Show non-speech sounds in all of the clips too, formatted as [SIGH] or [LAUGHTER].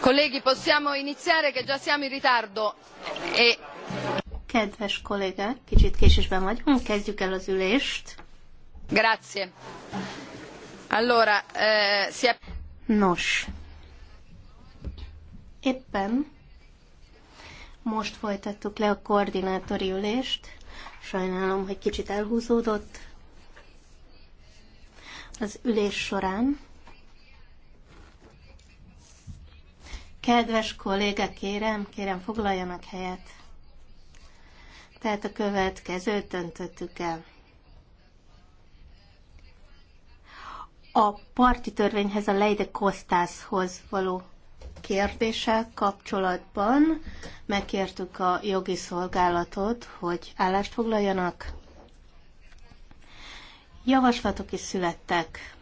Colleghi, possiamo iniziare che già siamo in ritardo. E... Kedves kollégák, kicsit késésben vagyunk, kezdjük el az ülést. Grazie. Allora, eh, si è... Nos, éppen most folytattuk le a koordinátori ülést. Sajnálom, hogy kicsit elhúzódott. Az ülés során Kedves kolléga, kérem, kérem, foglaljanak helyet. Tehát a következőt döntöttük el. A parti törvényhez, a Leide Kostászhoz való kérdéssel kapcsolatban megkértük a jogi szolgálatot, hogy állást foglaljanak. Javaslatok is születtek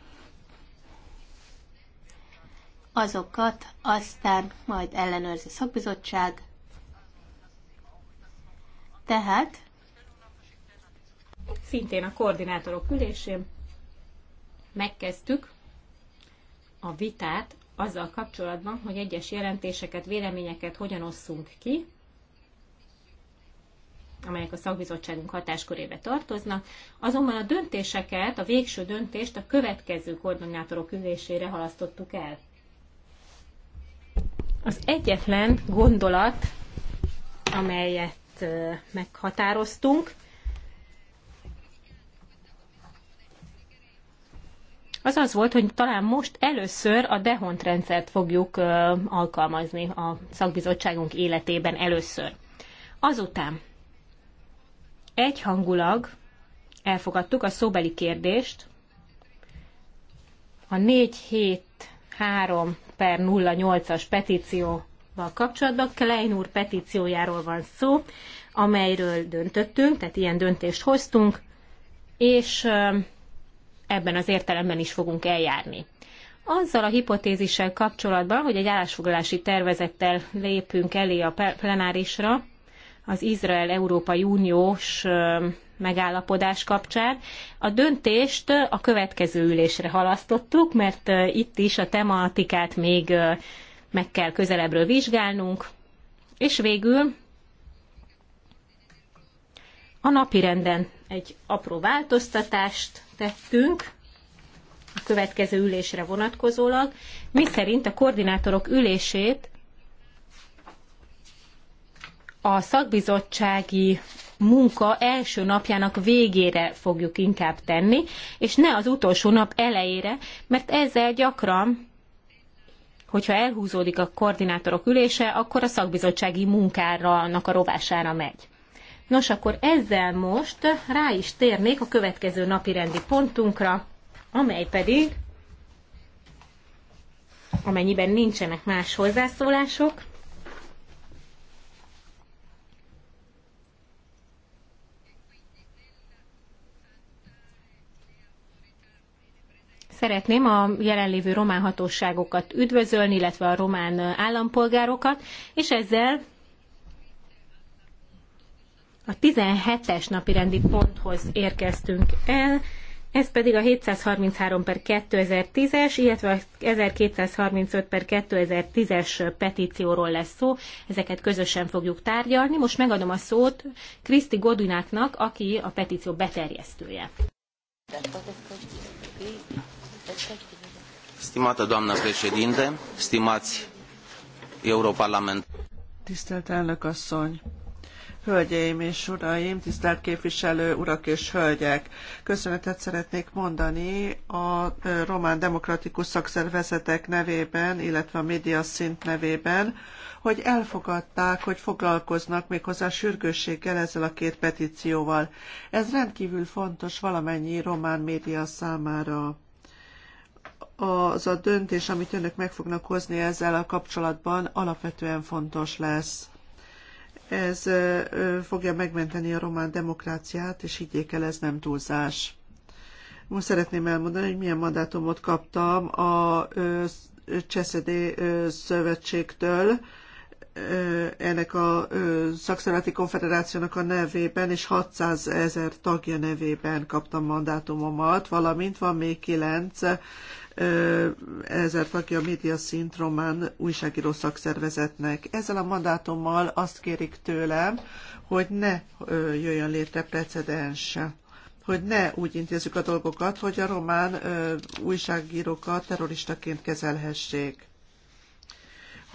azokat aztán majd ellenőrzi a szakbizottság. Tehát szintén a koordinátorok ülésén megkezdtük a vitát azzal kapcsolatban, hogy egyes jelentéseket, véleményeket hogyan osszunk ki, amelyek a szakbizottságunk hatáskörébe tartoznak, azonban a döntéseket, a végső döntést a következő koordinátorok ülésére halasztottuk el. Az egyetlen gondolat, amelyet meghatároztunk, az az volt, hogy talán most először a dehont rendszert fogjuk alkalmazni a szakbizottságunk életében először. Azután egyhangulag elfogadtuk a szóbeli kérdést, a négy hét 3 per 08-as petícióval kapcsolatban. Klein úr petíciójáról van szó, amelyről döntöttünk, tehát ilyen döntést hoztunk, és ebben az értelemben is fogunk eljárni. Azzal a hipotézissel kapcsolatban, hogy egy állásfoglalási tervezettel lépünk elé a plenárisra, az Izrael-Európai Uniós megállapodás kapcsán. A döntést a következő ülésre halasztottuk, mert eh, itt is a tematikát még eh, meg kell közelebbről vizsgálnunk. És végül a renden egy apró változtatást tettünk a következő ülésre vonatkozólag, miszerint a koordinátorok ülését a szakbizottsági munka első napjának végére fogjuk inkább tenni, és ne az utolsó nap elejére, mert ezzel gyakran, hogyha elhúzódik a koordinátorok ülése, akkor a szakbizottsági munkára, a rovására megy. Nos, akkor ezzel most rá is térnék a következő napi rendi pontunkra, amely pedig, amennyiben nincsenek más hozzászólások, Szeretném a jelenlévő román hatóságokat üdvözölni, illetve a román állampolgárokat, és ezzel a 17-es napirendi ponthoz érkeztünk el, ez pedig a 733 per 2010-es, illetve a 1235 per 2010-es petícióról lesz szó. Ezeket közösen fogjuk tárgyalni. Most megadom a szót Kriszti Godunáknak, aki a petíció beterjesztője. Stimată doamnă președinte, stimați europarlament. Tisztelt elnök asszony, Hölgyeim és uraim, tisztelt képviselő urak és hölgyek! Köszönetet szeretnék mondani a Román Demokratikus Szakszervezetek nevében, illetve a média szint nevében, hogy elfogadták, hogy foglalkoznak méghozzá sürgősséggel ezzel a két petícióval. Ez rendkívül fontos valamennyi román média számára az a döntés, amit önök meg fognak hozni ezzel a kapcsolatban, alapvetően fontos lesz. Ez fogja megmenteni a román demokráciát, és higgyék el, ez nem túlzás. Most szeretném elmondani, hogy milyen mandátumot kaptam a Cseszedé Szövetségtől, ennek a szakszervezeti konfederációnak a nevében, és 600 ezer tagja nevében kaptam mandátumomat, valamint van még 9 ezer tagja a média szint román újságíró szakszervezetnek. Ezzel a mandátummal azt kérik tőlem, hogy ne jöjjön létre precedens hogy ne úgy intézzük a dolgokat, hogy a román újságírókat terroristaként kezelhessék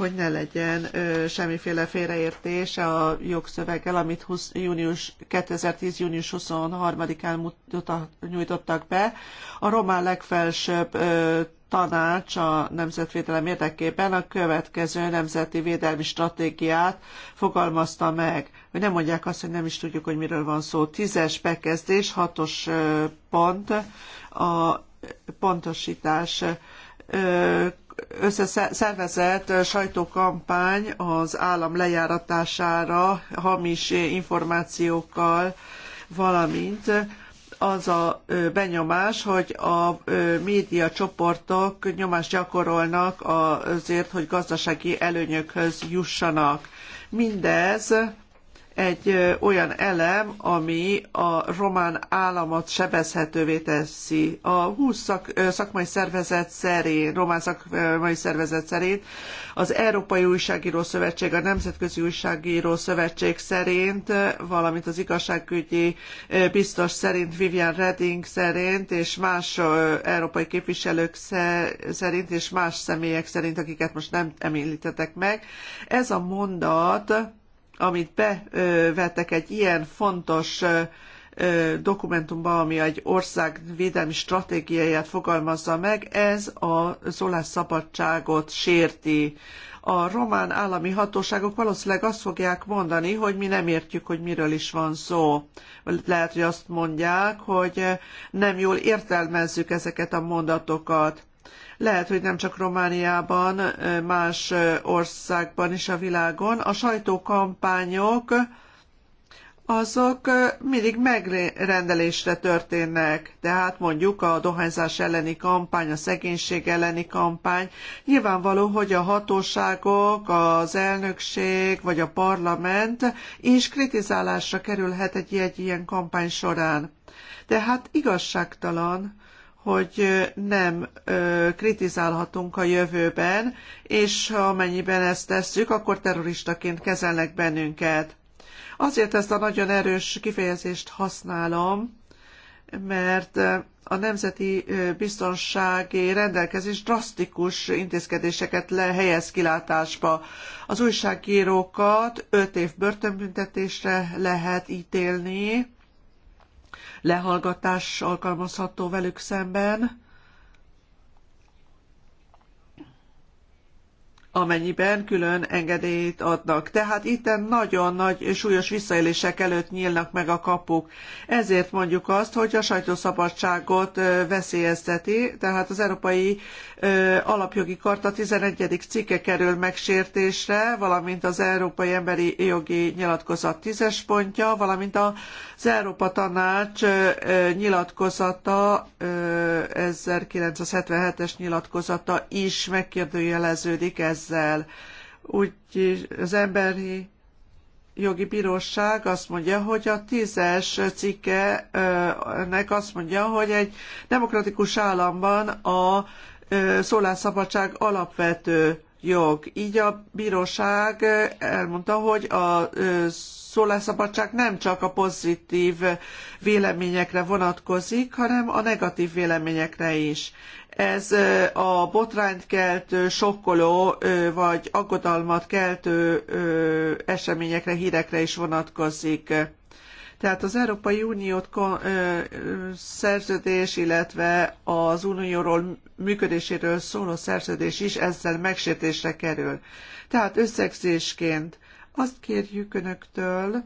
hogy ne legyen ö, semmiféle félreértés a jogszöveggel, amit 20, június, 2010. június 23-án nyújtottak be. A román legfelsőbb ö, tanács a nemzetvédelem érdekében a következő nemzeti védelmi stratégiát fogalmazta meg. Hogy nem mondják azt, hogy nem is tudjuk, hogy miről van szó. Tízes bekezdés, hatos pont, a pontosítás összeszervezett sajtókampány az állam lejáratására hamis információkkal, valamint az a benyomás, hogy a média csoportok nyomást gyakorolnak azért, hogy gazdasági előnyökhöz jussanak. Mindez egy olyan elem, ami a román államot sebezhetővé teszi. A 20 szak, szakmai szervezet szerint, román szakmai szervezet szerint, az Európai Újságíró Szövetség, a Nemzetközi Újságíró Szövetség szerint, valamint az igazságügyi biztos szerint, Vivian Redding szerint, és más európai képviselők szerint, és más személyek szerint, akiket most nem említetek meg. Ez a mondat amit bevettek egy ilyen fontos dokumentumban, ami egy ország védelmi stratégiáját fogalmazza meg, ez a szólásszabadságot sérti. A román állami hatóságok valószínűleg azt fogják mondani, hogy mi nem értjük, hogy miről is van szó. Lehet, hogy azt mondják, hogy nem jól értelmezzük ezeket a mondatokat lehet, hogy nem csak Romániában, más országban is a világon. A sajtókampányok azok mindig megrendelésre történnek. Tehát mondjuk a dohányzás elleni kampány, a szegénység elleni kampány. Nyilvánvaló, hogy a hatóságok, az elnökség vagy a parlament is kritizálásra kerülhet egy, ilyen kampány során. Tehát igazságtalan, hogy nem kritizálhatunk a jövőben, és ha amennyiben ezt tesszük, akkor terroristaként kezelnek bennünket. Azért ezt a nagyon erős kifejezést használom, mert a nemzeti biztonsági rendelkezés drasztikus intézkedéseket lehelyez kilátásba. Az újságírókat öt év börtönbüntetésre lehet ítélni, lehallgatás alkalmazható velük szemben, amennyiben külön engedélyt adnak. Tehát itt nagyon nagy súlyos visszaélések előtt nyílnak meg a kapuk. Ezért mondjuk azt, hogy a sajtószabadságot veszélyezteti, tehát az Európai Alapjogi Karta 11. cikke kerül megsértésre, valamint az Európai Emberi Jogi Nyilatkozat 10-es pontja, valamint az Európa Tanács nyilatkozata, 1977-es nyilatkozata is megkérdőjeleződik ez ezzel. Úgy az emberi jogi bíróság azt mondja, hogy a tízes cikke nek azt mondja, hogy egy demokratikus államban a szólásszabadság alapvető jog. Így a bíróság elmondta, hogy a szólásszabadság nem csak a pozitív véleményekre vonatkozik, hanem a negatív véleményekre is ez a botrányt keltő, sokkoló vagy aggodalmat keltő eseményekre, hírekre is vonatkozik. Tehát az Európai Uniót szerződés, illetve az unióról működéséről szóló szerződés is ezzel megsértésre kerül. Tehát összegzésként azt kérjük Önöktől,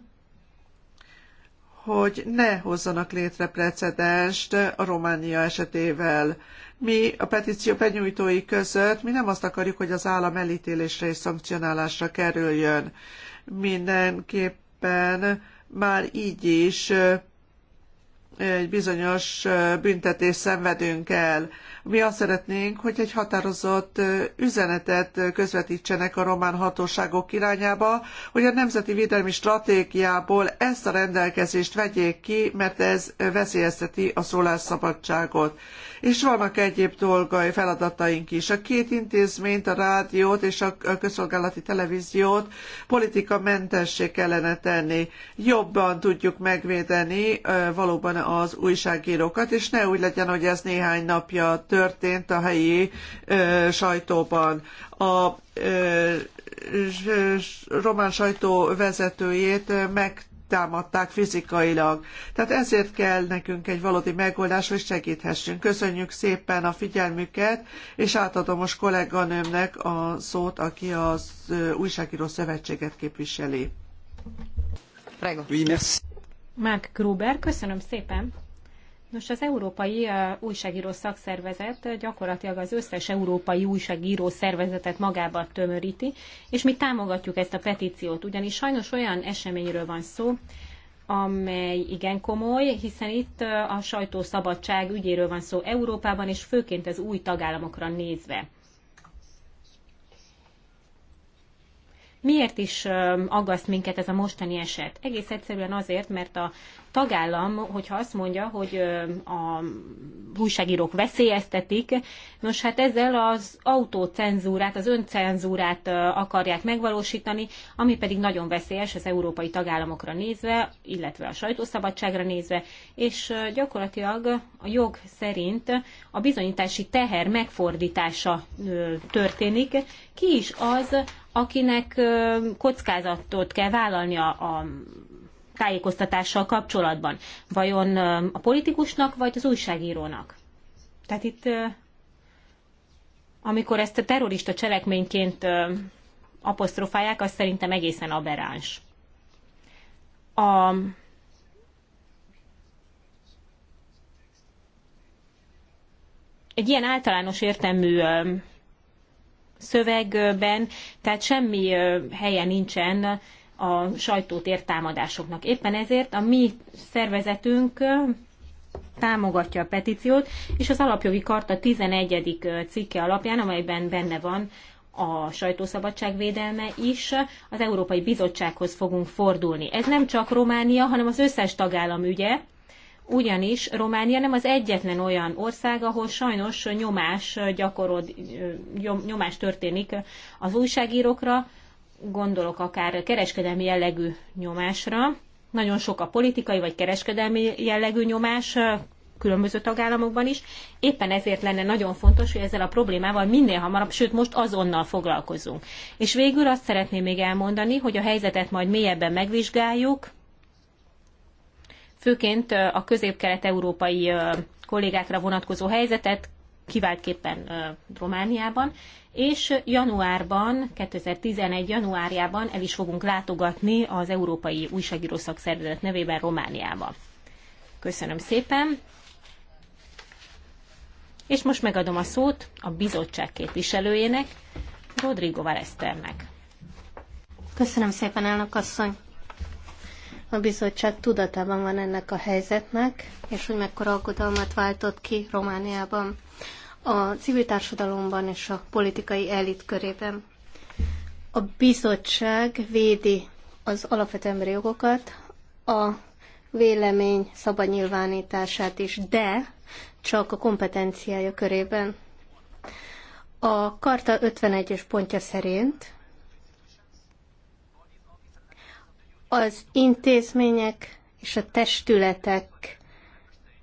hogy ne hozzanak létre precedenst a Románia esetével. Mi a petíció benyújtói között, mi nem azt akarjuk, hogy az állam elítélésre és szankcionálásra kerüljön. Mindenképpen már így is egy bizonyos büntetést szenvedünk el. Mi azt szeretnénk, hogy egy határozott üzenetet közvetítsenek a román hatóságok irányába, hogy a Nemzeti Védelmi Stratégiából ezt a rendelkezést vegyék ki, mert ez veszélyezteti a szólásszabadságot. És vannak egyéb dolgai, feladataink is. A két intézményt, a rádiót és a közszolgálati televíziót politika mentessé kellene tenni. Jobban tudjuk megvédeni valóban az újságírókat, és ne úgy legyen, hogy ez néhány napja történt a helyi ö, sajtóban. A ö, román sajtó vezetőjét meg támadták fizikailag. Tehát ezért kell nekünk egy valódi megoldás, hogy segíthessünk. Köszönjük szépen a figyelmüket, és átadom most kolléganőmnek a szót, aki az újságíró szövetséget képviseli. Prego. Márk Gruber, köszönöm szépen. Nos, az Európai Újságíró Szakszervezet gyakorlatilag az összes európai újságíró szervezetet magába tömöríti, és mi támogatjuk ezt a petíciót, ugyanis sajnos olyan eseményről van szó, amely igen komoly, hiszen itt a sajtószabadság ügyéről van szó Európában, és főként az új tagállamokra nézve. Miért is aggaszt minket ez a mostani eset? Egész egyszerűen azért, mert a tagállam, hogyha azt mondja, hogy a újságírók veszélyeztetik, nos hát ezzel az autócenzúrát, az öncenzúrát akarják megvalósítani, ami pedig nagyon veszélyes az európai tagállamokra nézve, illetve a sajtószabadságra nézve, és gyakorlatilag a jog szerint a bizonyítási teher megfordítása történik. Ki is az, akinek kockázatot kell vállalnia a tájékoztatással kapcsolatban? Vajon a politikusnak, vagy az újságírónak? Tehát itt, amikor ezt a terrorista cselekményként apostrofálják, az szerintem egészen aberáns. A egy ilyen általános értelmű szövegben, tehát semmi helye nincsen a sajtót ért támadásoknak. Éppen ezért a mi szervezetünk támogatja a petíciót, és az alapjogi karta 11. cikke alapján, amelyben benne van a sajtószabadság védelme is, az Európai Bizottsághoz fogunk fordulni. Ez nem csak Románia, hanem az összes tagállam ügye, ugyanis Románia nem az egyetlen olyan ország, ahol sajnos nyomás, gyakorod, nyomás történik az újságírókra, gondolok akár kereskedelmi jellegű nyomásra. Nagyon sok a politikai vagy kereskedelmi jellegű nyomás különböző tagállamokban is. Éppen ezért lenne nagyon fontos, hogy ezzel a problémával minél hamarabb, sőt most azonnal foglalkozunk. És végül azt szeretném még elmondani, hogy a helyzetet majd mélyebben megvizsgáljuk, főként a közép-kelet-európai kollégákra vonatkozó helyzetet, kiváltképpen Romániában, és januárban, 2011. januárjában el is fogunk látogatni az Európai Újságíró Szakszervezet nevében Romániába. Köszönöm szépen! És most megadom a szót a bizottság képviselőjének, Rodrigo Valeszternek. Köszönöm szépen, elnök asszony! A bizottság tudatában van ennek a helyzetnek, és hogy mekkora aggodalmat váltott ki Romániában a civil társadalomban és a politikai elit körében. A bizottság védi az alapvető emberi jogokat, a vélemény szabad nyilvánítását is, de csak a kompetenciája körében. A Karta 51-es pontja szerint az intézmények és a testületek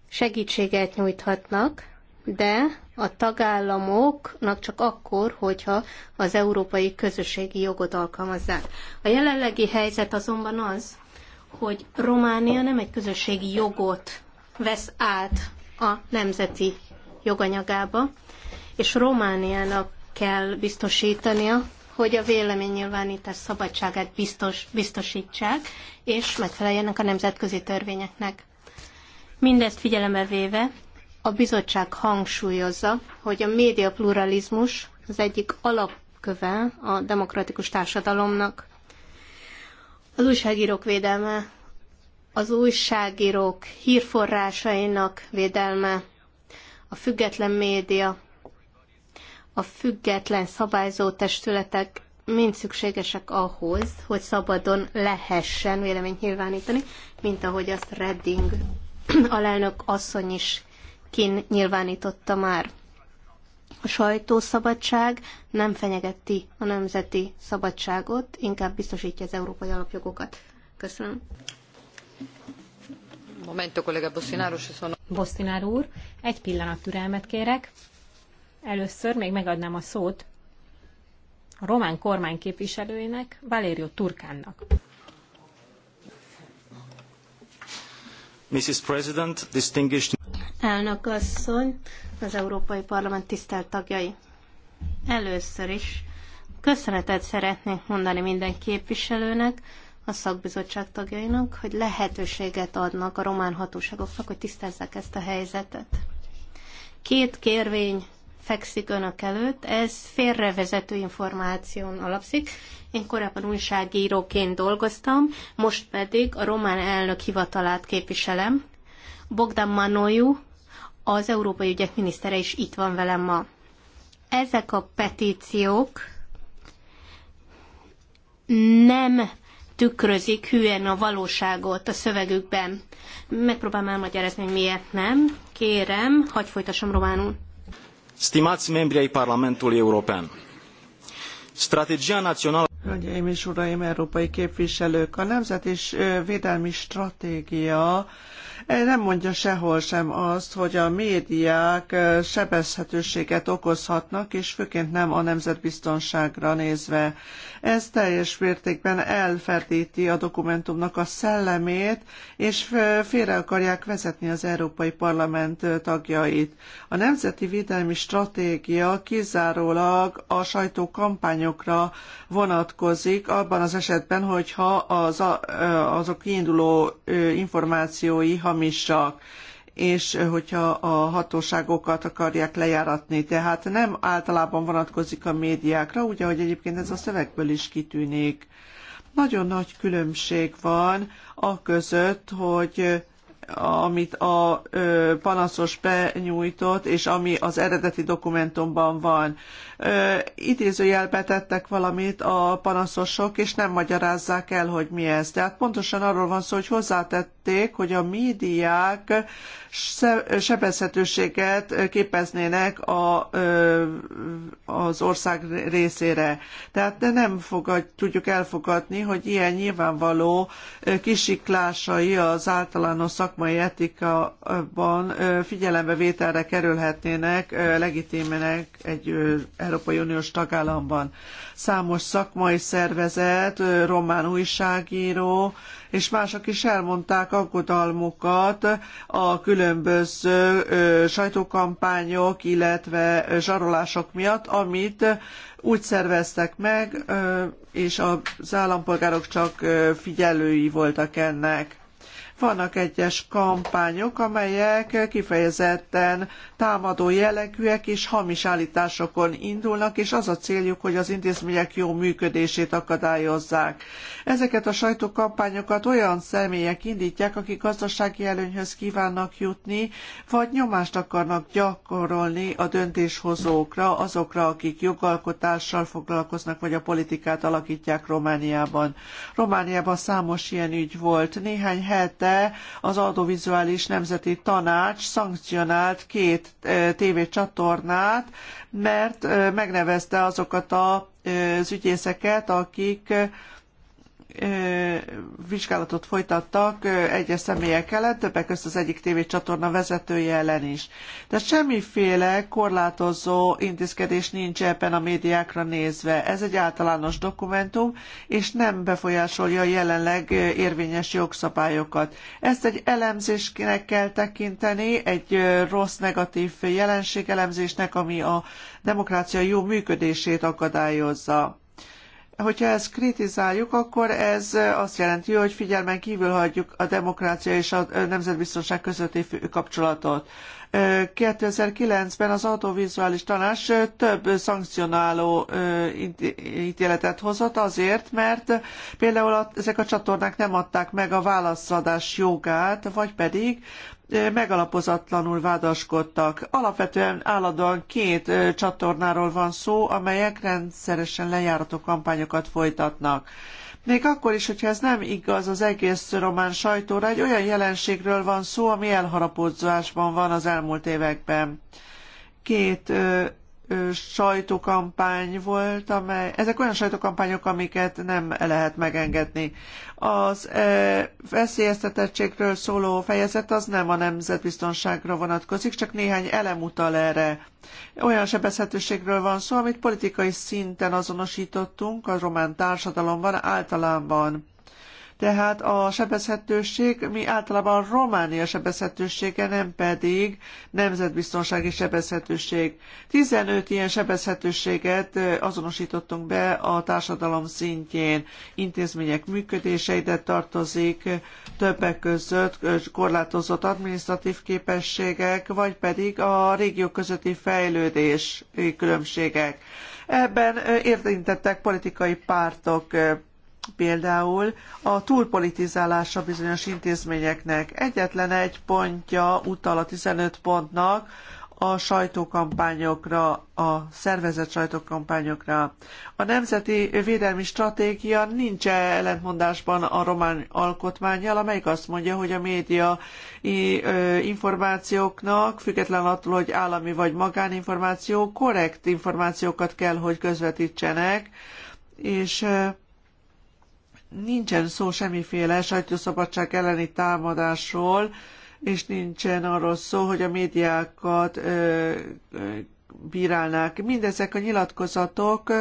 segítséget nyújthatnak de a tagállamoknak csak akkor, hogyha az európai közösségi jogot alkalmazzák. A jelenlegi helyzet azonban az, hogy Románia nem egy közösségi jogot vesz át a nemzeti joganyagába, és Romániának kell biztosítania, hogy a véleménynyilvánítás szabadságát biztos, biztosítsák, és megfeleljenek a nemzetközi törvényeknek. Mindezt figyelembe véve a bizottság hangsúlyozza, hogy a média pluralizmus az egyik alapköve a demokratikus társadalomnak. Az újságírók védelme, az újságírók hírforrásainak védelme, a független média, a független szabályzó testületek mind szükségesek ahhoz, hogy szabadon lehessen véleményt nyilvánítani, mint ahogy azt Redding alelnök asszony is kin nyilvánította már. A sajtószabadság nem fenyegeti a nemzeti szabadságot, inkább biztosítja az európai alapjogokat. Köszönöm. Momento, kollega Bosszinár úr. Bosszinár úr, egy pillanat türelmet kérek. Először még megadnám a szót a román kormány képviselőjének, Valério Turkánnak. Mrs. President, distinguished Elnök asszony, az Európai Parlament tisztelt tagjai. Először is köszönetet szeretnék mondani minden képviselőnek, a szakbizottság tagjainak, hogy lehetőséget adnak a román hatóságoknak, hogy tisztázzák ezt a helyzetet. Két kérvény fekszik önök előtt, ez félrevezető információn alapszik. Én korábban újságíróként dolgoztam, most pedig a román elnök hivatalát képviselem. Bogdan Manoiu az európai ügyek minisztere is itt van velem ma. Ezek a petíciók nem tükrözik hülyen a valóságot a szövegükben. Megpróbálom elmagyarázni, hogy miért nem. Kérem, hagyj folytassam románul. Stimați membri ai Parlamentului European, stratégia națională... Hölgyeim és uraim, európai képviselők, a Nemzeti Védelmi Stratégia nem mondja sehol sem azt, hogy a médiák sebezhetőséget okozhatnak, és főként nem a nemzetbiztonságra nézve. Ez teljes mértékben elferdíti a dokumentumnak a szellemét, és félre akarják vezetni az Európai Parlament tagjait. A Nemzeti Védelmi Stratégia kizárólag a sajtókampányokra vonatkozik, abban az esetben, hogyha az, azok kiinduló információi hamis hamisak és hogyha a hatóságokat akarják lejáratni. Tehát nem általában vonatkozik a médiákra, ugye, hogy egyébként ez a szövegből is kitűnik. Nagyon nagy különbség van a között, hogy amit a panaszos benyújtott, és ami az eredeti dokumentumban van. Idézőjelbe tettek valamit a panaszosok, és nem magyarázzák el, hogy mi ez. Tehát pontosan arról van szó, hogy hozzátették, hogy a médiák sebezhetőséget képeznének a, az ország részére. Tehát de nem fogad, tudjuk elfogadni, hogy ilyen nyilvánvaló kisiklásai az általános szakmai szakmai etikában figyelembe vételre kerülhetnének legitimenek egy Európai Uniós tagállamban. Számos szakmai szervezet, román újságíró és mások is elmondták aggodalmukat a különböző sajtókampányok, illetve zsarolások miatt, amit úgy szerveztek meg, és az állampolgárok csak figyelői voltak ennek. Vannak egyes kampányok, amelyek kifejezetten támadó jellegűek és hamis állításokon indulnak, és az a céljuk, hogy az intézmények jó működését akadályozzák. Ezeket a sajtókampányokat olyan személyek indítják, akik gazdasági előnyhöz kívánnak jutni, vagy nyomást akarnak gyakorolni a döntéshozókra, azokra, akik jogalkotással foglalkoznak, vagy a politikát alakítják Romániában. Romániában számos ilyen ügy volt. Néhány hete az Audiovizuális Nemzeti Tanács szankcionált két tévécsatornát, mert megnevezte azokat az ügyészeket, akik vizsgálatot folytattak egyes személyek ellen, többek között az egyik tévécsatorna vezetője ellen is. De semmiféle korlátozó intézkedés nincs ebben a médiákra nézve. Ez egy általános dokumentum, és nem befolyásolja jelenleg érvényes jogszabályokat. Ezt egy elemzésnek kell tekinteni, egy rossz negatív jelenségelemzésnek, ami a demokrácia jó működését akadályozza Hogyha ezt kritizáljuk, akkor ez azt jelenti, hogy figyelmen kívül hagyjuk a demokrácia és a nemzetbiztonság közötti kapcsolatot. 2009-ben az autovizuális tanács több szankcionáló ítéletet hozott azért, mert például ezek a csatornák nem adták meg a válaszadás jogát, vagy pedig megalapozatlanul vádaskodtak. Alapvetően állandóan két csatornáról van szó, amelyek rendszeresen lejárató kampányokat folytatnak. Még akkor is, hogyha ez nem igaz az egész román sajtóra, egy olyan jelenségről van szó, ami elharapódzásban van az elmúlt években. Két sajtókampány volt, amely, ezek olyan sajtókampányok, amiket nem lehet megengedni. Az e, veszélyeztetettségről szóló fejezet az nem a nemzetbiztonságra vonatkozik, csak néhány elem utal erre. Olyan sebezhetőségről van szó, amit politikai szinten azonosítottunk a román társadalomban általában. Tehát a sebezhetőség, mi általában Románia sebezhetősége, nem pedig nemzetbiztonsági sebezhetőség. 15 ilyen sebezhetőséget azonosítottunk be a társadalom szintjén. Intézmények működése ide tartozik, többek között korlátozott adminisztratív képességek, vagy pedig a régiók közötti fejlődési különbségek. Ebben érintettek politikai pártok, például a túlpolitizálása bizonyos intézményeknek. Egyetlen egy pontja utal a 15 pontnak a sajtókampányokra, a szervezett sajtókampányokra. A Nemzeti Védelmi Stratégia nincs ellentmondásban a román alkotmányjal, amelyik azt mondja, hogy a média információknak, független attól, hogy állami vagy magáninformáció, korrekt információkat kell, hogy közvetítsenek, és nincsen szó semmiféle sajtószabadság elleni támadásról, és nincsen arról szó, hogy a médiákat ö, ö, bírálnák. Mindezek a nyilatkozatok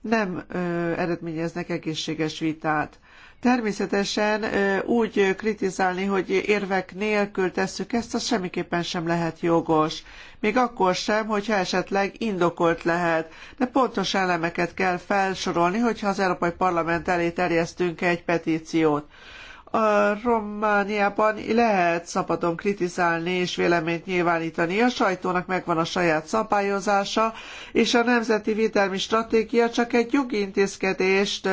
nem ö, eredményeznek egészséges vitát. Természetesen úgy kritizálni, hogy érvek nélkül tesszük ezt, az semmiképpen sem lehet jogos. Még akkor sem, hogyha esetleg indokolt lehet. De pontos elemeket kell felsorolni, hogyha az Európai Parlament elé terjesztünk egy petíciót. A Romániában lehet szabadon kritizálni és véleményt nyilvánítani. A sajtónak megvan a saját szabályozása, és a nemzeti védelmi stratégia csak egy jogi intézkedést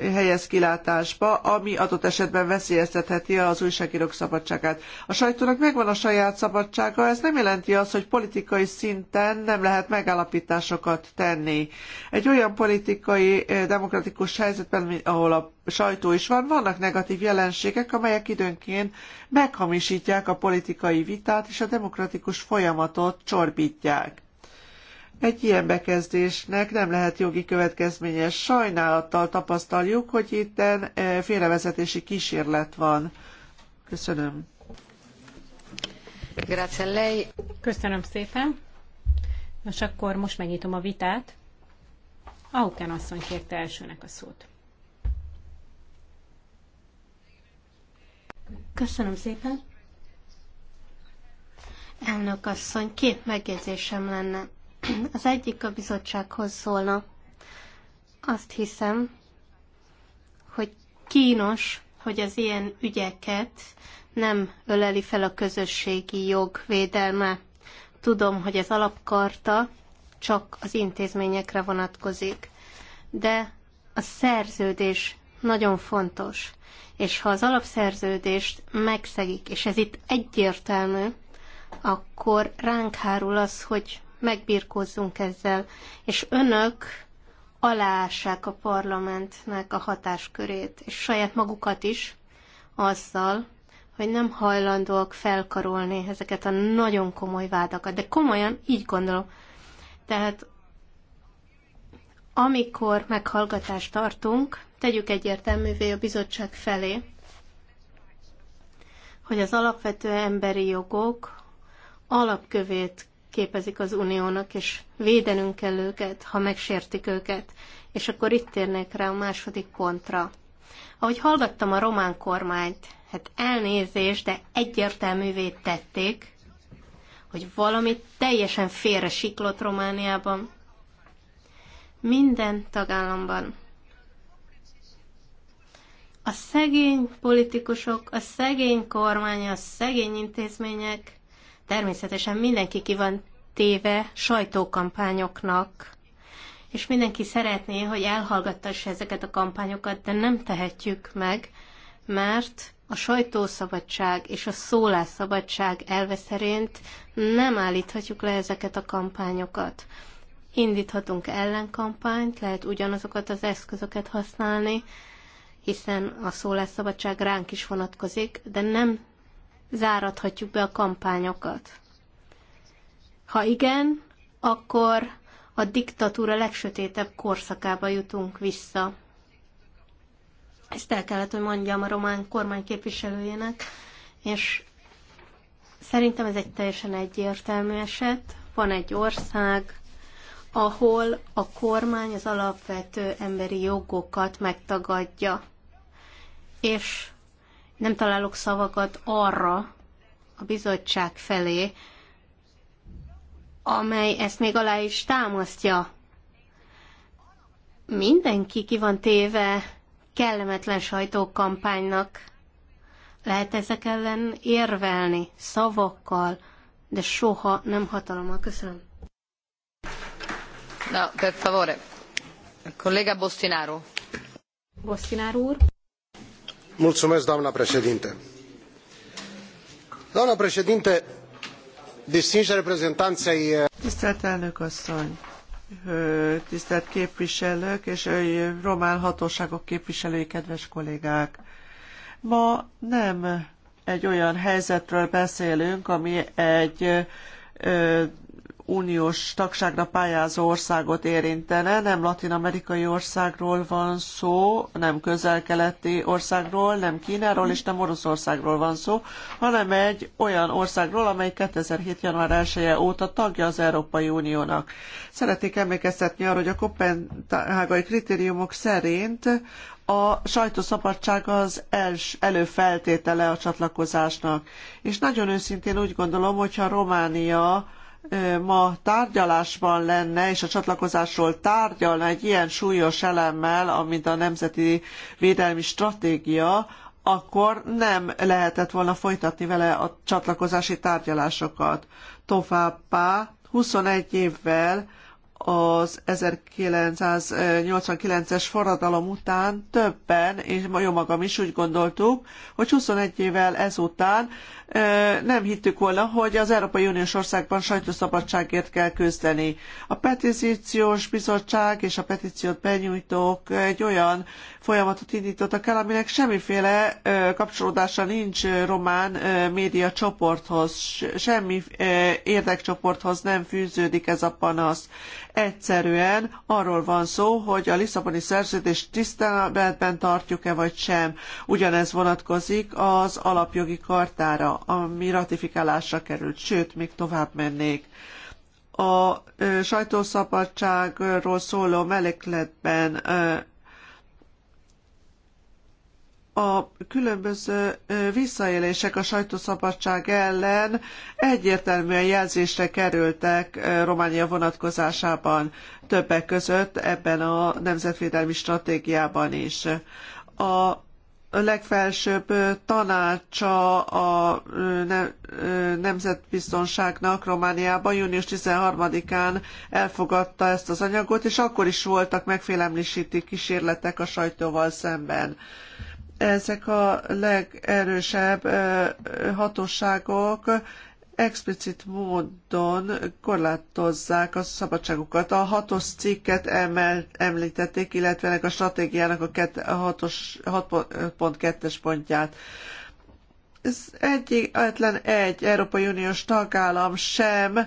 helyez kilátásba, ami adott esetben veszélyeztetheti az újságírók szabadságát. A sajtónak megvan a saját szabadsága, ez nem jelenti azt, hogy politikai szinten nem lehet megállapításokat tenni. Egy olyan politikai, demokratikus helyzetben, ahol a sajtó is van, vannak negatív jelenségek, amelyek időnként meghamisítják a politikai vitát és a demokratikus folyamatot csorbítják. Egy ilyen bekezdésnek nem lehet jogi következménye. Sajnálattal tapasztaljuk, hogy itten eh, félrevezetési kísérlet van. Köszönöm. Köszönöm szépen. Nos, akkor most megnyitom a vitát. Aukán asszony kérte elsőnek a szót. Köszönöm szépen. Elnök asszony, két megjegyzésem lenne. Az egyik a bizottsághoz szólna. Azt hiszem, hogy kínos, hogy az ilyen ügyeket nem öleli fel a közösségi jog védelme. Tudom, hogy az alapkarta csak az intézményekre vonatkozik, de a szerződés nagyon fontos, és ha az alapszerződést megszegik, és ez itt egyértelmű, akkor ránk hárul az, hogy megbirkózzunk ezzel, és önök aláássák a parlamentnek a hatáskörét, és saját magukat is azzal, hogy nem hajlandóak felkarolni ezeket a nagyon komoly vádakat. De komolyan így gondolom. Tehát amikor meghallgatást tartunk, tegyük egyértelművé a bizottság felé, hogy az alapvető emberi jogok alapkövét képezik az uniónak, és védenünk kell őket, ha megsértik őket. És akkor itt térnek rá a második pontra. Ahogy hallgattam a román kormányt, hát elnézés, de egyértelművé tették, hogy valami teljesen félre siklott Romániában. Minden tagállamban. A szegény politikusok, a szegény kormány, a szegény intézmények természetesen mindenki ki van téve sajtókampányoknak, és mindenki szeretné, hogy elhallgattassa ezeket a kampányokat, de nem tehetjük meg, mert a sajtószabadság és a szólásszabadság elve szerint nem állíthatjuk le ezeket a kampányokat. Indíthatunk ellenkampányt, lehet ugyanazokat az eszközöket használni, hiszen a szólásszabadság ránk is vonatkozik, de nem záradhatjuk be a kampányokat? Ha igen, akkor a diktatúra legsötétebb korszakába jutunk vissza. Ezt el kellett, hogy mondjam a román kormány képviselőjének, és szerintem ez egy teljesen egyértelmű eset. Van egy ország, ahol a kormány az alapvető emberi jogokat megtagadja. És nem találok szavakat arra a bizottság felé, amely ezt még alá is támasztja. Mindenki ki van téve kellemetlen sajtókampánynak. Lehet ezek ellen érvelni, szavakkal, de soha nem hatalommal. Köszönöm. Na, per favore. Collega Bostinaro. Bostinaro úr doamnă doamna președinte. Doamna președinte, distinși reprezentanți ai... Eh, tisztelt elnök asszony, eh, tisztelt képviselők és eh, román hatóságok képviselői, kedves kollégák! Ma nem egy olyan helyzetről beszélünk, ami egy uniós tagságra pályázó országot érintene, nem latin-amerikai országról van szó, nem közel-keleti országról, nem Kínáról és nem Oroszországról van szó, hanem egy olyan országról, amely 2007. január 1 -e óta tagja az Európai Uniónak. Szeretnék emlékeztetni arra, hogy a kopenhágai kritériumok szerint a sajtószabadság az els, előfeltétele a csatlakozásnak. És nagyon őszintén úgy gondolom, hogyha Románia ma tárgyalásban lenne, és a csatlakozásról tárgyalna egy ilyen súlyos elemmel, amint a Nemzeti Védelmi Stratégia, akkor nem lehetett volna folytatni vele a csatlakozási tárgyalásokat. Továbbá 21 évvel az 1989-es forradalom után többen, és jó magam is úgy gondoltuk, hogy 21 évvel ezután nem hittük volna, hogy az Európai Uniós országban sajtószabadságért kell küzdeni. A petíciós bizottság és a petíciót benyújtók egy olyan folyamatot indítottak el, aminek semmiféle kapcsolódása nincs román média csoporthoz, semmi érdekcsoporthoz nem fűződik ez a panasz Egyszerűen arról van szó, hogy a Lisszaboni szerződést tiszteletben tartjuk-e vagy sem. Ugyanez vonatkozik az alapjogi kartára, ami ratifikálásra került, sőt, még tovább mennék a sajtószabadságról szóló mellékletben a különböző visszaélések a sajtószabadság ellen egyértelműen jelzésre kerültek Románia vonatkozásában, többek között ebben a nemzetvédelmi stratégiában is. A legfelsőbb tanácsa a nemzetbiztonságnak Romániában június 13-án elfogadta ezt az anyagot, és akkor is voltak megfélemlísítő kísérletek a sajtóval szemben ezek a legerősebb hatóságok explicit módon korlátozzák a szabadságukat. A hatos cikket emel, említették, illetve ennek a stratégiának a 6.2-es pontját. Ez egyetlen egy Európai Uniós tagállam sem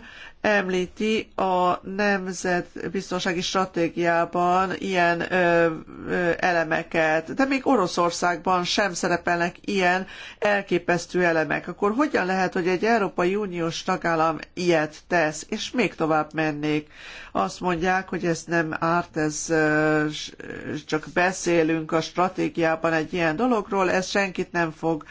említi a nemzetbiztonsági stratégiában ilyen ö, ö, elemeket, de még Oroszországban sem szerepelnek ilyen elképesztő elemek. Akkor hogyan lehet, hogy egy Európai Uniós tagállam ilyet tesz, és még tovább mennék? Azt mondják, hogy ez nem árt, ez ö, csak beszélünk a stratégiában egy ilyen dologról, ez senkit nem fog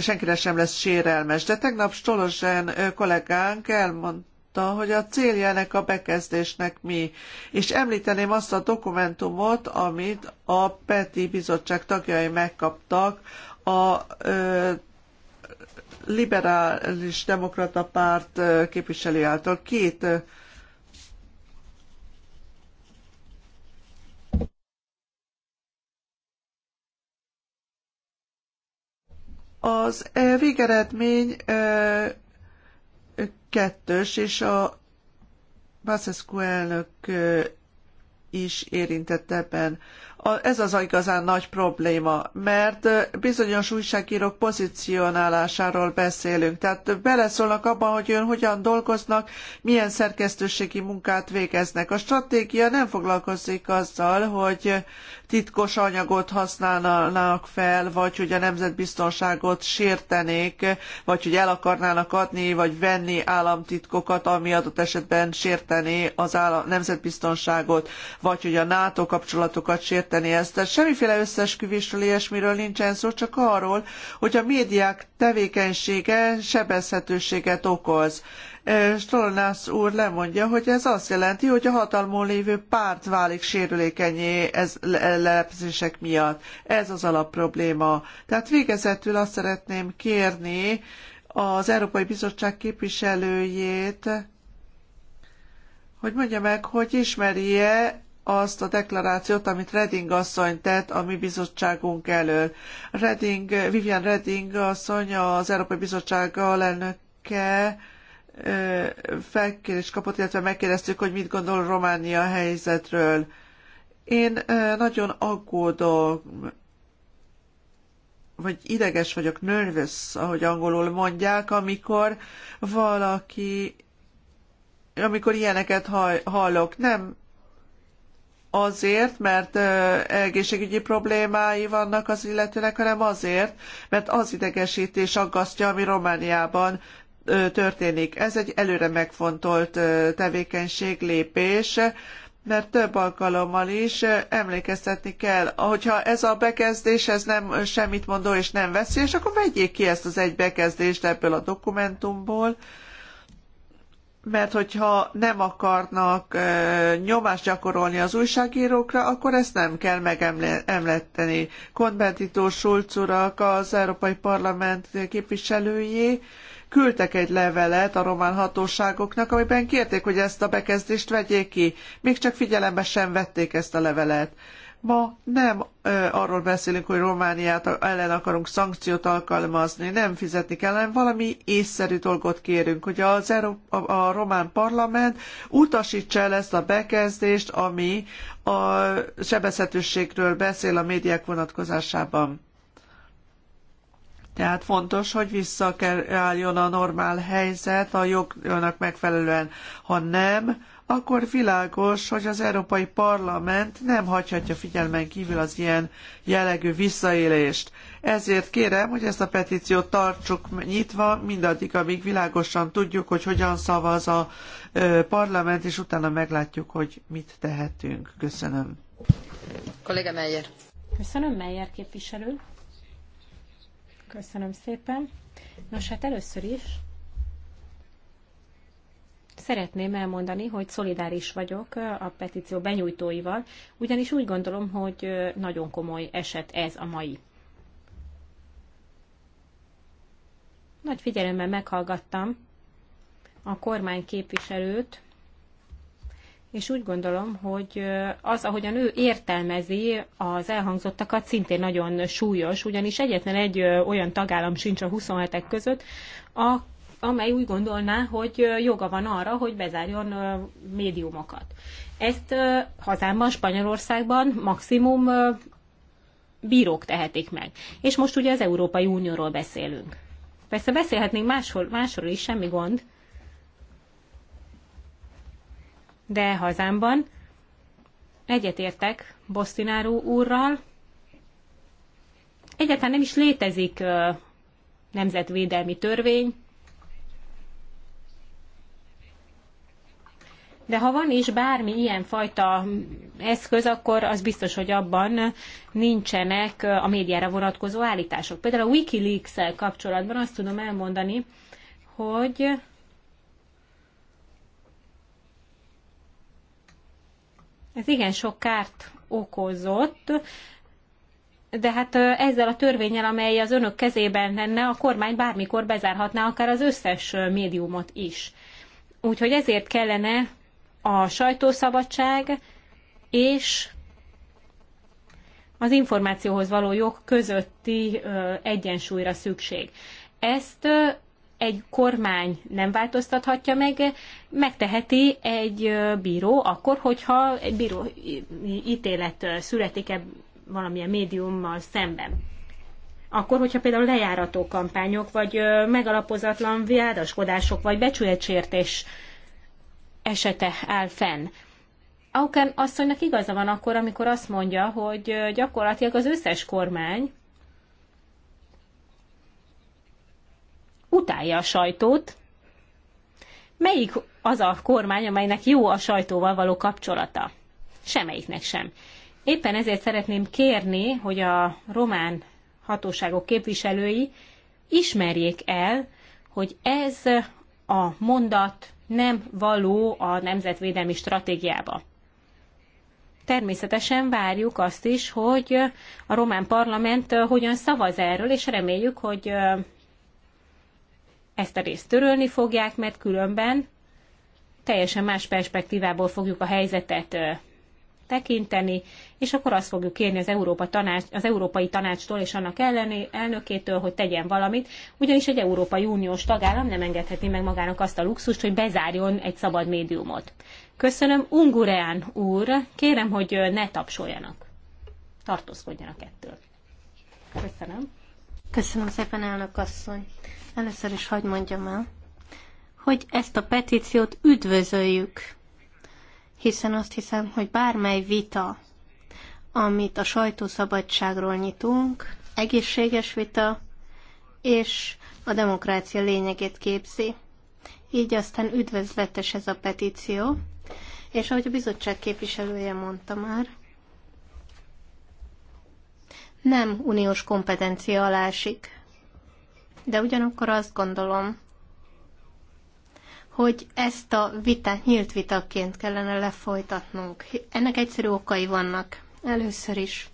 senkire sem lesz sérelmes. De tegnap Stolosen kollégánk elmondta, mondta, hogy a célja ennek a bekezdésnek mi, és említeném azt a dokumentumot, amit a PETI bizottság tagjai megkaptak a liberális demokrata párt képviselő által. Két Az végeredmény kettős, és a Baszeszku elnök is érintett ebben ez az igazán nagy probléma, mert bizonyos újságírók pozícionálásáról beszélünk. Tehát beleszólnak abba, hogy ön hogyan dolgoznak, milyen szerkesztőségi munkát végeznek. A stratégia nem foglalkozik azzal, hogy titkos anyagot használnának fel, vagy hogy a nemzetbiztonságot sértenék, vagy hogy el akarnának adni, vagy venni államtitkokat, ami adott esetben sértené az állam, nemzetbiztonságot, vagy hogy a NATO kapcsolatokat sértené megérteni ezt. Semmiféle összesküvésről, ilyesmiről nincsen szó, csak arról, hogy a médiák tevékenysége sebezhetőséget okoz. Stolonász úr lemondja, hogy ez azt jelenti, hogy a hatalmon lévő párt válik sérülékenyé ez lelepzések miatt. Ez az alapprobléma. Tehát végezetül azt szeretném kérni az Európai Bizottság képviselőjét, hogy mondja meg, hogy ismeri-e azt a deklarációt, amit Reding asszony tett a mi bizottságunk elől. Reding, Vivian Reding asszony az Európai Bizottság alelnöke felkérés kapott, illetve megkérdeztük, hogy mit gondol Románia helyzetről. Én nagyon aggódom, vagy ideges vagyok, nervous, ahogy angolul mondják, amikor valaki, amikor ilyeneket hallok. Nem azért, mert egészségügyi problémái vannak az illetőnek, hanem azért, mert az idegesítés aggasztja, ami Romániában történik. Ez egy előre megfontolt tevékenység, lépés, mert több alkalommal is emlékeztetni kell, hogyha ez a bekezdés ez nem semmit mondó és nem veszélyes, akkor vegyék ki ezt az egy bekezdést ebből a dokumentumból, mert hogyha nem akarnak nyomást gyakorolni az újságírókra, akkor ezt nem kell megemlíteni. Konventitó Schulz urak, az Európai Parlament képviselőjé, küldtek egy levelet a román hatóságoknak, amiben kérték, hogy ezt a bekezdést vegyék ki. Még csak figyelembe sem vették ezt a levelet. Ma nem arról beszélünk, hogy Romániát ellen akarunk szankciót alkalmazni, nem fizetni kell, hanem valami észszerű dolgot kérünk, hogy az a, a román parlament utasítsa el ezt a bekezdést, ami a sebezhetőségről beszél a médiák vonatkozásában. Tehát fontos, hogy visszaálljon a normál helyzet a jognak megfelelően. Ha nem, akkor világos, hogy az Európai Parlament nem hagyhatja figyelmen kívül az ilyen jellegű visszaélést. Ezért kérem, hogy ezt a petíciót tartsuk nyitva, mindaddig, amíg világosan tudjuk, hogy hogyan szavaz a parlament, és utána meglátjuk, hogy mit tehetünk. Köszönöm. Kolléga Meyer. Köszönöm, Meyer képviselő. Köszönöm szépen. Nos, hát először is Szeretném elmondani, hogy szolidáris vagyok a petíció benyújtóival, ugyanis úgy gondolom, hogy nagyon komoly eset ez a mai. Nagy figyelemmel meghallgattam a kormány képviselőt, és úgy gondolom, hogy az, ahogyan ő értelmezi az elhangzottakat, szintén nagyon súlyos, ugyanis egyetlen egy olyan tagállam sincs a 27-ek között, a amely úgy gondolná, hogy joga van arra, hogy bezárjon médiumokat. Ezt hazámban, Spanyolországban maximum bírók tehetik meg. És most ugye az Európai Unióról beszélünk. Persze beszélhetnénk máshol, másról is, semmi gond, de hazámban egyetértek Bosztináró úrral. Egyáltalán nem is létezik nemzetvédelmi törvény, de ha van is bármi ilyen fajta eszköz, akkor az biztos, hogy abban nincsenek a médiára vonatkozó állítások. Például a Wikileaks-el kapcsolatban azt tudom elmondani, hogy ez igen sok kárt okozott, de hát ezzel a törvényel, amely az önök kezében lenne, a kormány bármikor bezárhatná akár az összes médiumot is. Úgyhogy ezért kellene a sajtószabadság és az információhoz való jog közötti egyensúlyra szükség. Ezt egy kormány nem változtathatja meg, megteheti egy bíró akkor, hogyha egy bíró ítélet születik -e valamilyen médiummal szemben. Akkor, hogyha például lejárató kampányok, vagy megalapozatlan viádaskodások, vagy becsületsértés esete áll fenn. Auken asszonynak igaza van akkor, amikor azt mondja, hogy gyakorlatilag az összes kormány utálja a sajtót. Melyik az a kormány, amelynek jó a sajtóval való kapcsolata? Semmelyiknek sem. Éppen ezért szeretném kérni, hogy a román hatóságok képviselői ismerjék el, hogy ez a mondat nem való a nemzetvédelmi stratégiába. Természetesen várjuk azt is, hogy a román parlament eh, hogyan szavaz erről, és reméljük, hogy eh, ezt a részt törölni fogják, mert különben teljesen más perspektívából fogjuk a helyzetet eh, tekinteni, és akkor azt fogjuk kérni az, Európa tanács, az Európai Tanácstól és annak elleni, elnökétől, hogy tegyen valamit, ugyanis egy Európai Uniós tagállam nem engedheti meg magának azt a luxust, hogy bezárjon egy szabad médiumot. Köszönöm, Ungureán úr, kérem, hogy ne tapsoljanak. Tartózkodjanak ettől. Köszönöm. Köszönöm szépen, elnök asszony. Először is hagyd mondjam el, hogy ezt a petíciót üdvözöljük hiszen azt hiszem, hogy bármely vita, amit a sajtószabadságról nyitunk, egészséges vita, és a demokrácia lényegét képzi. Így aztán üdvözletes ez a petíció, és ahogy a bizottság képviselője mondta már, nem uniós kompetencia alá esik. De ugyanakkor azt gondolom, hogy ezt a vitát nyílt vitaként kellene lefolytatnunk. Ennek egyszerű okai vannak. Először is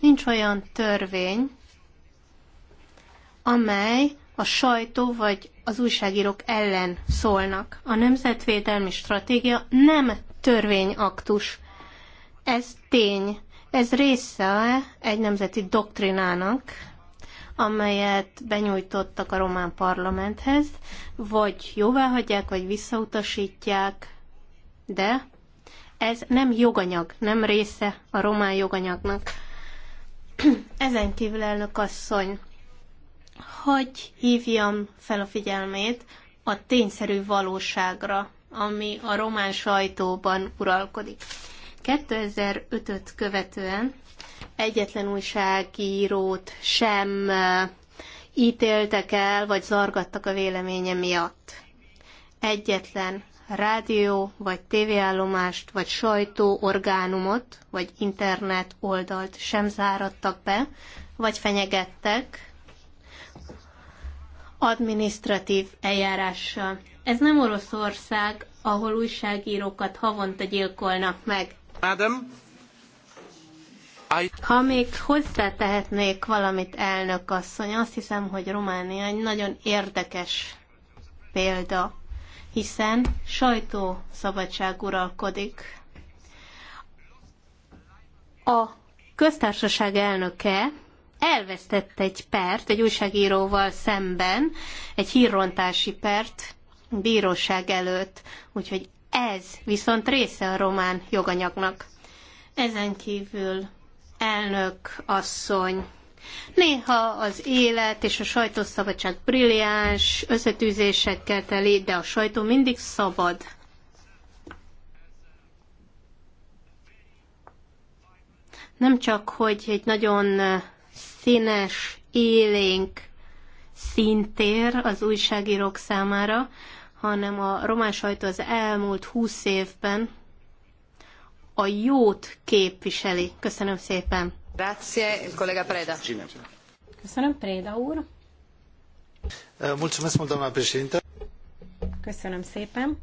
nincs olyan törvény, amely a sajtó vagy az újságírók ellen szólnak. A nemzetvédelmi stratégia nem törvényaktus. Ez tény. Ez része egy nemzeti doktrinának, amelyet benyújtottak a román parlamenthez, vagy jóváhagyják, vagy visszautasítják, de ez nem joganyag, nem része a román joganyagnak. [CLEARS THROAT] Ezen kívül elnök asszony, hogy hívjam fel a figyelmét a tényszerű valóságra, ami a román sajtóban uralkodik. 2005-öt követően egyetlen újságírót sem ítéltek el, vagy zargattak a véleménye miatt. Egyetlen rádió, vagy tévéállomást, vagy sajtóorgánumot, vagy internet oldalt sem zárattak be, vagy fenyegettek administratív eljárással. Ez nem Oroszország, ahol újságírókat havonta gyilkolnak meg. Madam, ha még hozzátehetnék valamit, elnök asszony, azt hiszem, hogy Románia egy nagyon érdekes példa, hiszen sajtószabadság uralkodik. A köztársaság elnöke elvesztett egy pert egy újságíróval szemben, egy hírrontási pert bíróság előtt, úgyhogy ez viszont része a román joganyagnak. Ezen kívül elnök asszony. Néha az élet és a sajtószabadság brilliáns összetűzésekkel teli, de a sajtó mindig szabad. Nem csak, hogy egy nagyon színes, élénk színtér az újságírók számára, hanem a román sajtó az elmúlt húsz évben a jót képviseli. Köszönöm szépen. Grazie, kollega Preda. Köszönöm, Preda, úr. Eh, mulțumesc mult, doamna președinte. Köszönöm szépen.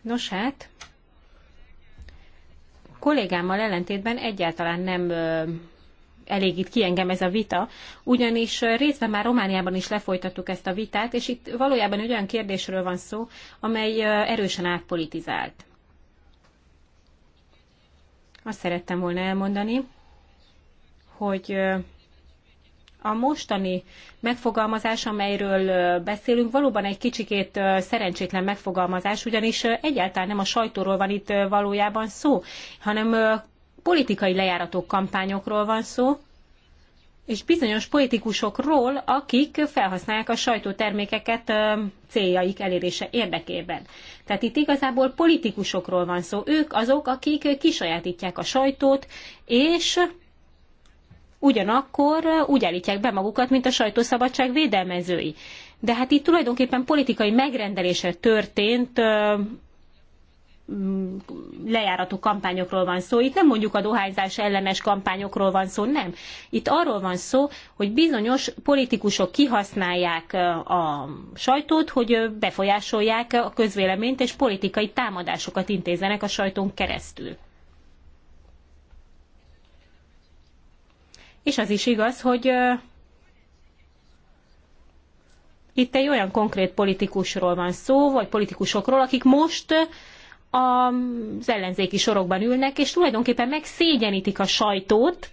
Nos hát, kollégámmal ellentétben egyáltalán nem elégít ki engem ez a vita, ugyanis részben már Romániában is lefolytattuk ezt a vitát, és itt valójában egy olyan kérdésről van szó, amely erősen átpolitizált. Azt szerettem volna elmondani, hogy a mostani megfogalmazás, amelyről beszélünk, valóban egy kicsikét szerencsétlen megfogalmazás, ugyanis egyáltalán nem a sajtóról van itt valójában szó, hanem politikai lejárató kampányokról van szó, és bizonyos politikusokról, akik felhasználják a sajtótermékeket céljaik elérése érdekében. Tehát itt igazából politikusokról van szó. Ők azok, akik kisajátítják a sajtót, és ugyanakkor úgy állítják be magukat, mint a sajtószabadság védelmezői. De hát itt tulajdonképpen politikai megrendelése történt Mm, lejárató kampányokról van szó. Itt nem mondjuk a dohányzás ellenes kampányokról van szó, nem. Itt arról van szó, hogy bizonyos politikusok kihasználják a sajtót, hogy befolyásolják a közvéleményt, és politikai támadásokat intézenek a sajtón keresztül. És az is igaz, hogy itt egy olyan konkrét politikusról van szó, vagy politikusokról, akik most az ellenzéki sorokban ülnek, és tulajdonképpen megszégyenítik a sajtót,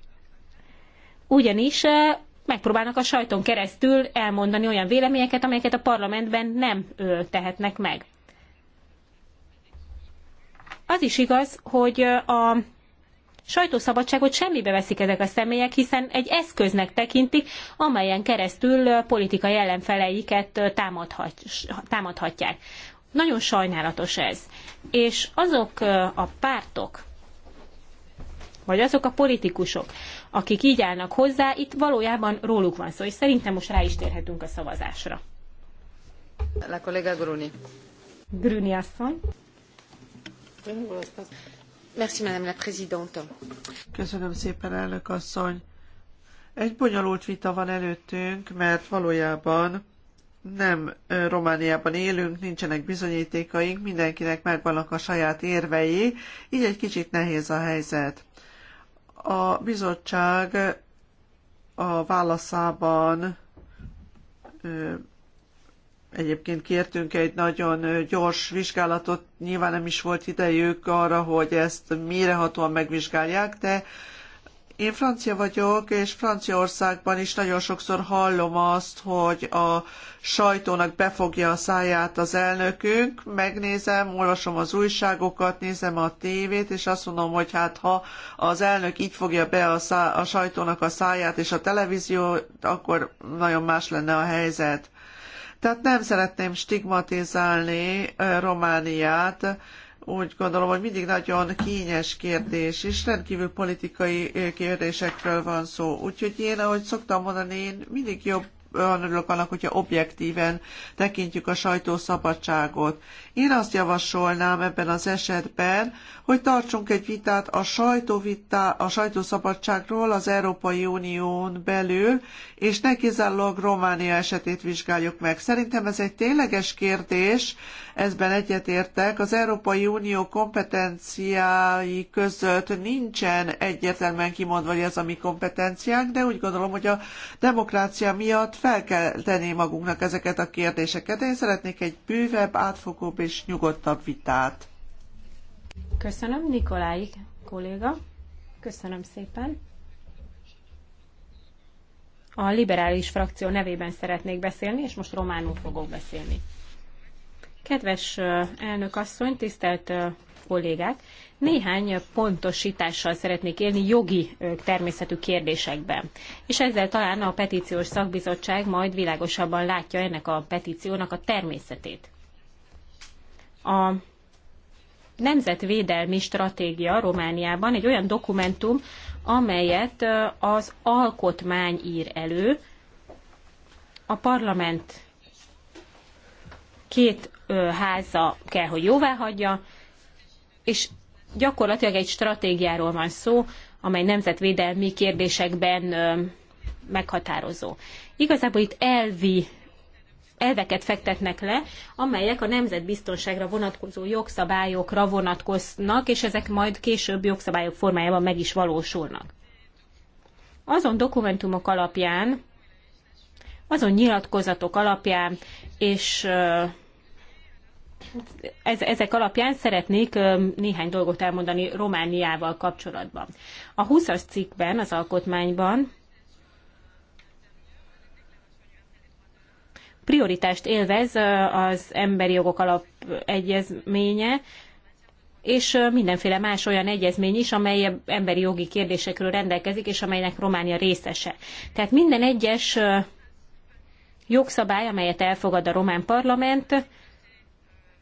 ugyanis eh, megpróbálnak a sajton keresztül elmondani olyan véleményeket, amelyeket a parlamentben nem tehetnek meg. Az is igaz, hogy a sajtószabadságot semmibe veszik ezek a személyek, hiszen egy eszköznek tekintik, amelyen keresztül politikai ellenfeleiket támadhatják. Nagyon sajnálatos ez. És azok a pártok, vagy azok a politikusok, akik így állnak hozzá, itt valójában róluk van szó, és szerintem most rá is térhetünk a szavazásra. La kollega Gruni. Gruni asszony. Merci, madame la présidente. Köszönöm szépen, elnök asszony. Egy bonyolult vita van előttünk, mert valójában nem Romániában élünk, nincsenek bizonyítékaink, mindenkinek megvannak a saját érvei, így egy kicsit nehéz a helyzet. A bizottság a válaszában Egyébként kértünk egy nagyon gyors vizsgálatot, nyilván nem is volt idejük arra, hogy ezt mirehatóan megvizsgálják, de én francia vagyok, és Franciaországban is nagyon sokszor hallom azt, hogy a sajtónak befogja a száját az elnökünk, megnézem, olvasom az újságokat, nézem a tévét, és azt mondom, hogy hát ha az elnök így fogja be a, szá- a sajtónak a száját és a televíziót, akkor nagyon más lenne a helyzet. Tehát nem szeretném stigmatizálni Romániát, úgy gondolom, hogy mindig nagyon kényes kérdés, és rendkívül politikai eh, kérdésekről van szó. Úgyhogy én, ahogy szoktam mondani, én mindig jobb örülök annak, hogyha objektíven tekintjük a sajtószabadságot. Én azt javasolnám ebben az esetben, hogy tartsunk egy vitát a, a sajtószabadságról az Európai Unión belül, és ne kizárólag Románia esetét vizsgáljuk meg. Szerintem ez egy tényleges kérdés, ezben egyetértek. Az Európai Unió kompetenciái között nincsen egyértelműen kimondva, hogy ez a mi kompetenciánk, de úgy gondolom, hogy a demokrácia miatt fel kell tenni magunknak ezeket a kérdéseket. Én szeretnék egy bővebb, átfogóbb és nyugodtabb vitát. Köszönöm, Nikolai kolléga. Köszönöm szépen. A liberális frakció nevében szeretnék beszélni, és most románul fogok beszélni. Kedves elnök asszony, tisztelt kollégák! Néhány pontosítással szeretnék élni jogi természetű kérdésekben. És ezzel talán a petíciós szakbizottság majd világosabban látja ennek a petíciónak a természetét a nemzetvédelmi stratégia Romániában egy olyan dokumentum, amelyet az alkotmány ír elő. A parlament két háza kell, hogy jóvá hagyja, és gyakorlatilag egy stratégiáról van szó, amely nemzetvédelmi kérdésekben meghatározó. Igazából itt elvi elveket fektetnek le, amelyek a nemzetbiztonságra vonatkozó jogszabályokra vonatkoznak, és ezek majd később jogszabályok formájában meg is valósulnak. Azon dokumentumok alapján, azon nyilatkozatok alapján, és ezek alapján szeretnék néhány dolgot elmondani Romániával kapcsolatban. A 20-as cikkben, az alkotmányban prioritást élvez az emberi jogok alap egyezménye, és mindenféle más olyan egyezmény is, amely emberi jogi kérdésekről rendelkezik, és amelynek Románia részese. Tehát minden egyes jogszabály, amelyet elfogad a román parlament,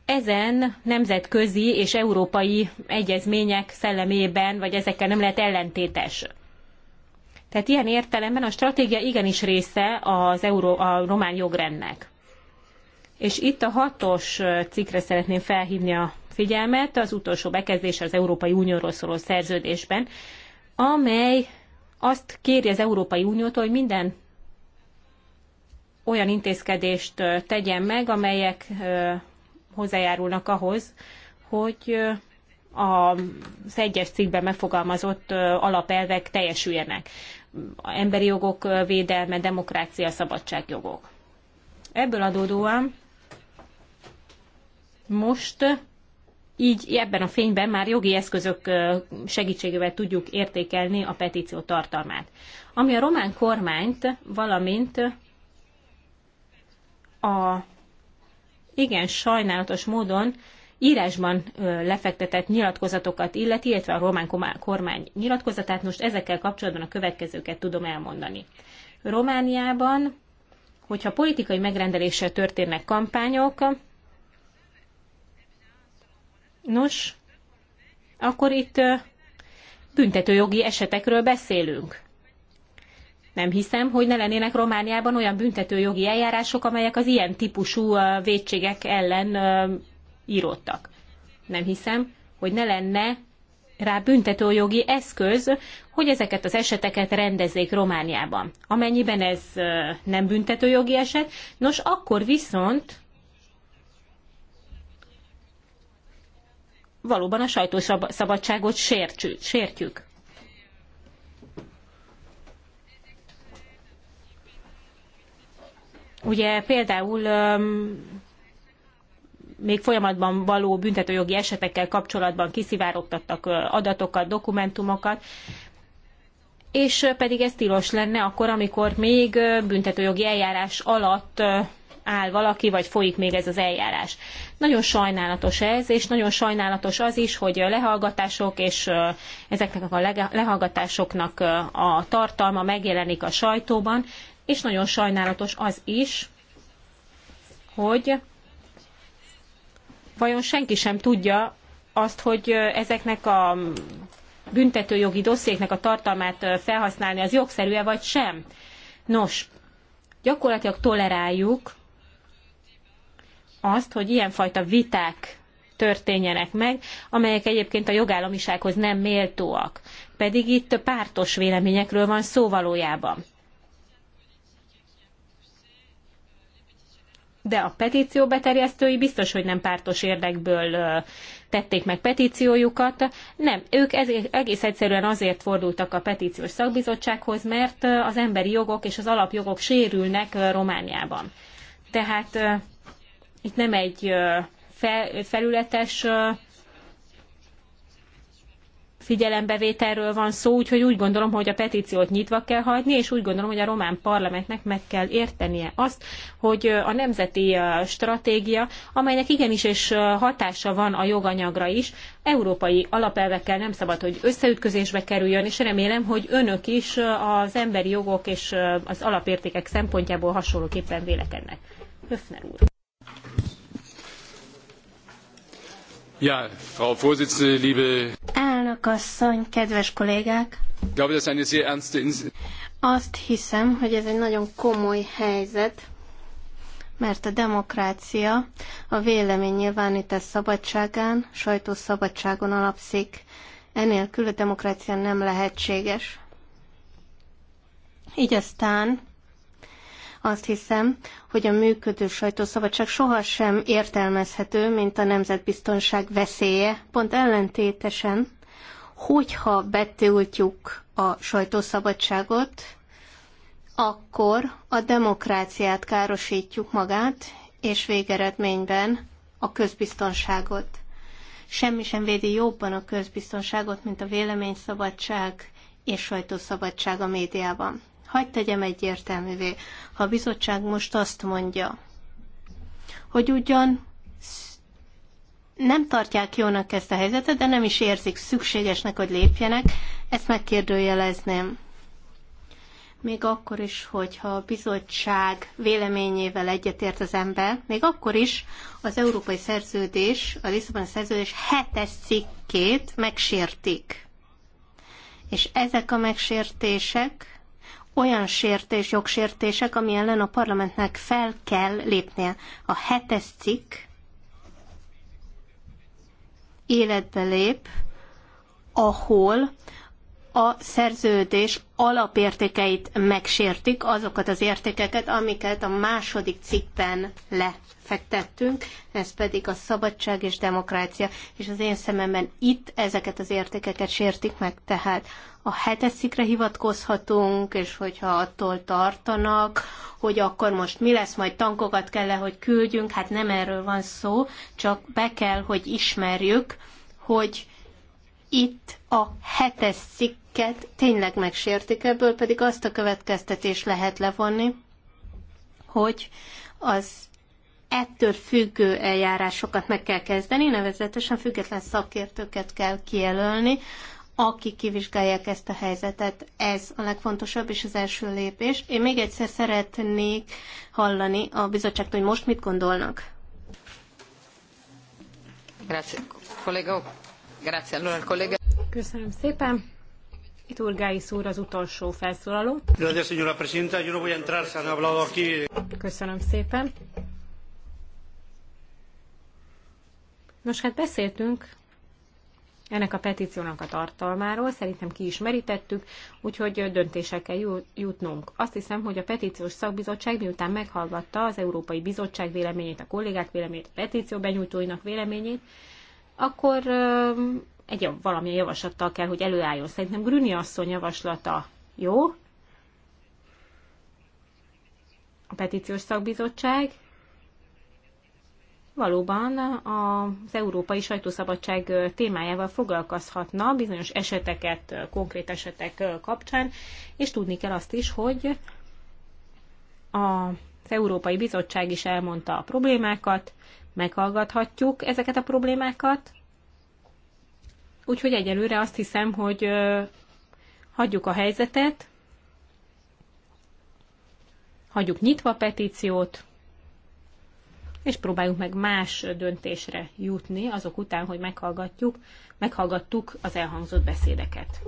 ezen nemzetközi és európai egyezmények szellemében, vagy ezekkel nem lehet ellentétes. Tehát ilyen értelemben a stratégia igenis része az Euró, a román jogrendnek. És itt a hatos cikkre szeretném felhívni a figyelmet, az utolsó bekezdés az Európai Unióról szóló szerződésben, amely azt kéri az Európai Uniótól, hogy minden olyan intézkedést tegyen meg, amelyek hozzájárulnak ahhoz, hogy az egyes cikkben megfogalmazott alapelvek teljesüljenek emberi jogok védelme, demokrácia, szabadságjogok. Ebből adódóan most így ebben a fényben már jogi eszközök segítségével tudjuk értékelni a petíció tartalmát. Ami a román kormányt, valamint a igen sajnálatos módon írásban lefektetett nyilatkozatokat illeti, illetve a román kormány nyilatkozatát. Most ezekkel kapcsolatban a következőket tudom elmondani. Romániában, hogyha politikai megrendeléssel történnek kampányok, nos, akkor itt büntetőjogi esetekről beszélünk. Nem hiszem, hogy ne lennének Romániában olyan büntetőjogi eljárások, amelyek az ilyen típusú védségek ellen íródtak. Nem hiszem, hogy ne lenne rá büntetőjogi eszköz, hogy ezeket az eseteket rendezzék Romániában. Amennyiben ez nem büntetőjogi eset, nos akkor viszont valóban a sajtószabadságot sértjük. Ugye például még folyamatban való büntetőjogi esetekkel kapcsolatban kiszivárogtattak adatokat, dokumentumokat, és pedig ez tilos lenne akkor, amikor még büntetőjogi eljárás alatt áll valaki, vagy folyik még ez az eljárás. Nagyon sajnálatos ez, és nagyon sajnálatos az is, hogy lehallgatások és ezeknek a lehallgatásoknak a tartalma megjelenik a sajtóban, és nagyon sajnálatos az is, hogy vajon senki sem tudja azt, hogy ezeknek a büntetőjogi dossziéknek a tartalmát felhasználni az jogszerű-e vagy sem. Nos, gyakorlatilag toleráljuk azt, hogy ilyenfajta viták történjenek meg, amelyek egyébként a jogállamisághoz nem méltóak. Pedig itt pártos véleményekről van szó valójában. de a petíció beterjesztői biztos, hogy nem pártos érdekből tették meg petíciójukat. Nem, ők egész egyszerűen azért fordultak a petíciós szakbizottsághoz, mert az emberi jogok és az alapjogok sérülnek Romániában. Tehát itt nem egy felületes figyelembevételről van szó, úgyhogy úgy gondolom, hogy a petíciót nyitva kell hagyni, és úgy gondolom, hogy a román parlamentnek meg kell értenie azt, hogy a nemzeti stratégia, amelynek igenis és hatása van a joganyagra is, európai alapelvekkel nem szabad, hogy összeütközésbe kerüljön, és remélem, hogy önök is az emberi jogok és az alapértékek szempontjából hasonlóképpen vélekednek. Höfner úr. Ja, Frau Vorsitzende, liebe... Elnök asszony, kedves kollégák! Glaube, das eine sehr ernste Azt hiszem, hogy ez egy nagyon komoly helyzet, mert a demokrácia a véleménynyilvánítás szabadságán, sajtószabadságon alapszik. Enélkül a demokrácia nem lehetséges. Így aztán azt hiszem, hogy a működő sajtószabadság sohasem értelmezhető, mint a nemzetbiztonság veszélye. Pont ellentétesen, hogyha betiltjuk a sajtószabadságot, akkor a demokráciát károsítjuk magát, és végeredményben a közbiztonságot. Semmi sem védi jobban a közbiztonságot, mint a véleményszabadság és sajtószabadság a médiában hagyd tegyem egyértelművé, ha a bizottság most azt mondja, hogy ugyan nem tartják jónak ezt a helyzetet, de nem is érzik szükségesnek, hogy lépjenek, ezt megkérdőjelezném. Még akkor is, hogyha a bizottság véleményével egyetért az ember, még akkor is az Európai Szerződés, a Lisszaboni Szerződés hetes cikkét megsértik. És ezek a megsértések olyan sértés, jogsértések, ami ellen a parlamentnek fel kell lépnie. A hetes cikk életbe lép, ahol a szerződés alapértékeit megsértik, azokat az értékeket, amiket a második cikkben lefektettünk, ez pedig a szabadság és demokrácia, és az én szememben itt ezeket az értékeket sértik meg, tehát a hetes cikkre hivatkozhatunk, és hogyha attól tartanak, hogy akkor most mi lesz, majd tankokat kell -e, hogy küldjünk, hát nem erről van szó, csak be kell, hogy ismerjük, hogy itt a hetes cikket tényleg megsértik, ebből pedig azt a következtetés lehet levonni, hogy az ettől függő eljárásokat meg kell kezdeni, nevezetesen független szakértőket kell kijelölni, akik kivizsgálják ezt a helyzetet. Ez a legfontosabb és az első lépés. Én még egyszer szeretnék hallani a bizottságtól, hogy most mit gondolnak. Grazie. Kollega Köszönöm szépen. Itt Urgáis úr az utolsó felszólaló. Gracias, señora presidenta. Yo no voy a entrar, se han hablado aquí. Köszönöm szépen. Nos, hát beszéltünk ennek a petíciónak a tartalmáról, szerintem ki is merítettük, úgyhogy döntése kell jutnunk. Azt hiszem, hogy a petíciós szakbizottság miután meghallgatta az Európai Bizottság véleményét, a kollégák véleményét, a petíció benyújtóinak véleményét, akkor egy valamilyen javaslattal kell, hogy előálljon. Szerintem Grüni asszony javaslata jó. A petíciós szakbizottság valóban az európai sajtószabadság témájával foglalkozhatna bizonyos eseteket, konkrét esetek kapcsán, és tudni kell azt is, hogy az Európai Bizottság is elmondta a problémákat, meghallgathatjuk ezeket a problémákat. Úgyhogy egyelőre azt hiszem, hogy hagyjuk a helyzetet, hagyjuk nyitva a petíciót, és próbáljuk meg más döntésre jutni azok után, hogy meghallgatjuk, meghallgattuk az elhangzott beszédeket.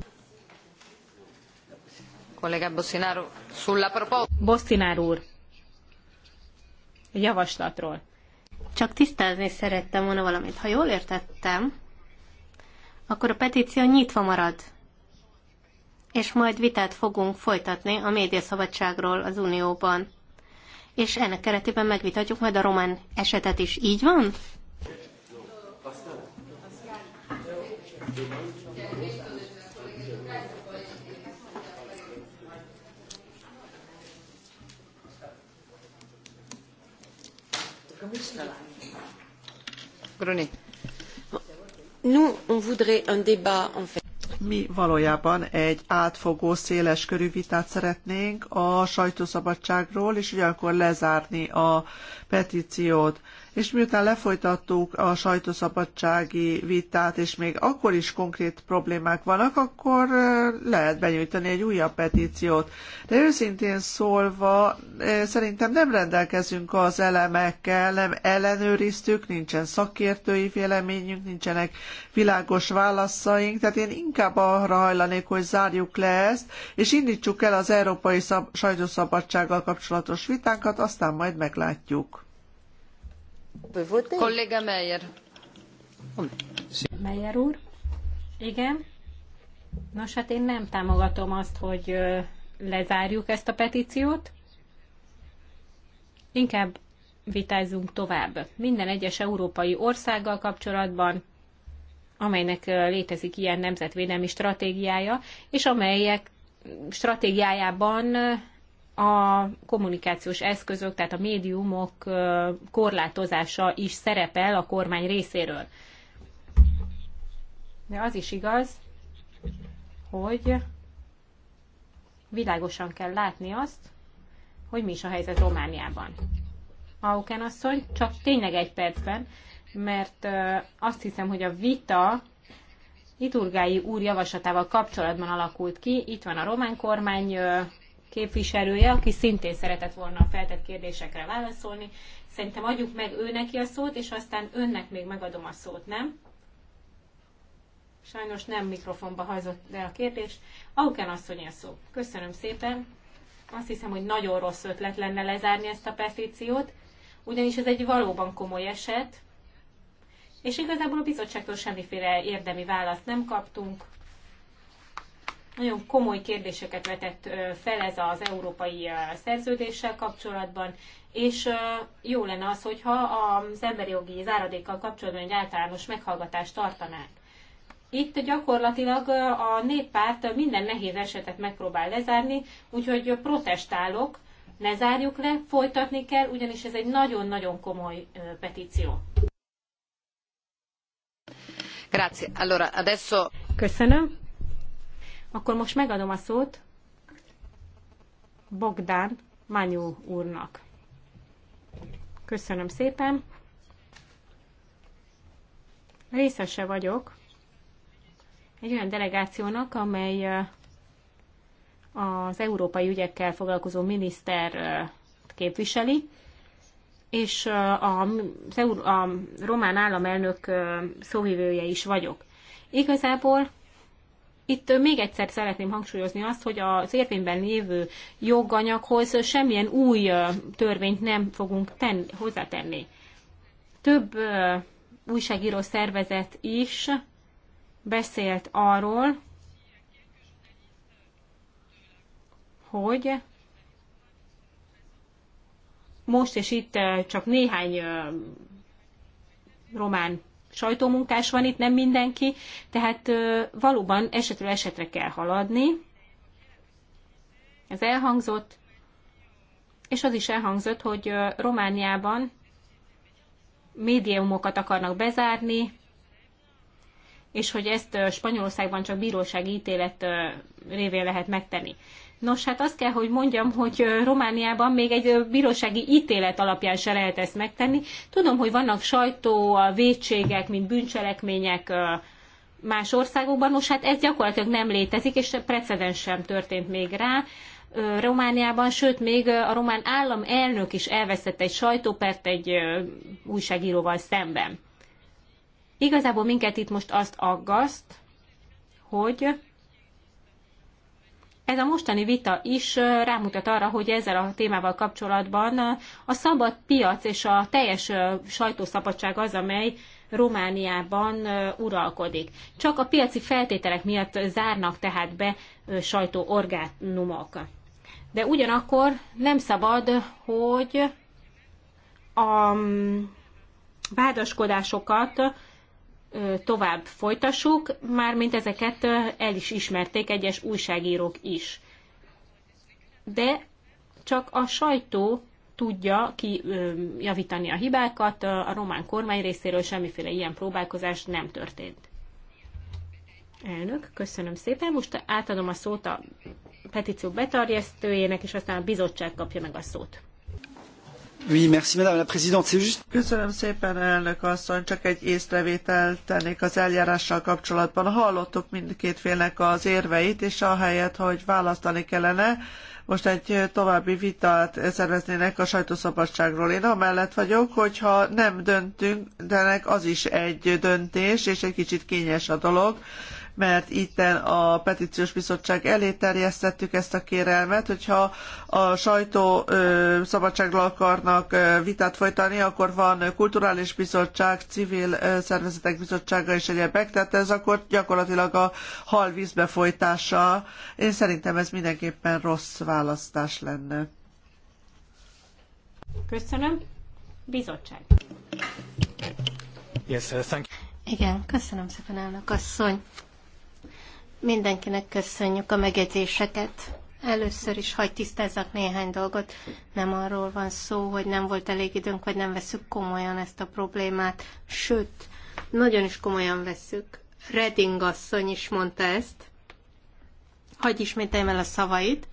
Kollega Bosszinár úr, egy javaslatról. Csak tisztázni szerettem volna valamit. Ha jól értettem, akkor a petíció nyitva marad. És majd vitát fogunk folytatni a médiaszabadságról az Unióban. És ennek keretében megvitatjuk majd a román esetet is. Így van? Köszönöm. Mi valójában egy átfogó, széles körű vitát szeretnénk a sajtószabadságról, és ugyanakkor lezárni a petíciót és miután lefolytattuk a sajtószabadsági vitát, és még akkor is konkrét problémák vannak, akkor lehet benyújtani egy újabb petíciót. De őszintén szólva, szerintem nem rendelkezünk az elemekkel, nem ellenőriztük, nincsen szakértői véleményünk, nincsenek világos válaszaink, tehát én inkább arra hajlanék, hogy zárjuk le ezt, és indítsuk el az európai szab- sajtószabadsággal kapcsolatos vitánkat, aztán majd meglátjuk. Kolléga Meyer. Meyer úr? Igen. Nos, hát én nem támogatom azt, hogy lezárjuk ezt a petíciót. Inkább vitázunk tovább. Minden egyes európai országgal kapcsolatban, amelynek létezik ilyen nemzetvédelmi stratégiája, és amelyek stratégiájában a kommunikációs eszközök, tehát a médiumok korlátozása is szerepel a kormány részéről. De az is igaz, hogy világosan kell látni azt, hogy mi is a helyzet Romániában. Auken asszony, csak tényleg egy percben, mert azt hiszem, hogy a vita Iturgái úr javaslatával kapcsolatban alakult ki. Itt van a román kormány képviselője, aki szintén szeretett volna a feltett kérdésekre válaszolni. Szerintem adjuk meg ő neki a szót, és aztán önnek még megadom a szót, nem? Sajnos nem mikrofonba hajzott le a kérdés. Auken asszony a szó. Köszönöm szépen. Azt hiszem, hogy nagyon rossz ötlet lenne lezárni ezt a petíciót, ugyanis ez egy valóban komoly eset, és igazából a bizottságtól semmiféle érdemi választ nem kaptunk. Nagyon komoly kérdéseket vetett fel ez az európai szerződéssel kapcsolatban, és jó lenne az, hogyha az emberi jogi záradékkal kapcsolatban egy általános meghallgatást tartanánk. Itt gyakorlatilag a néppárt minden nehéz esetet megpróbál lezárni, úgyhogy protestálok, ne zárjuk le, folytatni kell, ugyanis ez egy nagyon-nagyon komoly petíció. Grazie. Allora, adesso... Köszönöm. Akkor most megadom a szót Bogdán Manyó úrnak. Köszönöm szépen. Részese vagyok egy olyan delegációnak, amely az európai ügyekkel foglalkozó miniszter képviseli, és a, a román államelnök szóvivője is vagyok. Igazából itt még egyszer szeretném hangsúlyozni azt, hogy az érvényben lévő joganyaghoz semmilyen új törvényt nem fogunk tenni, hozzátenni. Több újságíró szervezet is beszélt arról, hogy most és itt csak néhány román sajtómunkás van itt, nem mindenki, tehát valóban esetről esetre kell haladni. Ez elhangzott, és az is elhangzott, hogy Romániában médiumokat akarnak bezárni, és hogy ezt Spanyolországban csak bírósági ítélet révén lehet megtenni. Nos, hát azt kell, hogy mondjam, hogy Romániában még egy bírósági ítélet alapján se lehet ezt megtenni. Tudom, hogy vannak sajtó, védségek, mint bűncselekmények más országokban, most hát ez gyakorlatilag nem létezik, és precedens sem történt még rá. Romániában, sőt, még a román állam elnök is elveszett egy sajtópert egy újságíróval szemben. Igazából minket itt most azt aggaszt, hogy ez a mostani vita is rámutat arra, hogy ezzel a témával kapcsolatban a szabad piac és a teljes sajtószabadság az, amely Romániában uralkodik. Csak a piaci feltételek miatt zárnak tehát be sajtóorgánumok. De ugyanakkor nem szabad, hogy a vádaskodásokat tovább folytassuk, mármint ezeket el is ismerték egyes újságírók is. De csak a sajtó tudja kijavítani a hibákat, a román kormány részéről semmiféle ilyen próbálkozás nem történt. Elnök, köszönöm szépen. Most átadom a szót a petíció betarjesztőjének, és aztán a bizottság kapja meg a szót. Oui, merci Madame la Présidente. C'est juste... Köszönöm szépen, elnök asszony. Csak egy észrevételt tennék az eljárással kapcsolatban. Hallottuk mindkét félnek az érveit, és ahelyett, hogy választani kellene, most egy további vitát szerveznének a sajtószabadságról. Én amellett vagyok, hogyha nem döntünk, de az is egy döntés, és egy kicsit kényes a dolog, mert itten a petíciós bizottság elé terjesztettük ezt a kérelmet, hogyha a sajtó szabadságra akarnak vitát folytani, akkor van kulturális bizottság, civil szervezetek bizottsága és egyebek, tehát ez akkor gyakorlatilag a hal vízbe folytása. Én szerintem ez mindenképpen rossz választás lenne. Köszönöm. Bizottság. Yes, thank you. Igen, köszönöm szépen, elnök asszony. Mindenkinek köszönjük a megjegyzéseket. Először is hagy tisztázzak néhány dolgot. Nem arról van szó, hogy nem volt elég időnk, vagy nem veszük komolyan ezt a problémát. Sőt, nagyon is komolyan veszük. Reding asszony is mondta ezt. Hagy ismételjem el a szavait.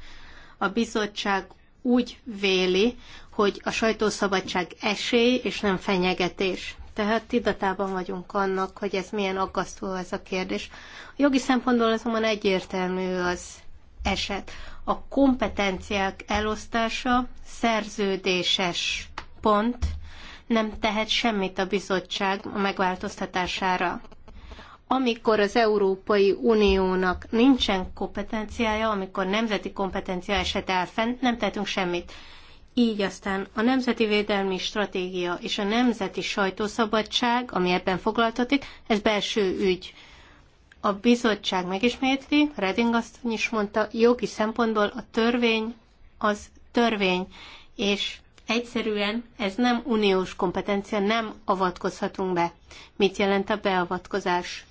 A bizottság úgy véli, hogy a sajtószabadság esély és nem fenyegetés. Tehát tudatában vagyunk annak, hogy ez milyen aggasztó ez a kérdés. A jogi szempontból azonban egyértelmű az eset. A kompetenciák elosztása szerződéses pont, nem tehet semmit a bizottság a megváltoztatására. Amikor az Európai Uniónak nincsen kompetenciája, amikor nemzeti kompetencia eset áll fent, nem tehetünk semmit. Így aztán a Nemzeti Védelmi Stratégia és a Nemzeti Sajtószabadság, ami ebben foglaltatik, ez belső ügy. A bizottság megismétli, Reding azt is mondta, jogi szempontból a törvény az törvény, és egyszerűen ez nem uniós kompetencia, nem avatkozhatunk be. Mit jelent a beavatkozás?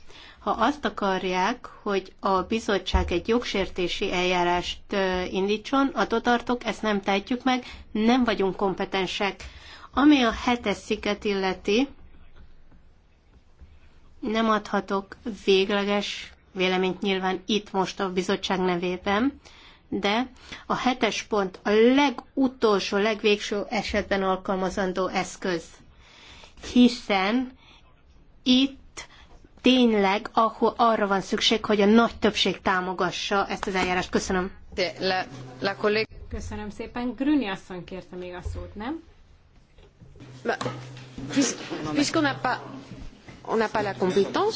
ha azt akarják, hogy a bizottság egy jogsértési eljárást indítson, attól tartok, ezt nem tehetjük meg, nem vagyunk kompetensek. Ami a hetes sziket illeti, nem adhatok végleges véleményt nyilván itt most a bizottság nevében, de a hetes pont a legutolsó, legvégső esetben alkalmazandó eszköz, hiszen itt tényleg ahol, arra van szükség, hogy a nagy többség támogassa ezt az eljárást. Köszönöm. Le, le Köszönöm szépen. Grüni asszony kérte még a szót, nem?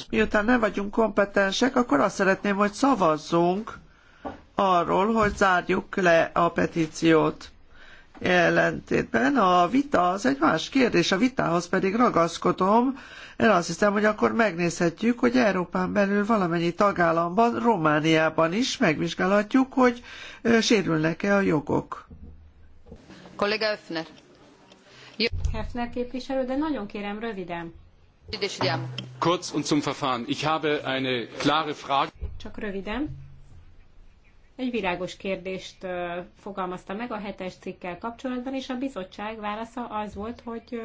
Miután nem vagyunk kompetensek, akkor azt szeretném, hogy szavazzunk arról, hogy zárjuk le a petíciót. Ellentétben a vita az egy más kérdés, a vitához pedig ragaszkodom, én azt hiszem, hogy akkor megnézhetjük, hogy Európán belül valamennyi tagállamban, Romániában is megvizsgálhatjuk, hogy sérülnek-e a jogok. Kollega Öfner. Hefner képviselő, de nagyon kérem, röviden. Kurz und zum Verfahren. Ich habe eine klare Frage. Csak röviden egy világos kérdést fogalmazta meg a hetes cikkel kapcsolatban, és a bizottság válasza az volt, hogy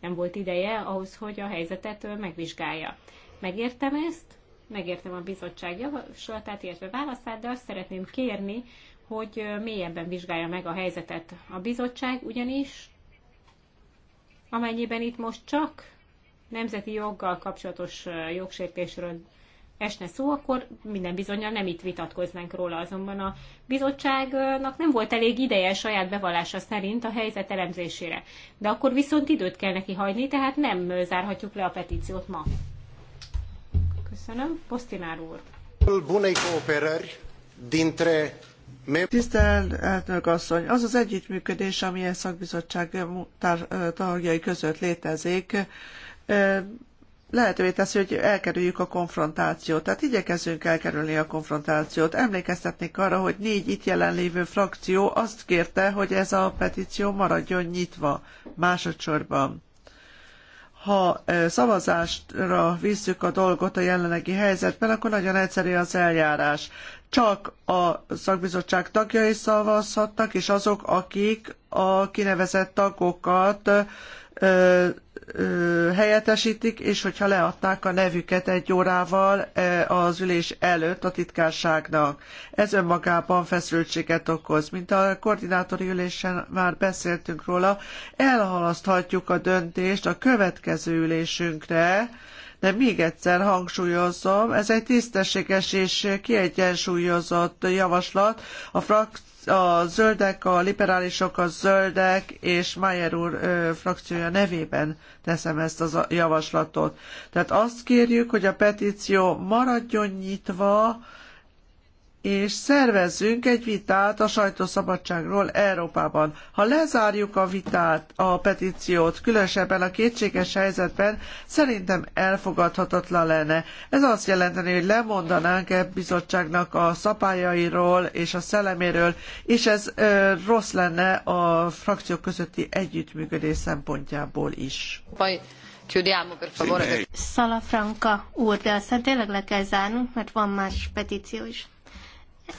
nem volt ideje ahhoz, hogy a helyzetet megvizsgálja. Megértem ezt, megértem a bizottság javaslatát, illetve válaszát, de azt szeretném kérni, hogy mélyebben vizsgálja meg a helyzetet a bizottság, ugyanis amennyiben itt most csak nemzeti joggal kapcsolatos jogsértésről esne szó, akkor minden bizonyal nem itt vitatkoznánk róla. Azonban a bizottságnak nem volt elég ideje saját bevallása szerint a helyzet elemzésére. De akkor viszont időt kell neki hagyni, tehát nem zárhatjuk le a petíciót ma. Köszönöm. Posztinár úr. Bunei dintre Tisztelt elnök asszony, az az együttműködés, ami a szakbizottság tagjai között létezik, lehetővé teszi, hogy elkerüljük a konfrontációt. Tehát igyekezzünk elkerülni a konfrontációt. Emlékeztetnék arra, hogy négy itt jelenlévő frakció azt kérte, hogy ez a petíció maradjon nyitva másodszorban. Ha szavazásra visszük a dolgot a jelenlegi helyzetben, akkor nagyon egyszerű az eljárás. Csak a szakbizottság tagjai szavazhatnak, és azok, akik a kinevezett tagokat helyettesítik, és hogyha leadták a nevüket egy órával az ülés előtt a titkárságnak. Ez önmagában feszültséget okoz. Mint a koordinátori ülésen már beszéltünk róla, elhalaszthatjuk a döntést a következő ülésünkre, de még egyszer hangsúlyozom, ez egy tisztességes és kiegyensúlyozott javaslat a frak a zöldek, a liberálisok, a zöldek és Mayer úr ö, frakciója nevében teszem ezt a javaslatot. Tehát azt kérjük, hogy a petíció maradjon nyitva, és szervezzünk egy vitát a sajtószabadságról Európában. Ha lezárjuk a vitát, a petíciót, különösebben a kétséges helyzetben, szerintem elfogadhatatlan lenne. Ez azt jelenteni, hogy lemondanánk e bizottságnak a szabályairól és a szelleméről, és ez ö, rossz lenne a frakciók közötti együttműködés szempontjából is. Baj. úr, de aztán tényleg le kell zárnunk, mert van más petíció is.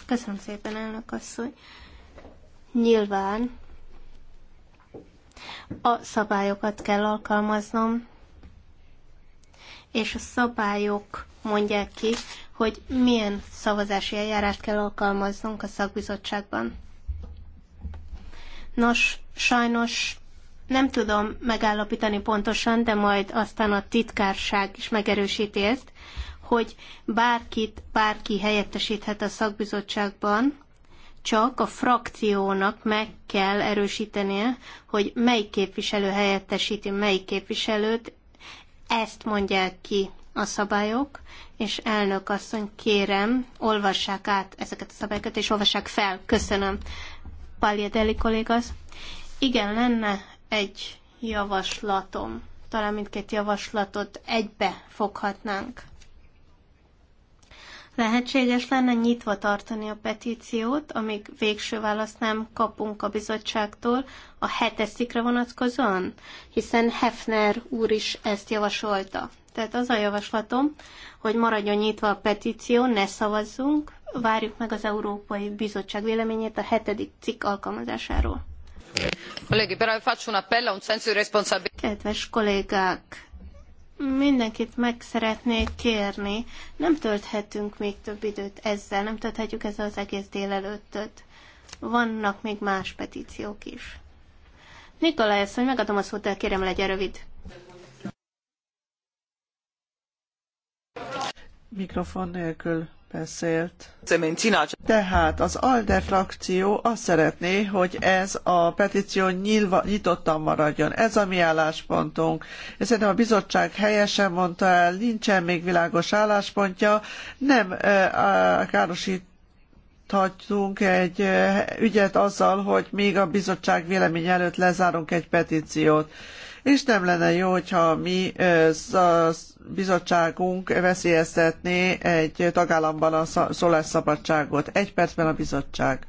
Köszönöm szépen, elnök asszony. Nyilván a szabályokat kell alkalmaznom, és a szabályok mondják ki, hogy milyen szavazási eljárást kell alkalmaznunk a szakbizottságban. Nos, sajnos nem tudom megállapítani pontosan, de majd aztán a titkárság is megerősíti ezt, hogy bárkit bárki helyettesíthet a szakbizottságban, csak a frakciónak meg kell erősítenie, hogy melyik képviselő helyettesíti melyik képviselőt. Ezt mondják ki a szabályok, és elnök asszony, kérem, olvassák át ezeket a szabályokat, és olvassák fel. Köszönöm. Pagliadelli kollégaz. Igen, lenne egy javaslatom. Talán mindkét javaslatot egybe foghatnánk lehetséges lenne nyitva tartani a petíciót, amíg végső választ nem kapunk a bizottságtól a hetes vonatkozóan? Hiszen Hefner úr is ezt javasolta. Tehát az a javaslatom, hogy maradjon nyitva a petíció, ne szavazzunk, várjuk meg az Európai Bizottság véleményét a hetedik cikk alkalmazásáról. un Kedves kollégák, mindenkit meg szeretnék kérni, nem tölthetünk még több időt ezzel, nem tölthetjük ezzel az egész délelőttöt. Vannak még más petíciók is. Nikolaj, hogy megadom a szót, de kérem, legyen rövid. Mikrofon nélkül beszélt. Tehát az ALDE frakció azt szeretné, hogy ez a petíció nyilva, nyitottan maradjon. Ez a mi álláspontunk. És szerintem a bizottság helyesen mondta el, nincsen még világos álláspontja, nem károsít indíthatunk egy ügyet azzal, hogy még a bizottság véleménye előtt lezárunk egy petíciót és nem lenne jó, hogyha mi a bizottságunk veszélyeztetné egy tagállamban a szólásszabadságot. Egy percben a bizottság.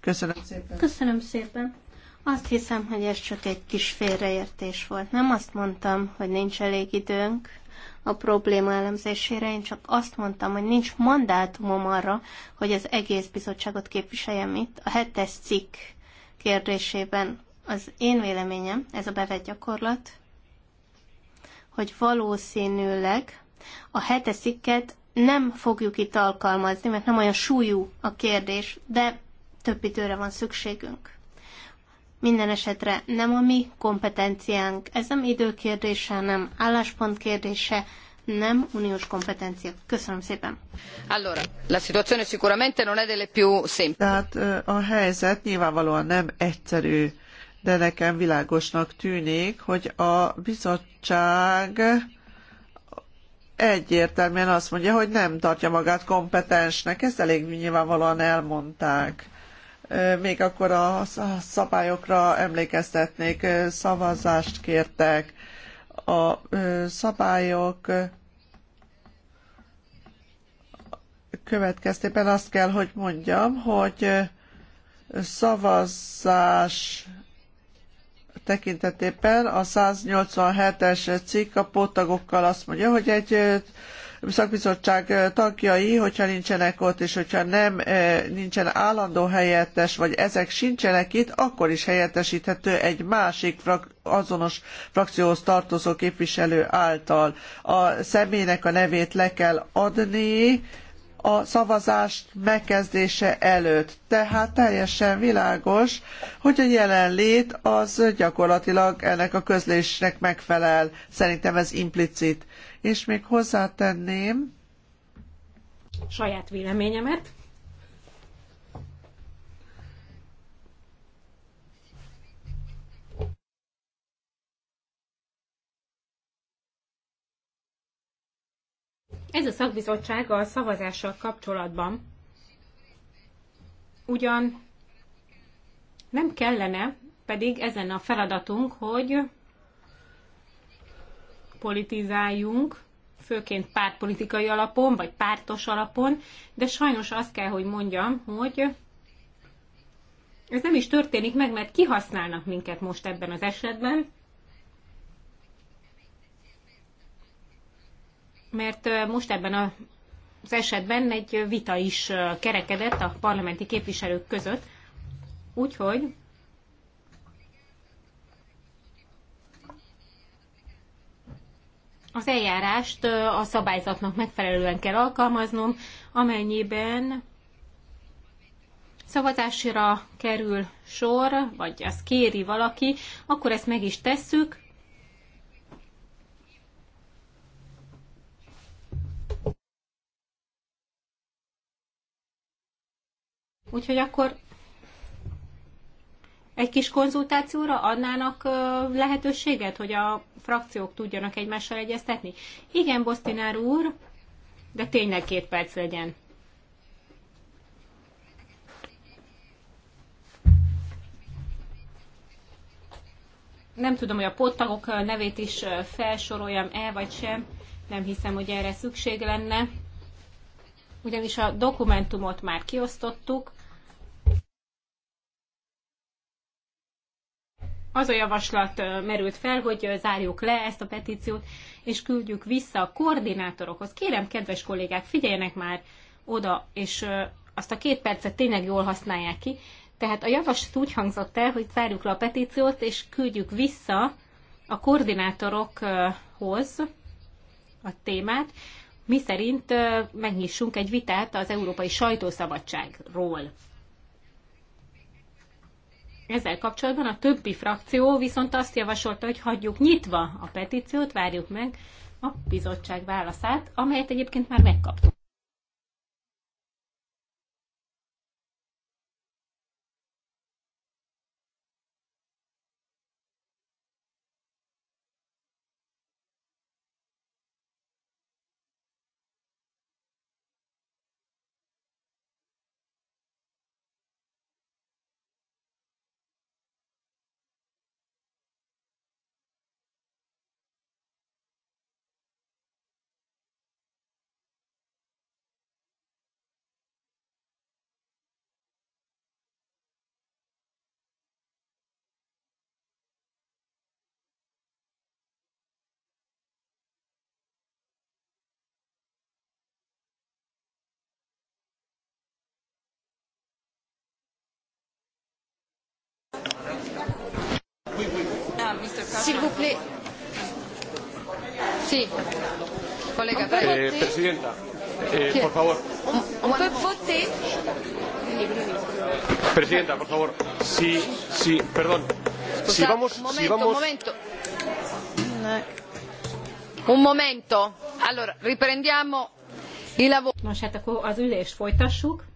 Köszönöm szépen. Köszönöm szépen. Azt hiszem, hogy ez csak egy kis félreértés volt. Nem azt mondtam, hogy nincs elég időnk a probléma elemzésére, én csak azt mondtam, hogy nincs mandátumom arra, hogy az egész bizottságot képviseljem itt. A hetes cikk kérdésében az én véleményem, ez a bevett gyakorlat, hogy valószínűleg a hetesziket nem fogjuk itt alkalmazni, mert nem olyan súlyú a kérdés, de több időre van szükségünk. Minden esetre nem a mi kompetenciánk, ez nem időkérdése, nem álláspont kérdése, nem uniós kompetencia. Köszönöm szépen. Allora, la situazione sicuramente non è delle più semplici. Tehát a helyzet nyilvánvalóan nem egyszerű de nekem világosnak tűnik, hogy a bizottság egyértelműen azt mondja, hogy nem tartja magát kompetensnek, ezt elég nyilvánvalóan elmondták. Még akkor a szabályokra emlékeztetnék, szavazást kértek. A szabályok következtében azt kell, hogy mondjam, hogy szavazás tekintetében a 187-es cikk a póttagokkal azt mondja, hogy egy szakbizottság tagjai, hogyha nincsenek ott, és hogyha nem nincsen állandó helyettes, vagy ezek sincsenek itt, akkor is helyettesíthető egy másik frak- azonos frakcióhoz tartozó képviselő által. A személynek a nevét le kell adni, a szavazás megkezdése előtt. Tehát teljesen világos, hogy a jelenlét az gyakorlatilag ennek a közlésnek megfelel. Szerintem ez implicit. És még hozzátenném saját véleményemet, Ez a szakbizottság a szavazással kapcsolatban ugyan nem kellene, pedig ezen a feladatunk, hogy politizáljunk, főként pártpolitikai alapon, vagy pártos alapon, de sajnos azt kell, hogy mondjam, hogy ez nem is történik meg, mert kihasználnak minket most ebben az esetben, mert most ebben a az esetben egy vita is kerekedett a parlamenti képviselők között, úgyhogy az eljárást a szabályzatnak megfelelően kell alkalmaznom, amennyiben szavazásra kerül sor, vagy azt kéri valaki, akkor ezt meg is tesszük, Úgyhogy akkor egy kis konzultációra adnának lehetőséget, hogy a frakciók tudjanak egymással egyeztetni? Igen, Bosztinár úr, de tényleg két perc legyen. Nem tudom, hogy a pottagok nevét is felsoroljam el, vagy sem. Nem hiszem, hogy erre szükség lenne. Ugyanis a dokumentumot már kiosztottuk, az a javaslat merült fel, hogy zárjuk le ezt a petíciót, és küldjük vissza a koordinátorokhoz. Kérem, kedves kollégák, figyeljenek már oda, és azt a két percet tényleg jól használják ki. Tehát a javaslat úgy hangzott el, hogy zárjuk le a petíciót, és küldjük vissza a koordinátorokhoz a témát, mi szerint megnyissunk egy vitát az európai sajtószabadságról. Ezzel kapcsolatban a többi frakció viszont azt javasolta, hogy hagyjuk nyitva a petíciót, várjuk meg a bizottság válaszát, amelyet egyébként már megkaptunk. S'il vous plaît. Sí. Colega, eh, Presidenta, eh, por favor. On peut voter. Presidenta, por favor. Sí, sí, perdón. Si vamos, momento, si vamos... momento. Un momento. Allora, riprendiamo il lavoro. Nos, hát akkor az ülést folytassuk.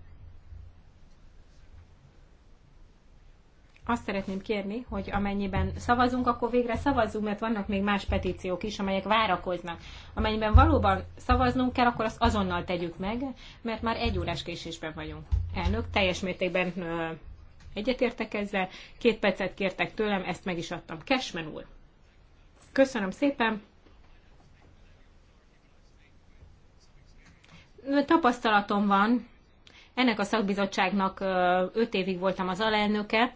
azt szeretném kérni, hogy amennyiben szavazunk, akkor végre szavazzunk, mert vannak még más petíciók is, amelyek várakoznak. Amennyiben valóban szavaznunk kell, akkor azt azonnal tegyük meg, mert már egy órás késésben vagyunk. Elnök, teljes mértékben ö, egyetértek ezzel, két percet kértek tőlem, ezt meg is adtam. Kesmen úr, köszönöm szépen! Tapasztalatom van, ennek a szakbizottságnak öt évig voltam az alelnöke,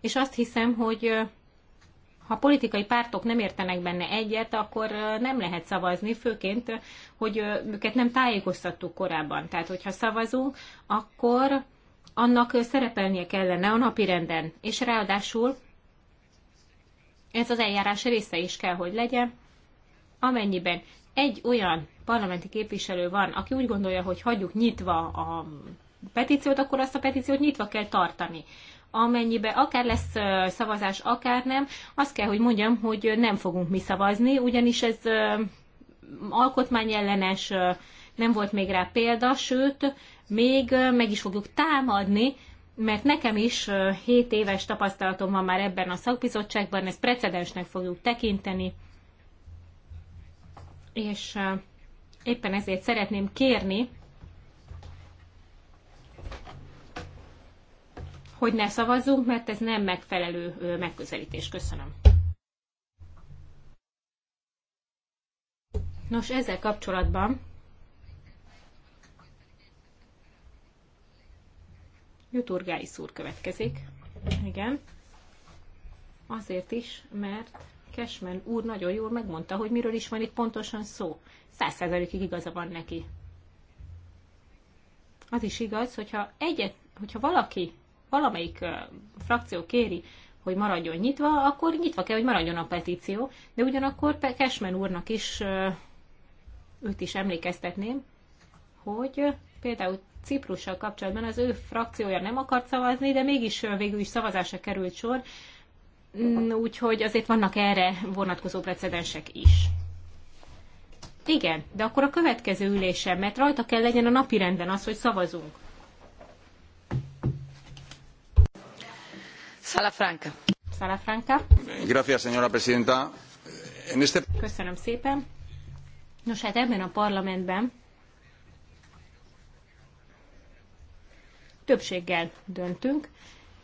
és azt hiszem, hogy ha politikai pártok nem értenek benne egyet, akkor nem lehet szavazni, főként, hogy őket nem tájékoztattuk korábban. Tehát, hogyha szavazunk, akkor annak szerepelnie kellene a renden. és ráadásul ez az eljárás része is kell, hogy legyen, amennyiben egy olyan parlamenti képviselő van, aki úgy gondolja, hogy hagyjuk nyitva a petíciót, akkor azt a petíciót nyitva kell tartani amennyibe akár lesz szavazás, akár nem, azt kell, hogy mondjam, hogy nem fogunk mi szavazni, ugyanis ez alkotmányellenes nem volt még rá példa, sőt, még meg is fogjuk támadni, mert nekem is 7 éves tapasztalatom van már ebben a szakbizottságban, ezt precedensnek fogjuk tekinteni, és éppen ezért szeretném kérni hogy ne szavazzunk, mert ez nem megfelelő megközelítés. Köszönöm. Nos, ezzel kapcsolatban Juturgái szúr következik. Igen. Azért is, mert Kesmen úr nagyon jól megmondta, hogy miről is van itt pontosan szó. Százszerzelőkig igaza van neki. Az is igaz, hogyha egyet, hogyha valaki valamelyik frakció kéri, hogy maradjon nyitva, akkor nyitva kell, hogy maradjon a petíció, de ugyanakkor Cashman úrnak is, őt is emlékeztetném, hogy például Ciprussal kapcsolatban az ő frakciója nem akart szavazni, de mégis végül is szavazásra került sor, mm, úgyhogy azért vannak erre vonatkozó precedensek is. Igen, de akkor a következő ülésen, mert rajta kell legyen a napirenden az, hogy szavazunk. Köszönöm szépen. Nos, hát ebben a parlamentben többséggel döntünk.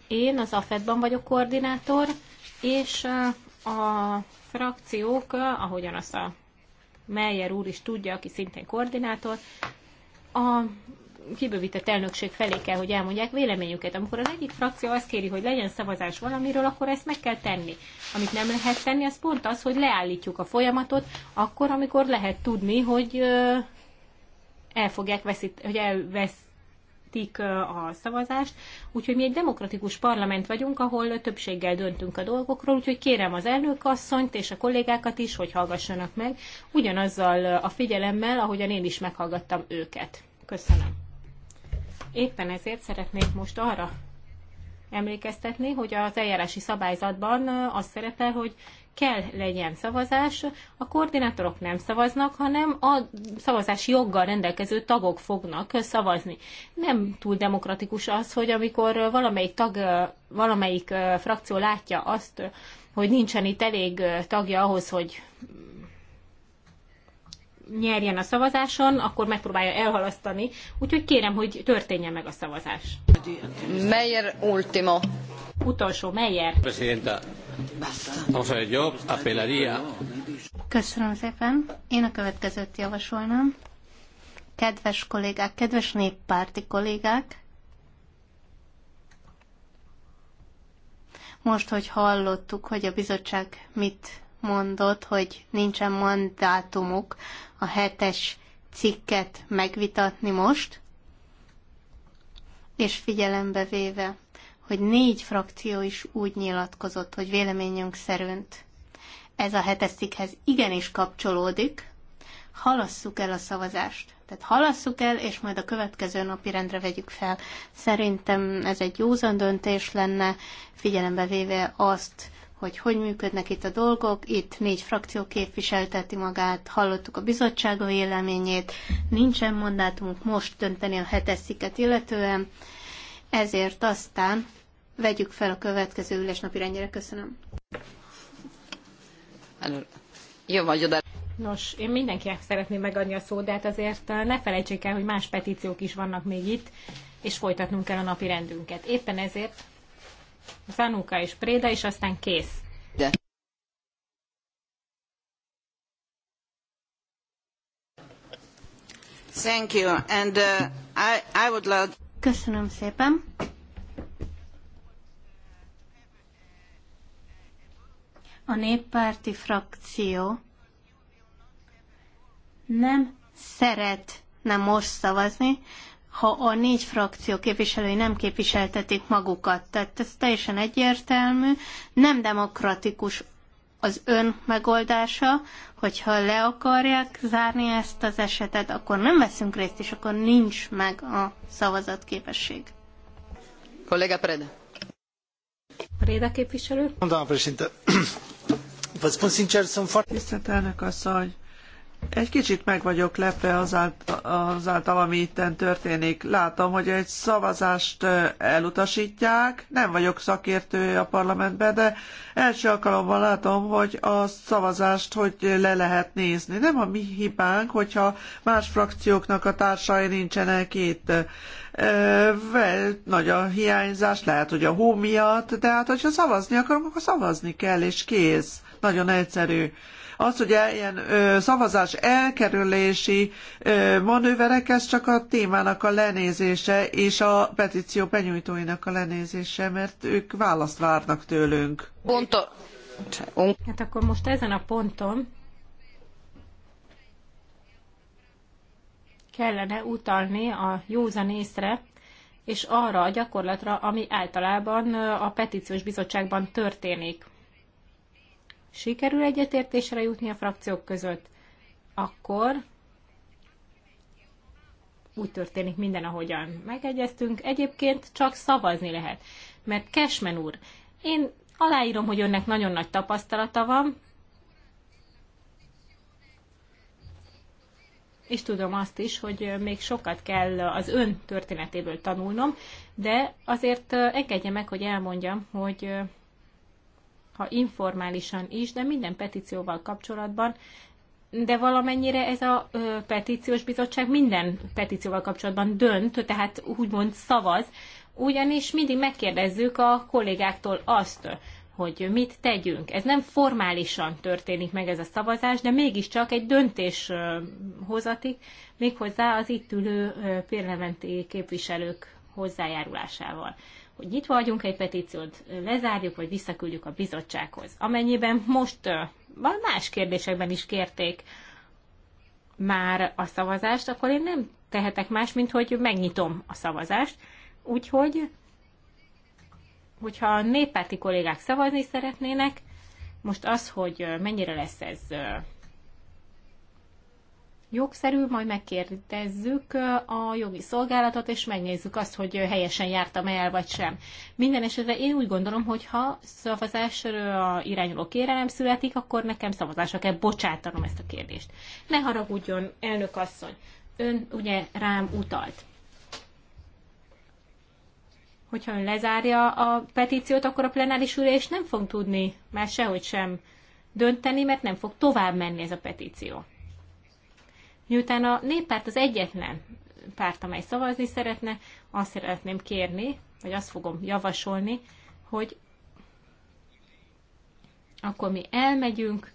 Én az AFED-ban vagyok koordinátor, és a frakciók, ahogyan azt a Meyer úr is tudja, aki szintén koordinátor, a kibővített elnökség felé kell, hogy elmondják véleményüket. Amikor az egyik frakció azt kéri, hogy legyen szavazás valamiről, akkor ezt meg kell tenni. Amit nem lehet tenni, az pont az, hogy leállítjuk a folyamatot, akkor, amikor lehet tudni, hogy el fogják veszít, hogy elvesz a szavazást. Úgyhogy mi egy demokratikus parlament vagyunk, ahol többséggel döntünk a dolgokról, úgyhogy kérem az elnökasszonyt és a kollégákat is, hogy hallgassanak meg, ugyanazzal a figyelemmel, ahogyan én is meghallgattam őket. Köszönöm. Éppen ezért szeretnék most arra emlékeztetni, hogy az eljárási szabályzatban eh, az szerepel, hogy kell legyen szavazás, a koordinátorok nem szavaznak, hanem a szavazási joggal rendelkező tagok fognak szavazni. Nem túl demokratikus az, hogy amikor valamelyik tag, eh, valamelyik eh, frakció látja azt, hogy nincsen itt elég tagja ahhoz, hogy nyerjen a szavazáson, akkor megpróbálja elhalasztani. Úgyhogy kérem, hogy történjen meg a szavazás. Meyer ultimo. Utolsó, Meyer. Presidenta, Köszönöm szépen. Én a következőt javasolnám. Kedves kollégák, kedves néppárti kollégák, most, hogy hallottuk, hogy a bizottság mit mondott, hogy nincsen mandátumuk a hetes cikket megvitatni most, és figyelembe véve, hogy négy frakció is úgy nyilatkozott, hogy véleményünk szerint ez a hetes cikkhez igenis kapcsolódik, halasszuk el a szavazást. Tehát halasszuk el, és majd a következő napi rendre vegyük fel. Szerintem ez egy józan döntés lenne, figyelembe véve azt, hogy hogy működnek itt a dolgok. Itt négy frakció képviselteti magát, hallottuk a bizottság véleményét, nincsen mandátumunk most dönteni a hetesziket illetően, ezért aztán vegyük fel a következő ülés napirendjére. Köszönöm. Jó vagy oda. Nos, én mindenkinek szeretném megadni a szót, de hát azért uh, ne felejtsék el, hogy más petíciók is vannak még itt, és folytatnunk kell a napi rendünket. Éppen ezért Zanuka és Préda, és aztán kész. De. Thank you, and uh, I, I would love... Köszönöm szépen. A néppárti frakció nem szeretne most szavazni, ha a négy frakció képviselői nem képviseltetik magukat. Tehát ez teljesen egyértelmű, nem demokratikus az ön megoldása, hogyha le akarják zárni ezt az esetet, akkor nem veszünk részt, és akkor nincs meg a szavazatképesség. Kollega Preda. Preda képviselő. Mondom, președinte. Vă spun sincer, sunt foarte... Tisztelt elnök asszony, egy kicsit meg vagyok lepve azáltal, ami itten történik. Látom, hogy egy szavazást elutasítják, nem vagyok szakértő a parlamentben, de első alkalommal látom, hogy a szavazást hogy le lehet nézni. Nem a mi hibánk, hogyha más frakcióknak a társai nincsenek itt. Vel, nagy a hiányzás, lehet, hogy a hó miatt, de hát, hogyha szavazni akarunk, akkor szavazni kell, és kész. Nagyon egyszerű. Az, hogy e- ilyen szavazás elkerülési manőverek, ez csak a témának a lenézése és a petíció benyújtóinak a lenézése, mert ők választ várnak tőlünk. Ponto. Hát akkor most ezen a ponton kellene utalni a józan észre, és arra a gyakorlatra, ami általában a petíciós bizottságban történik sikerül egyetértésre jutni a frakciók között, akkor úgy történik minden, ahogyan megegyeztünk. Egyébként csak szavazni lehet. Mert Cashman úr, én aláírom, hogy önnek nagyon nagy tapasztalata van, és tudom azt is, hogy még sokat kell az ön történetéből tanulnom, de azért engedje meg, hogy elmondjam, hogy ha informálisan is, de minden petícióval kapcsolatban, de valamennyire ez a ö, petíciós bizottság minden petícióval kapcsolatban dönt, tehát úgymond szavaz, ugyanis mindig megkérdezzük a kollégáktól azt, hogy mit tegyünk. Ez nem formálisan történik meg ez a szavazás, de mégiscsak egy döntés hozatik, méghozzá az itt ülő parlamenti képviselők hozzájárulásával hogy nyitva adjunk egy petíciót, lezárjuk, vagy visszaküldjük a bizottsághoz. Amennyiben most van más kérdésekben is kérték már a szavazást, akkor én nem tehetek más, mint hogy megnyitom a szavazást. Úgyhogy, hogyha a néppárti kollégák szavazni szeretnének, most az, hogy mennyire lesz ez jogszerű, majd megkérdezzük a jogi szolgálatot, és megnézzük azt, hogy helyesen jártam el, vagy sem. Minden esetre én úgy gondolom, hogy ha szavazásra irányuló kérelem születik, akkor nekem szavazásra kell bocsátanom ezt a kérdést. Ne haragudjon, elnök asszony, ön ugye rám utalt hogyha ön lezárja a petíciót, akkor a plenáris ülés nem fog tudni már sehogy sem dönteni, mert nem fog tovább menni ez a petíció. Miután a néppárt az egyetlen párt, amely szavazni szeretne, azt szeretném kérni, vagy azt fogom javasolni, hogy akkor mi elmegyünk,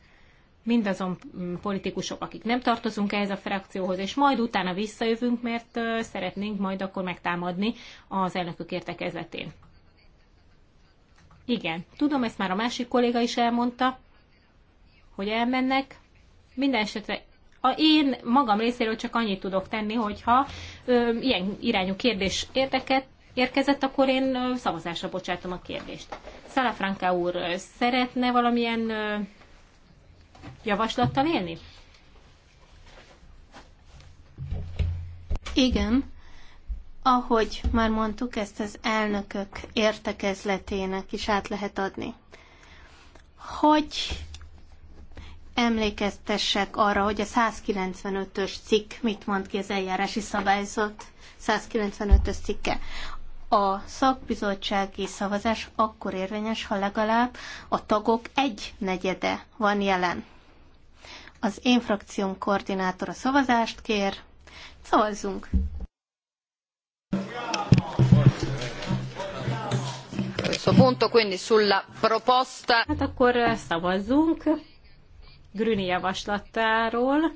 mindazon politikusok, akik nem tartozunk ehhez a frakcióhoz, és majd utána visszajövünk, mert szeretnénk majd akkor megtámadni az elnökök értekezetén. Igen, tudom, ezt már a másik kolléga is elmondta, hogy elmennek. Minden esetre a én magam részéről csak annyit tudok tenni, hogyha ö, ilyen irányú kérdés érdeket érkezett, akkor én ö, szavazásra bocsátom a kérdést. Franka úr ö, szeretne valamilyen ö, javaslattal élni? Igen. Ahogy már mondtuk, ezt az elnökök értekezletének is át lehet adni. Hogy emlékeztessek arra, hogy a 195-ös cikk mit mond ki az eljárási szabályzat 195-ös cikke. A szakbizottsági szavazás akkor érvényes, ha legalább a tagok egy negyede van jelen. Az én frakcióm koordinátora szavazást kér. Szavazzunk! Hát akkor eh, szavazzunk Grüni javaslatáról,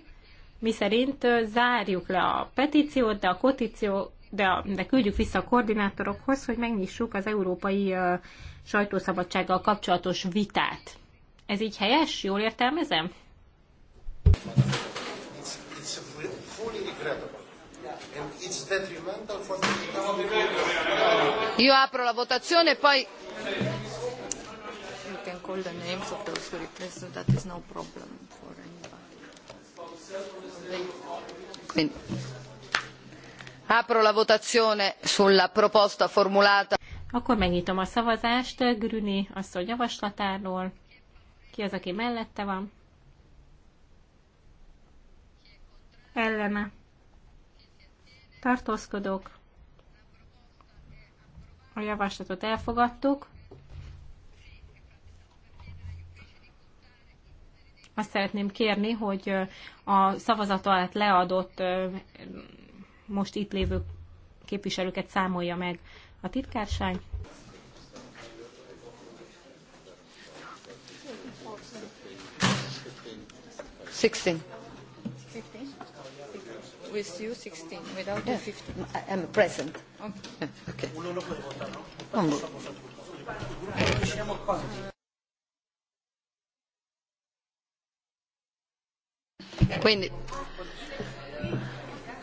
miszerint zárjuk le a petíciót, de a kotíció, de, de küldjük vissza a koordinátorokhoz, hogy megnyissuk az európai sajtószabadsággal kapcsolatos vitát. Ez így helyes? Jól értelmezem? Io apro la votazione e poi can call the names of those who replaced, so that is no problem for anybody. Apro la votazione sulla proposta formulata. Akkor megnyitom a szavazást Grüni asszony javaslatáról. Ki az, aki mellette van? Ellene. Tartózkodok. A javaslatot elfogadtuk. Azt szeretném kérni, hogy a szavazat alatt leadott most itt lévő képviselőket számolja meg a titkárság. Sixteen. With you, sixteen, Without you, 15. I am present. Okay. okay. Quindi,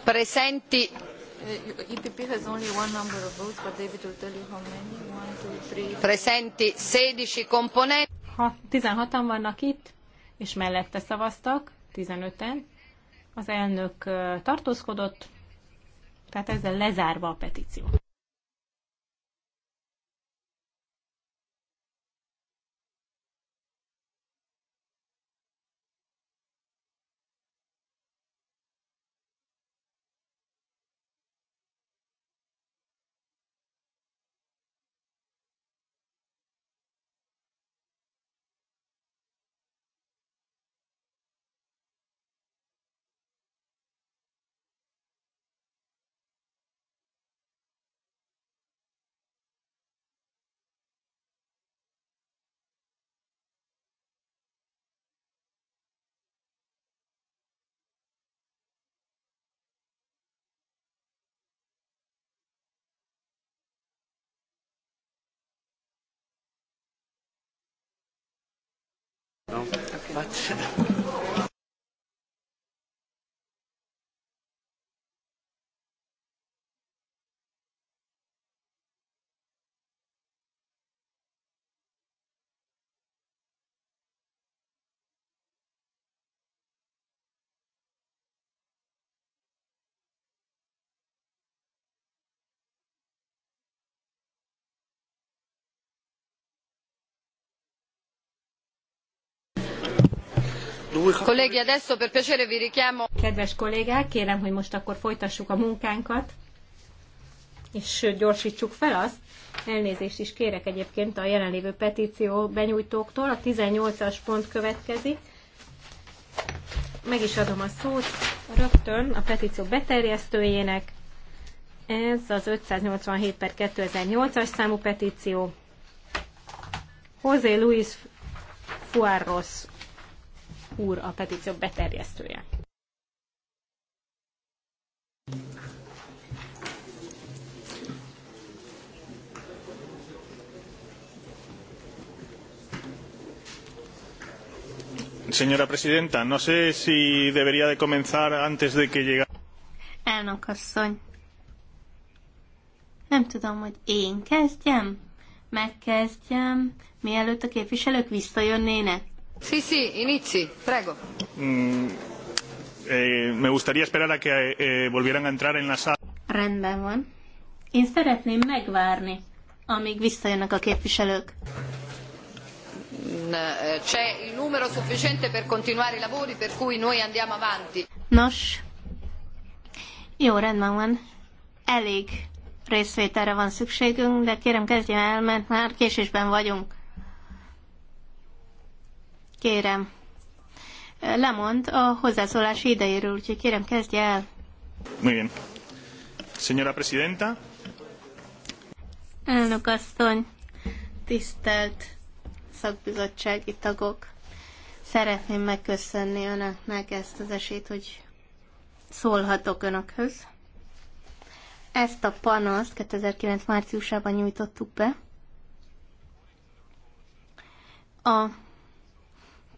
presenti. Presenti 16 komponenti. 16-an vannak itt, és mellette szavaztak, 15-en. Az elnök tartózkodott, tehát ezzel lezárva a petíció. No? Okay. But Kedves kollégák, kérem, hogy most akkor folytassuk a munkánkat, és gyorsítsuk fel azt. Elnézést is kérek egyébként a jelenlévő petíció benyújtóktól. A 18-as pont következik. Meg is adom a szót rögtön a petíció beterjesztőjének. Ez az 587 per 2008-as számú petíció. José Luis Fuarros úr a petíció beterjesztője. Señora presidenta, no sé si debería de comenzar antes de que llegara. Elnök asszony, nem tudom, hogy én kezdjem, megkezdjem, mielőtt a képviselők visszajönnének. Sí, sí, Inici, prego. Mm, eh, me gustaría esperar a que eh, volvieran a entrar en la sala. Rendben van. Én szeretném megvárni, amíg visszajönnek a képviselők. Mm, eh, c'è il numero sufficiente per continuare i lavori, per cui noi andiamo avanti. Nos, jó, rendben van. Elég részvételre van szükségünk, de kérem kezdjen el, mert már késésben vagyunk. Kérem, lemond a hozzászólási idejéről, úgyhogy kérem, kezdje el. Muy bien. Señora Presidenta. Elnök asszony, tisztelt szakbizottsági tagok, szeretném megköszönni önöknek ezt az esélyt, hogy szólhatok önökhöz. Ezt a panaszt 2009. márciusában nyújtottuk be. A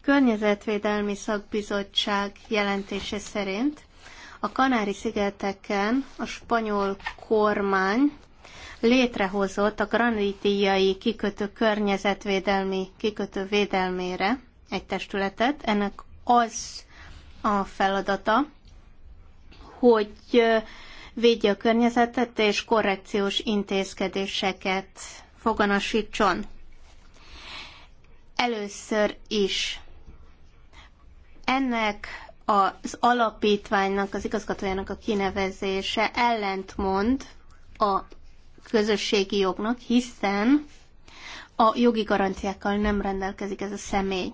Környezetvédelmi Szakbizottság jelentése szerint a Kanári-szigeteken a spanyol kormány létrehozott a granitíjai kikötő környezetvédelmi kikötő védelmére egy testületet. Ennek az a feladata, hogy védje a környezetet és korrekciós intézkedéseket foganasítson. Először is ennek az alapítványnak, az igazgatójának a kinevezése ellentmond a közösségi jognak, hiszen a jogi garanciákkal nem rendelkezik ez a személy.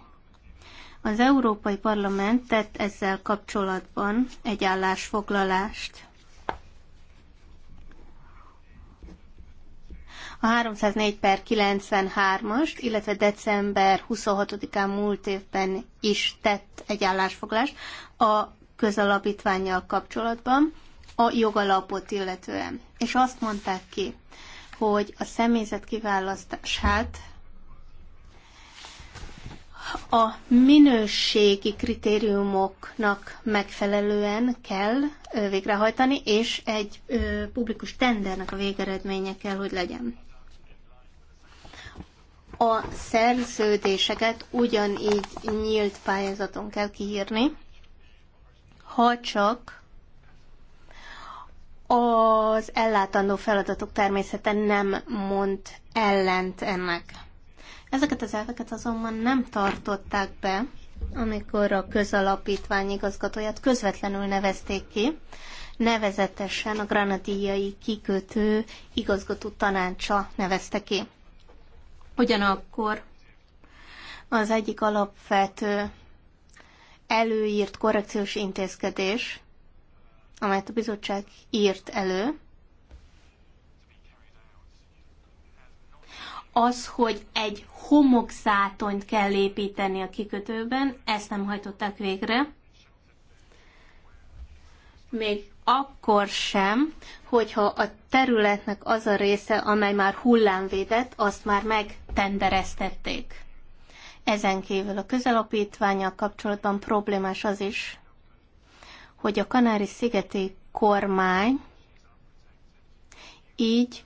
Az Európai Parlament tett ezzel kapcsolatban egy állásfoglalást. a 304 per 93-ast, illetve december 26-án múlt évben is tett egy állásfoglást a közalapítványjal kapcsolatban, a jogalapot illetően. És azt mondták ki, hogy a személyzet kiválasztását a minőségi kritériumoknak megfelelően kell végrehajtani, és egy ö, publikus tendernek a végeredménye kell, hogy legyen. A szerződéseket ugyanígy nyílt pályázaton kell kiírni, ha csak az ellátandó feladatok természete nem mond ellent ennek. Ezeket az elveket azonban nem tartották be, amikor a közalapítvány igazgatóját közvetlenül nevezték ki, nevezetesen a granadíjai kikötő igazgató tanácsa nevezte ki. Ugyanakkor az egyik alapvető előírt korrekciós intézkedés, amelyet a bizottság írt elő, az, hogy egy homokzátonyt kell építeni a kikötőben, ezt nem hajtották végre még akkor sem, hogyha a területnek az a része, amely már hullámvédett, azt már megtendereztették. Ezen kívül a közalapítványjal kapcsolatban problémás az is, hogy a Kanári-szigeti kormány így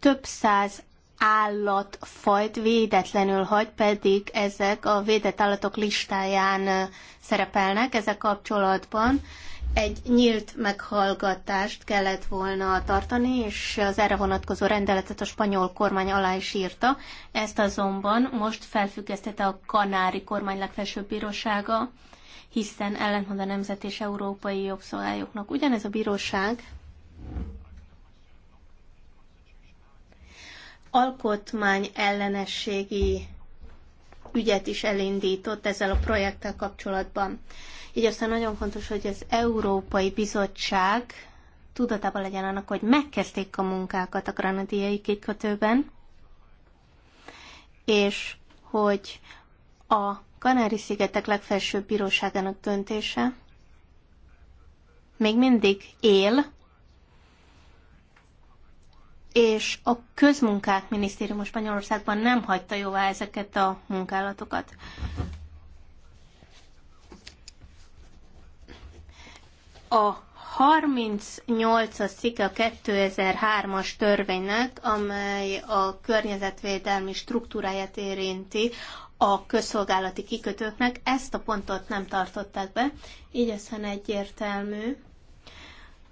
több száz állatfajt védetlenül hagy, pedig ezek a védett állatok listáján szerepelnek ezek kapcsolatban egy nyílt meghallgatást kellett volna tartani, és az erre vonatkozó rendeletet a spanyol kormány alá is írta. Ezt azonban most felfüggesztette a kanári kormány legfelsőbb bírósága, hiszen ellentmond a nemzet és európai jogszabályoknak. Ugyanez a bíróság alkotmány ellenességi ügyet is elindított ezzel a projekttel kapcsolatban. Így aztán nagyon fontos, hogy az Európai Bizottság tudatában legyen annak, hogy megkezdték a munkákat a granadiai kikötőben, és hogy a Kanári-szigetek legfelsőbb bíróságának döntése még mindig él, és a közmunkák minisztérium Spanyolországban nem hagyta jóvá ezeket a munkálatokat. a 38 cikke a 2003-as törvénynek, amely a környezetvédelmi struktúráját érinti a közszolgálati kikötőknek, ezt a pontot nem tartották be, így aztán egyértelmű,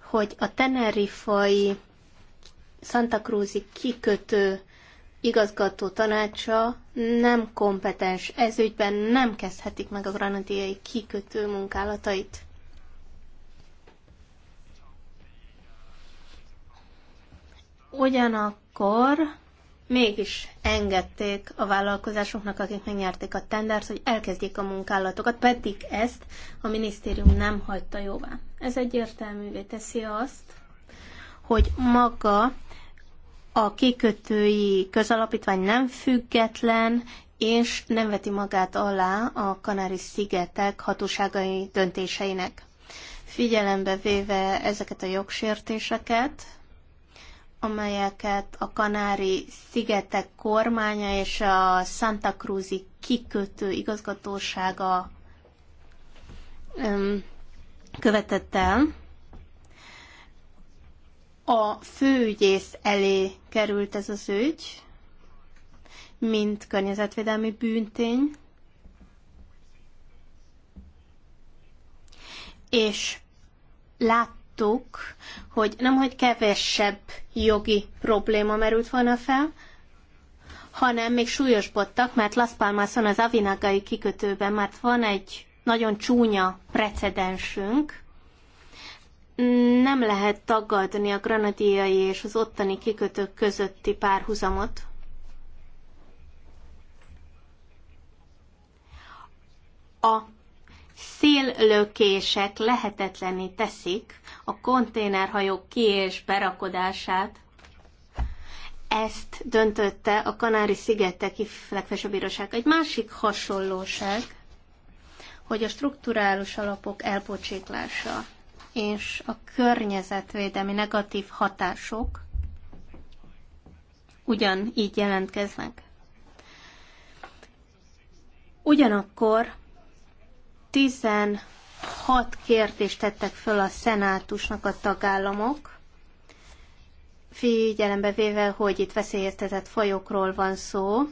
hogy a tenerifai Santa Cruzi kikötő igazgató tanácsa nem kompetens, ezügyben nem kezdhetik meg a granadiai kikötő munkálatait. Ugyanakkor mégis engedték a vállalkozásoknak, akik megnyerték a tendert, hogy elkezdjék a munkálatokat, pedig ezt a minisztérium nem hagyta jóvá. Ez egyértelművé teszi azt, hogy maga a kikötői közalapítvány nem független, és nem veti magát alá a Kanári-szigetek hatóságai döntéseinek. Figyelembe véve ezeket a jogsértéseket, amelyeket a Kanári szigetek kormánya és a Santa Cruzi kikötő igazgatósága öm, követett el. A főügyész elé került ez az ügy, mint környezetvédelmi bűntény, és lát láttuk, hogy nem, hogy kevesebb jogi probléma merült volna fel, hanem még súlyosbottak, mert Las Palmason az Avinagai kikötőben már van egy nagyon csúnya precedensünk. Nem lehet tagadni a granadiai és az ottani kikötők közötti párhuzamot. A széllökések lehetetlenné teszik a konténerhajók ki- és berakodását. Ezt döntötte a Kanári-szigeteki legfelsőbb bíróság. Egy másik hasonlóság, hogy a strukturális alapok elpocséklása és a környezetvédelmi negatív hatások ugyanígy jelentkeznek. Ugyanakkor 16 kérdést tettek föl a szenátusnak a tagállamok, figyelembe véve, hogy itt veszélyeztetett fajokról van szó,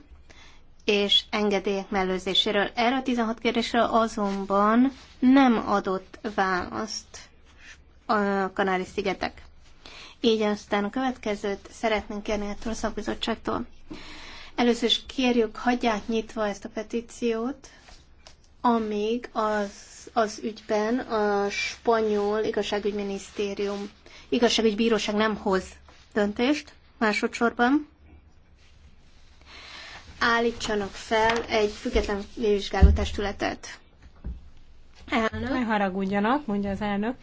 és engedélyek mellőzéséről. Erre a 16 kérdésre azonban nem adott választ a Kanári-szigetek. Így aztán a következőt szeretnénk kérni a Torszakbizottságtól. Először is kérjük, hagyják nyitva ezt a petíciót, amíg az, az ügyben a spanyol igazságügyminisztérium, igazságügybíróság nem hoz döntést, másodszorban állítsanak fel egy független vizsgáló testületet. Elnök. Ne haragudjanak, mondja az elnök.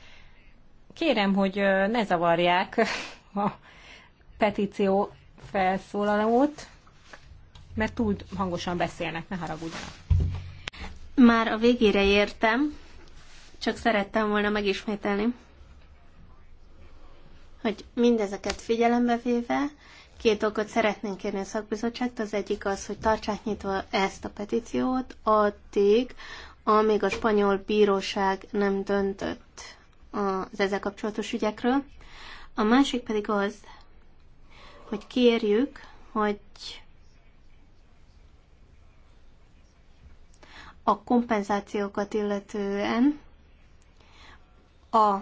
Kérem, hogy ne zavarják [LAUGHS] a petíció felszólalót, mert túl hangosan beszélnek, ne haragudjanak. Már a végére értem, csak szerettem volna megismételni, hogy mindezeket figyelembe véve két dolgot szeretnénk kérni a szakbizottságtól. Az egyik az, hogy tartsák nyitva ezt a petíciót addig, amíg a spanyol bíróság nem döntött az ezzel kapcsolatos ügyekről. A másik pedig az, hogy kérjük, hogy a kompenzációkat illetően a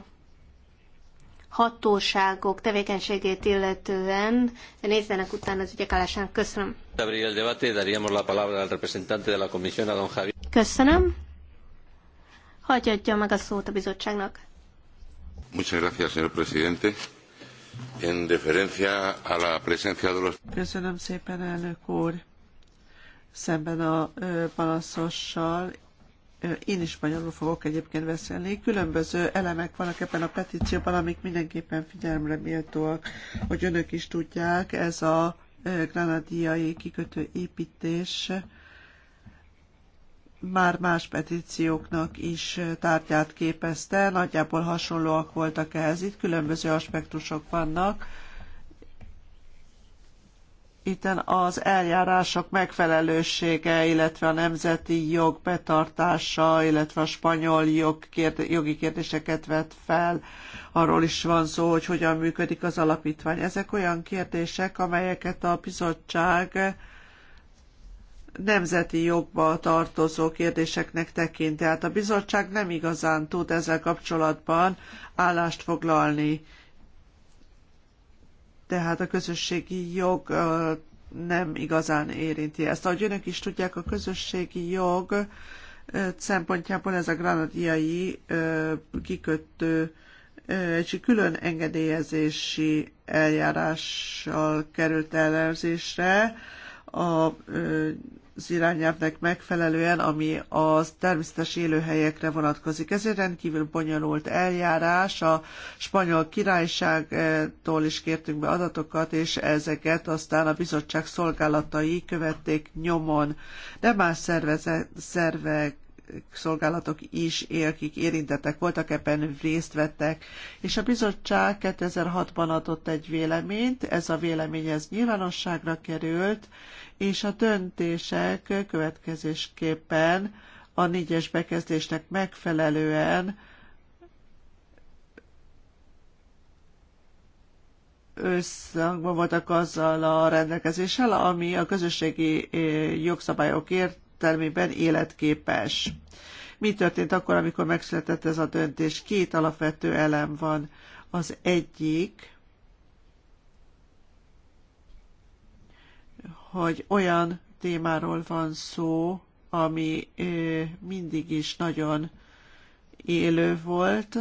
hatóságok tevékenységét illetően nézzenek utána az ügyek állásán. Köszönöm. Köszönöm. Hagy adja meg a szót a bizottságnak. Muchas gracias, señor presidente. En deferencia a la presencia de los... Köszönöm szépen, elnök úr szemben a panaszossal, én is magyarul fogok egyébként beszélni. Különböző elemek vannak ebben a petícióban, amik mindenképpen figyelemre méltóak, hogy önök is tudják, ez a granadiai kikötő építés már más petícióknak is tárgyát képezte, nagyjából hasonlóak voltak ehhez. Itt különböző aspektusok vannak itten az eljárások megfelelősége, illetve a nemzeti jog betartása, illetve a spanyol jog jogi kérdéseket vet fel. Arról is van szó, hogy hogyan működik az alapítvány. Ezek olyan kérdések, amelyeket a bizottság nemzeti jogba tartozó kérdéseknek tekint. Tehát a bizottság nem igazán tud ezzel kapcsolatban állást foglalni tehát a közösségi jog nem igazán érinti ezt. Ahogy önök is tudják, a közösségi jog szempontjából ez a granadiai kikötő egy külön engedélyezési eljárással került ellenőrzésre a az irányelvnek megfelelően, ami az természetes élőhelyekre vonatkozik. Ez egy rendkívül bonyolult eljárás. A spanyol királyságtól is kértünk be adatokat, és ezeket aztán a bizottság szolgálatai követték nyomon. De más szervek szolgálatok is, akik érintettek voltak, ebben részt vettek. És a bizottság 2006-ban adott egy véleményt, ez a vélemény ez nyilvánosságra került, és a döntések következésképpen a négyes bekezdésnek megfelelően összhangban voltak azzal a rendelkezéssel, ami a közösségi eh, jogszabályok értelmében életképes. Mi történt akkor, amikor megszületett ez a döntés? Két alapvető elem van. Az egyik, hogy olyan témáról van szó, ami mindig is nagyon élő volt.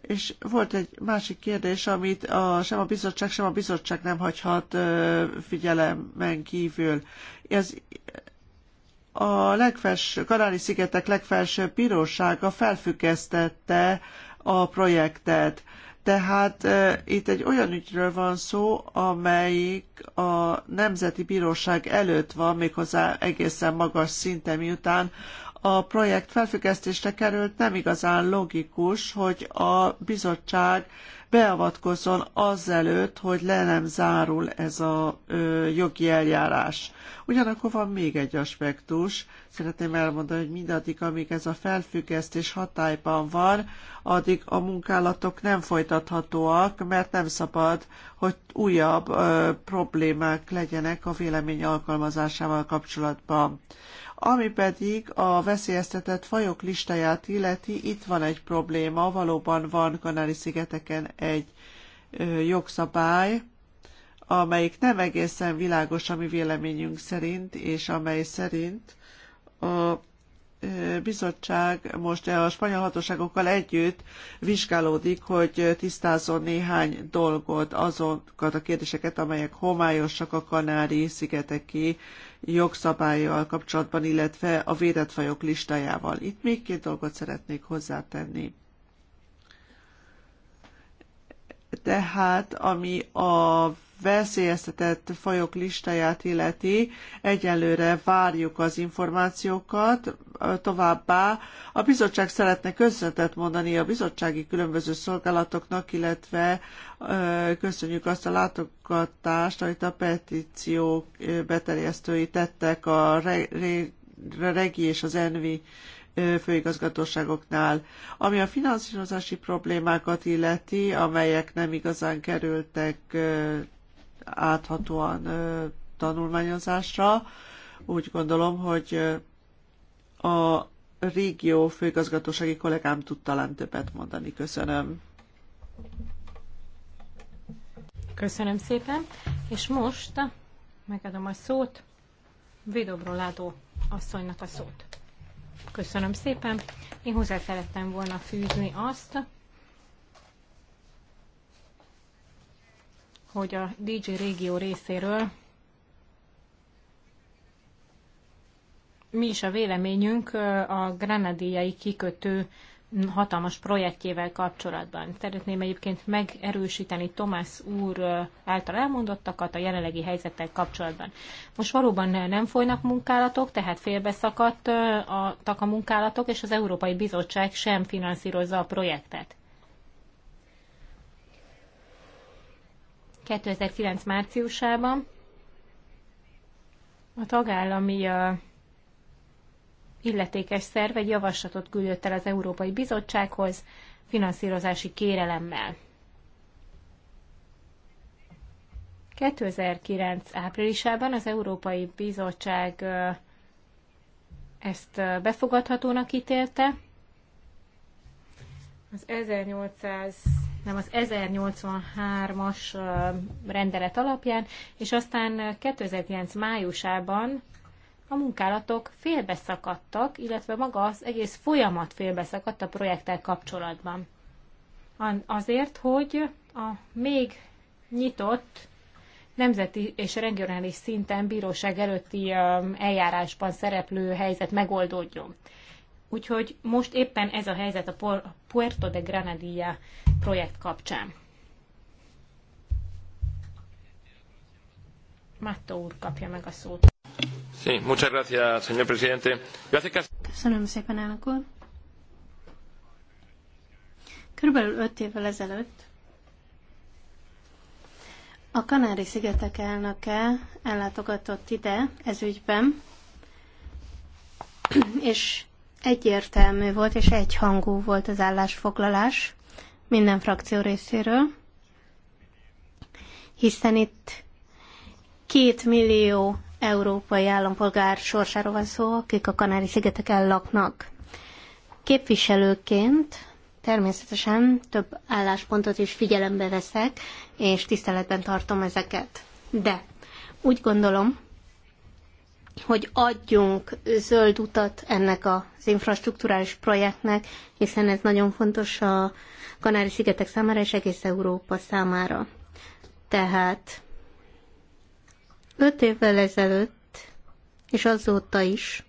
És volt egy másik kérdés, amit a, sem a bizottság, sem a bizottság nem hagyhat figyelemen kívül. Ez a legfelső, Kanári-szigetek legfelső bírósága felfüggesztette a projektet. Tehát itt egy olyan ügyről van szó, amelyik a Nemzeti Bíróság előtt van, méghozzá egészen magas szinten, miután a projekt felfüggesztésre került, nem igazán logikus, hogy a bizottság beavatkozzon azelőtt, hogy le nem zárul ez a ö, jogi eljárás. Ugyanakkor van még egy aspektus, szeretném elmondani, hogy mindaddig, amíg ez a felfüggesztés hatályban van, addig a munkálatok nem folytathatóak, mert nem szabad, hogy újabb ö, problémák legyenek a vélemény alkalmazásával kapcsolatban. Ami pedig a veszélyeztetett fajok listáját illeti, itt van egy probléma, valóban van Kanári-szigeteken egy jogszabály, amelyik nem egészen világos a mi véleményünk szerint, és amely szerint a bizottság most a spanyol hatóságokkal együtt vizsgálódik, hogy tisztázzon néhány dolgot, azokat a kérdéseket, amelyek homályosak a Kanári-szigeteki jogszabályjal kapcsolatban, illetve a védett fajok listájával. Itt még két dolgot szeretnék hozzátenni. Tehát, ami a veszélyeztetett fajok listáját illeti, egyelőre várjuk az információkat, továbbá a bizottság szeretne köszönetet mondani a bizottsági különböző szolgálatoknak, illetve köszönjük azt a látogatást, amit a petíciók beterjesztői tettek a regi és az envi főigazgatóságoknál. Ami a finanszírozási problémákat illeti, amelyek nem igazán kerültek áthatóan tanulmányozásra. Úgy gondolom, hogy a régió főigazgatósági kollégám tud talán többet mondani. Köszönöm. Köszönöm szépen, és most megadom a szót Védobról látó asszonynak a szót. Köszönöm szépen. Én hozzá szerettem volna fűzni azt, hogy a DJ régió részéről mi is a véleményünk a grenadiai kikötő hatalmas projektjével kapcsolatban. Szeretném egyébként megerősíteni Tomás úr által elmondottakat a jelenlegi helyzettel kapcsolatban. Most valóban nem folynak munkálatok, tehát félbeszakadtak a munkálatok, és az Európai Bizottság sem finanszírozza a projektet. 2009 márciusában a tagállami illetékes szerv egy javaslatot küldött el az Európai Bizottsághoz finanszírozási kérelemmel. 2009 áprilisában az Európai Bizottság ezt befogadhatónak ítélte. Az 1800 nem az 1083-as rendelet alapján, és aztán 2009 májusában a munkálatok félbeszakadtak, illetve maga az egész folyamat félbeszakadt a projekttel kapcsolatban. Azért, hogy a még nyitott nemzeti és regionális szinten bíróság előtti eljárásban szereplő helyzet megoldódjon. Úgyhogy most éppen ez a helyzet a Puerto de Granadilla projekt kapcsán. Mattó úr kapja meg a szót. Sí, muchas gracias, señor presidente. Köszönöm szépen, elnök úr. Körülbelül öt évvel ezelőtt a Kanári-szigetek elnöke ellátogatott ide ez ügyben, és Egyértelmű volt és egyhangú volt az állásfoglalás minden frakció részéről, hiszen itt két millió európai állampolgár sorsáról van szó, akik a Kanári-szigeteken laknak. Képviselőként természetesen több álláspontot is figyelembe veszek, és tiszteletben tartom ezeket. De úgy gondolom, hogy adjunk zöld utat ennek az infrastruktúrális projektnek, hiszen ez nagyon fontos a Kanári-szigetek számára és egész Európa számára. Tehát öt évvel ezelőtt, és azóta is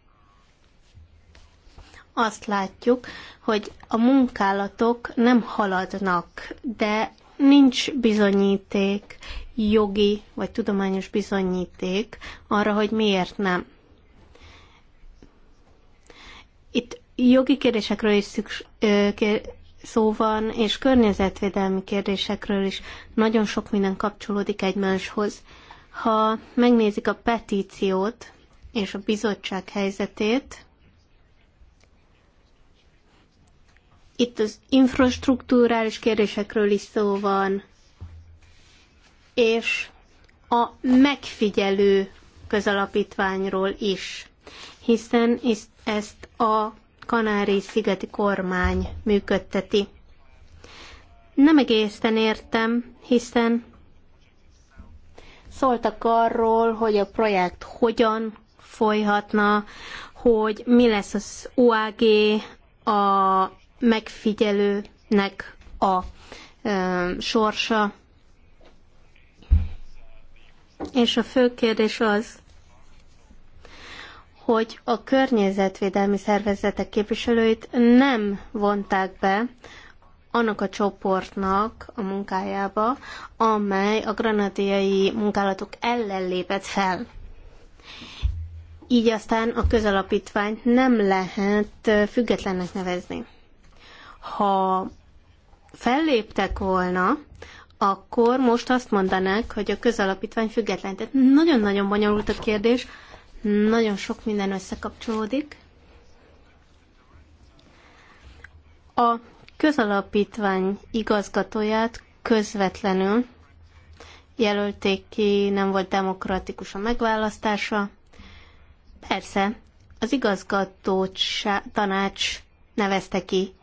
azt látjuk, hogy a munkálatok nem haladnak, de nincs bizonyíték, jogi vagy tudományos bizonyíték arra, hogy miért nem. Itt jogi kérdésekről is szüks, ö, kér, szó van, és környezetvédelmi kérdésekről is nagyon sok minden kapcsolódik egymáshoz. Ha megnézik a petíciót és a bizottság helyzetét, Itt az infrastruktúrális kérdésekről is szó van, és a megfigyelő közalapítványról is, hiszen ezt a Kanári-szigeti kormány működteti. Nem egészen értem, hiszen szóltak arról, hogy a projekt hogyan folyhatna, hogy mi lesz az UAG, a megfigyelőnek a ö, sorsa. És a fő kérdés az, hogy a környezetvédelmi szervezetek képviselőit nem vonták be annak a csoportnak a munkájába, amely a granadiai munkálatok ellen lépett fel. Így aztán a közalapítványt nem lehet függetlennek nevezni. Ha felléptek volna, akkor most azt mondanák, hogy a közalapítvány független. Tehát nagyon-nagyon bonyolult a kérdés, nagyon sok minden összekapcsolódik. A közalapítvány igazgatóját közvetlenül jelölték ki, nem volt demokratikus a megválasztása. Persze, az igazgató tanács nevezte ki,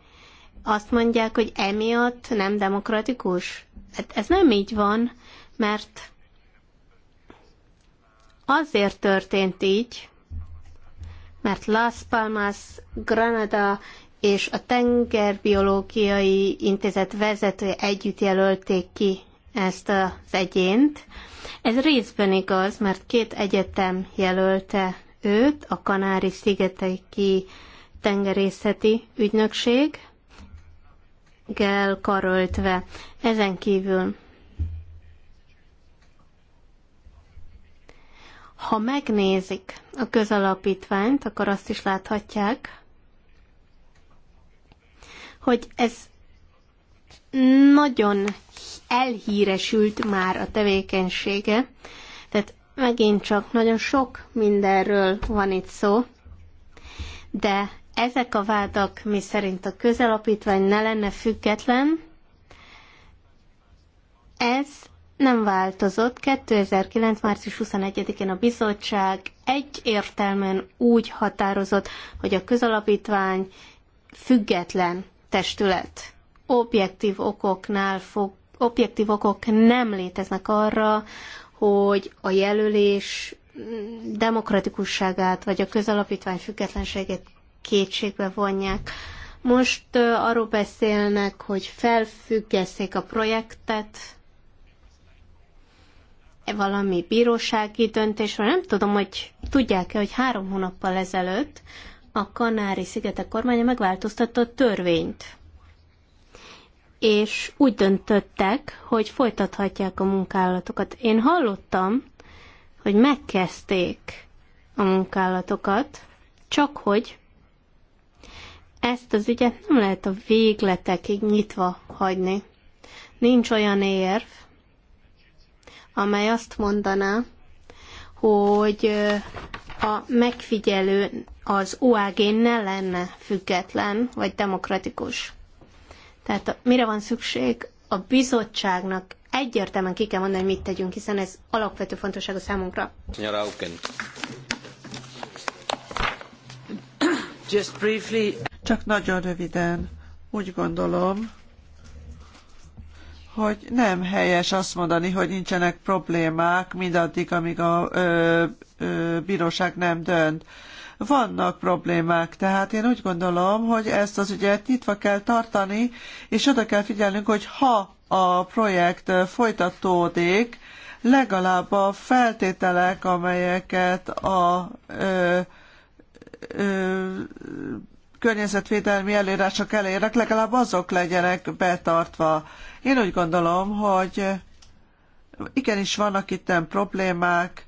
azt mondják, hogy emiatt nem demokratikus. Hát ez nem így van, mert azért történt így, mert Las Palmas, Granada és a Tengerbiológiai Intézet vezetője együtt jelölték ki ezt az egyént. Ez részben igaz, mert két egyetem jelölte őt, a Kanári-szigeteki tengerészeti ügynökség, gel karöltve. Ezen kívül, ha megnézik a közalapítványt, akkor azt is láthatják, hogy ez nagyon elhíresült már a tevékenysége, tehát megint csak nagyon sok mindenről van itt szó, de ezek a vádak, mi szerint a közalapítvány ne lenne független, ez nem változott. 2009. március 21-én a bizottság egyértelműen úgy határozott, hogy a közalapítvány független testület. Objektív okoknál fog, objektív okok nem léteznek arra, hogy a jelölés demokratikusságát vagy a közalapítvány függetlenségét kétségbe vonják. Most arról beszélnek, hogy felfüggesszék a projektet, e valami bírósági vagy Nem tudom, hogy tudják-e, hogy három hónappal ezelőtt a Kanári-szigetek kormánya megváltoztatta a törvényt. És úgy döntöttek, hogy folytathatják a munkálatokat. Én hallottam, hogy megkezdték a munkálatokat, csak hogy ezt az ügyet nem lehet a végletekig nyitva hagyni. Nincs olyan érv, amely azt mondaná, hogy a megfigyelő az OAG ne lenne független vagy demokratikus. Tehát mire van szükség? A bizottságnak egyértelműen ki kell mondani, hogy mit tegyünk, hiszen ez alapvető fontosság a számunkra. Just briefly. Csak nagyon röviden úgy gondolom, hogy nem helyes azt mondani, hogy nincsenek problémák mindaddig, amíg a ö, ö, bíróság nem dönt. Vannak problémák, tehát én úgy gondolom, hogy ezt az ügyet nyitva kell tartani, és oda kell figyelnünk, hogy ha a projekt folytatódik, legalább a feltételek, amelyeket a ö, ö, környezetvédelmi előírások elérnek, legalább azok legyenek betartva. Én úgy gondolom, hogy igenis vannak itten problémák,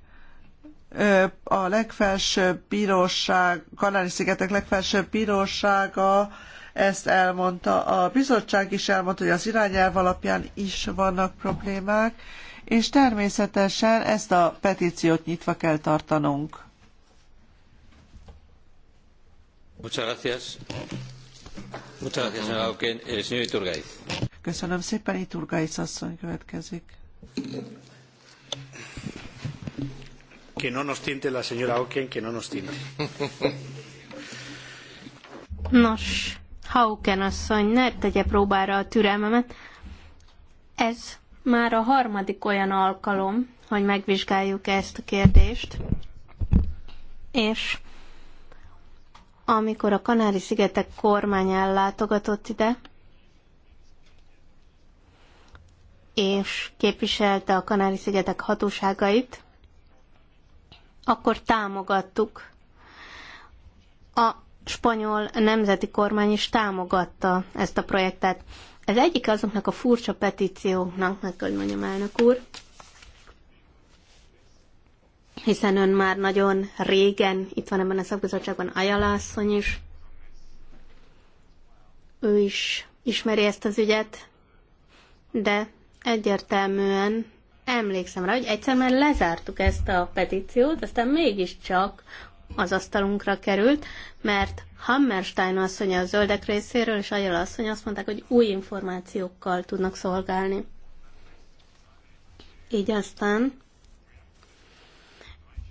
a legfelsőbb bíróság, Kanári-szigetek legfelsőbb bírósága ezt elmondta, a bizottság is elmondta, hogy az irányelv alapján is vannak problémák, és természetesen ezt a petíciót nyitva kell tartanunk. Muchas gracias. Muchas gracias, señora Auken. El eh, señor Iturgaiz. Köszönöm szépen, Iturgaiz asszony következik. Que no nos tinte la señora Auken, que no nos tinte. Nos, Hauken asszony, ne tegye próbára a türelmemet. Ez már a harmadik olyan alkalom, hogy megvizsgáljuk ezt a kérdést, és amikor a Kanári-szigetek kormány ellátogatott ide, és képviselte a Kanári-szigetek hatóságait, akkor támogattuk. A spanyol nemzeti kormány is támogatta ezt a projektet. Ez egyik azoknak a furcsa petícióknak, meg kell mondjam, elnök úr, hiszen ön már nagyon régen itt van ebben a szakbizottságban, Ajala asszony is. Ő is ismeri ezt az ügyet, de egyértelműen emlékszem rá, hogy egyszer már lezártuk ezt a petíciót, aztán mégiscsak az asztalunkra került, mert Hammerstein asszony a zöldek részéről, és Ajala asszony azt mondták, hogy új információkkal tudnak szolgálni. Így aztán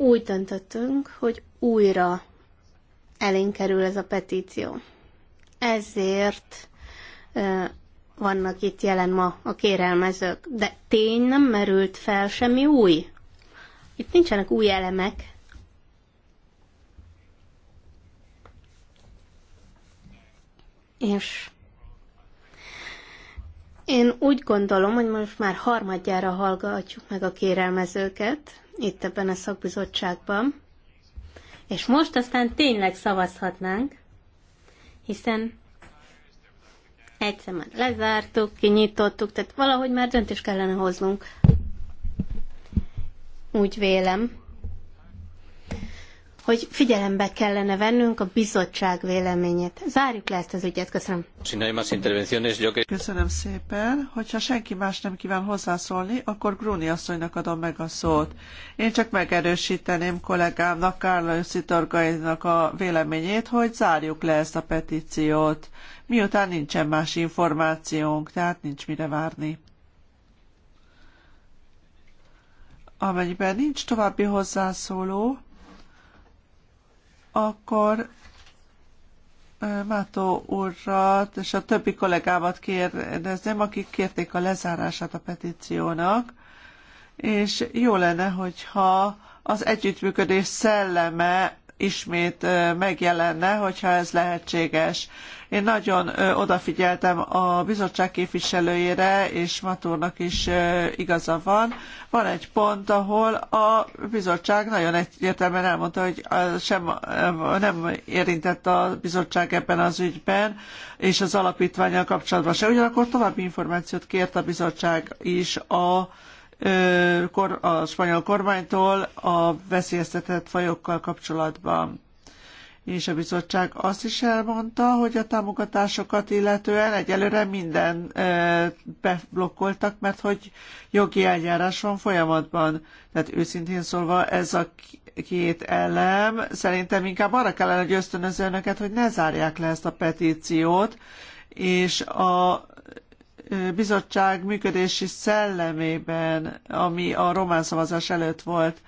úgy döntöttünk, hogy újra elénk kerül ez a petíció. Ezért vannak itt jelen ma a kérelmezők, de tény nem merült fel semmi új. Itt nincsenek új elemek. És én úgy gondolom, hogy most már harmadjára hallgatjuk meg a kérelmezőket itt ebben a szakbizottságban, és most aztán tényleg szavazhatnánk, hiszen egyszer már lezártuk, kinyitottuk, tehát valahogy már döntést kellene hoznunk. Úgy vélem, hogy figyelembe kellene vennünk a bizottság véleményét. Zárjuk le ezt az ügyet, köszönöm. Köszönöm szépen. Hogyha senki más nem kíván hozzászólni, akkor Gruni asszonynak adom meg a szót. Én csak megerősíteném kollégámnak, Kárla Szitorgainak a véleményét, hogy zárjuk le ezt a petíciót, miután nincsen más információnk, tehát nincs mire várni. Amennyiben nincs további hozzászóló, akkor Mátó urat és a többi kollégámat kérdezném, akik kérték a lezárását a petíciónak, és jó lenne, hogyha az együttműködés szelleme ismét megjelenne, hogyha ez lehetséges. Én nagyon odafigyeltem a bizottság képviselőjére, és Matúrnak is igaza van. Van egy pont, ahol a bizottság nagyon egyértelműen elmondta, hogy sem, nem érintett a bizottság ebben az ügyben, és az alapítványal kapcsolatban se. Ugyanakkor további információt kért a bizottság is a a spanyol kormánytól a veszélyeztetett fajokkal kapcsolatban. És a bizottság azt is elmondta, hogy a támogatásokat illetően egyelőre minden beblokkoltak, mert hogy jogi eljárás van folyamatban. Tehát őszintén szólva ez a két elem szerintem inkább arra kellene, hogy ösztönöző önöket, hogy ne zárják le ezt a petíciót, és a bizottság működési szellemében, ami a román szavazás előtt volt.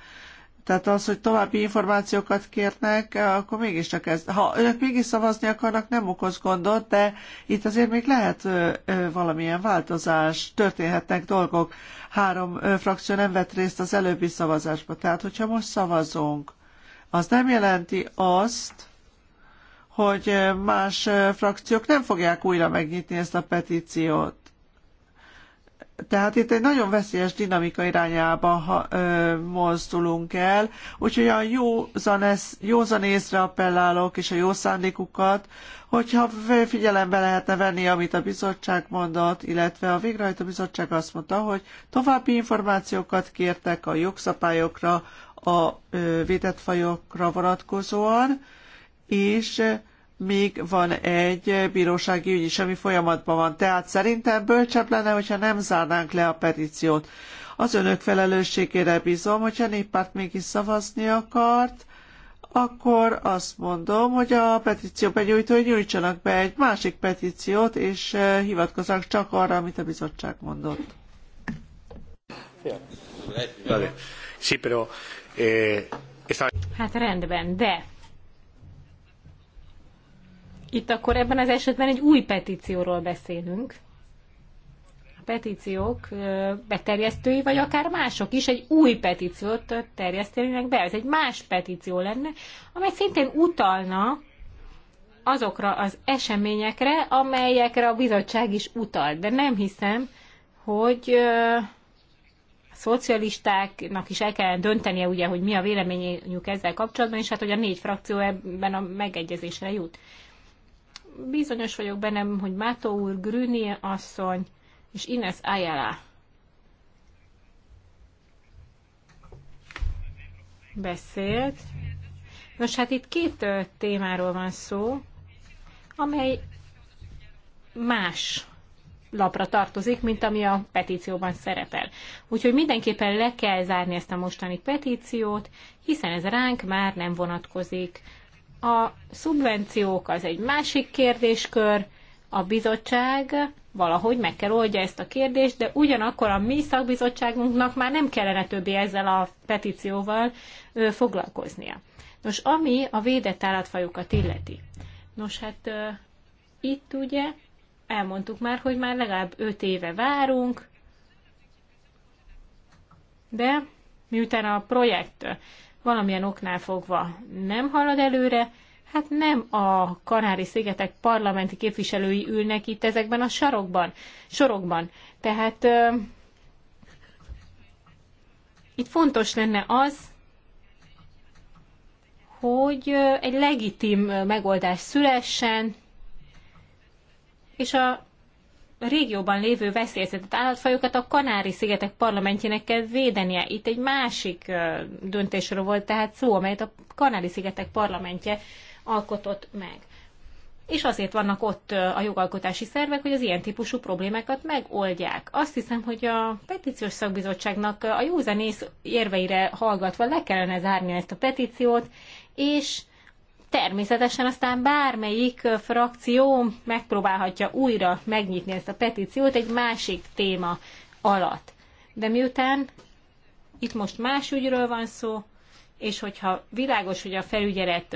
Tehát az, hogy további információkat kérnek, akkor mégiscsak ez. Ha önök mégis szavazni akarnak, nem okoz gondot, de itt azért még lehet ö, ö, valamilyen változás, történhetnek dolgok. Három ö, frakció nem vett részt az előbbi szavazásba. Tehát, hogyha most szavazunk, az nem jelenti azt, hogy más frakciók nem fogják újra megnyitni ezt a petíciót. Tehát itt egy nagyon veszélyes dinamika irányába ha, ö, mozdulunk el, úgyhogy a józan észre appellálok és a jó szándékukat, hogyha figyelembe lehetne venni, amit a bizottság mondott, illetve a végrehajtó bizottság azt mondta, hogy további információkat kértek a jogszabályokra, a védett fajokra vonatkozóan, és még van egy bírósági ügy is, ami folyamatban van. Tehát szerintem bölcsebb lenne, hogyha nem zárnánk le a petíciót. Az önök felelősségére bízom, hogyha néppárt mégis szavazni akart, akkor azt mondom, hogy a petíció begyújtói nyújtsanak be egy másik petíciót, és eh, hivatkozzanak csak arra, amit a bizottság mondott. Eh, hát rendben, de itt akkor ebben az esetben egy új petícióról beszélünk. A petíciók beterjesztői, vagy akár mások is egy új petíciót terjesztenének be. Ez egy más petíció lenne, amely szintén utalna azokra az eseményekre, amelyekre a bizottság is utalt. De nem hiszem, hogy a szocialistáknak is el kellene döntenie, ugye, hogy mi a véleményük ezzel kapcsolatban, és hát, hogy a négy frakció ebben a megegyezésre jut bizonyos vagyok bennem, hogy Mátó úr, Grüni asszony és Ines Ayala beszélt. Nos, hát itt két témáról van szó, amely más lapra tartozik, mint ami a petícióban szerepel. Úgyhogy mindenképpen le kell zárni ezt a mostani petíciót, hiszen ez ránk már nem vonatkozik. A szubvenciók az egy másik kérdéskör, a bizottság valahogy meg kell oldja ezt a kérdést, de ugyanakkor a mi szakbizottságunknak már nem kellene többé ezzel a petícióval ö, foglalkoznia. Nos, ami a védett állatfajokat illeti. Nos, hát ö, itt ugye elmondtuk már, hogy már legalább 5 éve várunk, de miután a projekt valamilyen oknál fogva nem halad előre, hát nem a Kanári-szigetek parlamenti képviselői ülnek itt ezekben a sarokban, sorokban. Tehát euh, itt fontos lenne az, hogy egy legitim megoldás szülessen, és a régióban lévő veszélyeztetett állatfajokat a Kanári-szigetek parlamentjének kell védenie. Itt egy másik döntésről volt tehát szó, amelyet a Kanári-szigetek parlamentje alkotott meg. És azért vannak ott a jogalkotási szervek, hogy az ilyen típusú problémákat megoldják. Azt hiszem, hogy a petíciós szakbizottságnak a józanész érveire hallgatva le kellene zárni ezt a petíciót, és Természetesen aztán bármelyik frakció megpróbálhatja újra megnyitni ezt a petíciót egy másik téma alatt. De miután itt most más ügyről van szó, és hogyha világos, hogy a felügyelet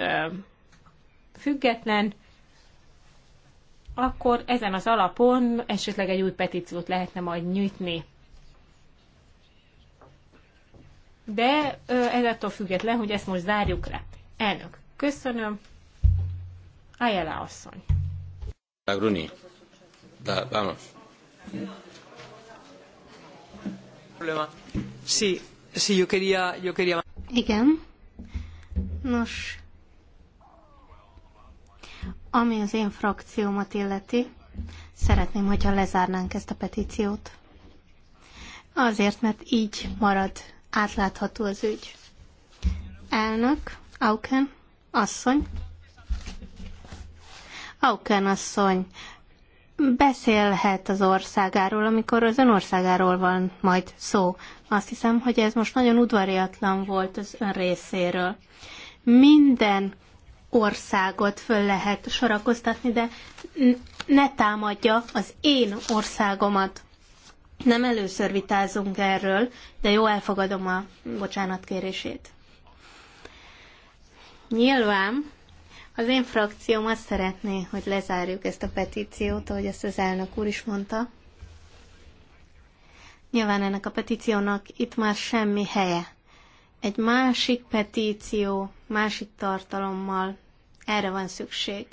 független, akkor ezen az alapon esetleg egy új petíciót lehetne majd nyitni. De ez attól független, hogy ezt most zárjuk le. Elnök. Köszönöm. Ajala asszony. Gruni. Da, vamos. Problema. Sí, sí, yo quería, yo quería... Igen. Nos, ami az én frakciómat illeti, szeretném, hogyha lezárnánk ezt a petíciót. Azért, mert így marad átlátható az ügy. Elnök, Auken asszony. Auken asszony beszélhet az országáról, amikor az ön országáról van majd szó. Azt hiszem, hogy ez most nagyon udvariatlan volt az ön részéről. Minden országot föl lehet sorakoztatni, de ne támadja az én országomat. Nem először vitázunk erről, de jó, elfogadom a bocsánatkérését. Nyilván az én frakcióm azt szeretné, hogy lezárjuk ezt a petíciót, ahogy ezt az elnök úr is mondta. Nyilván ennek a petíciónak itt már semmi helye. Egy másik petíció, másik tartalommal erre van szükség.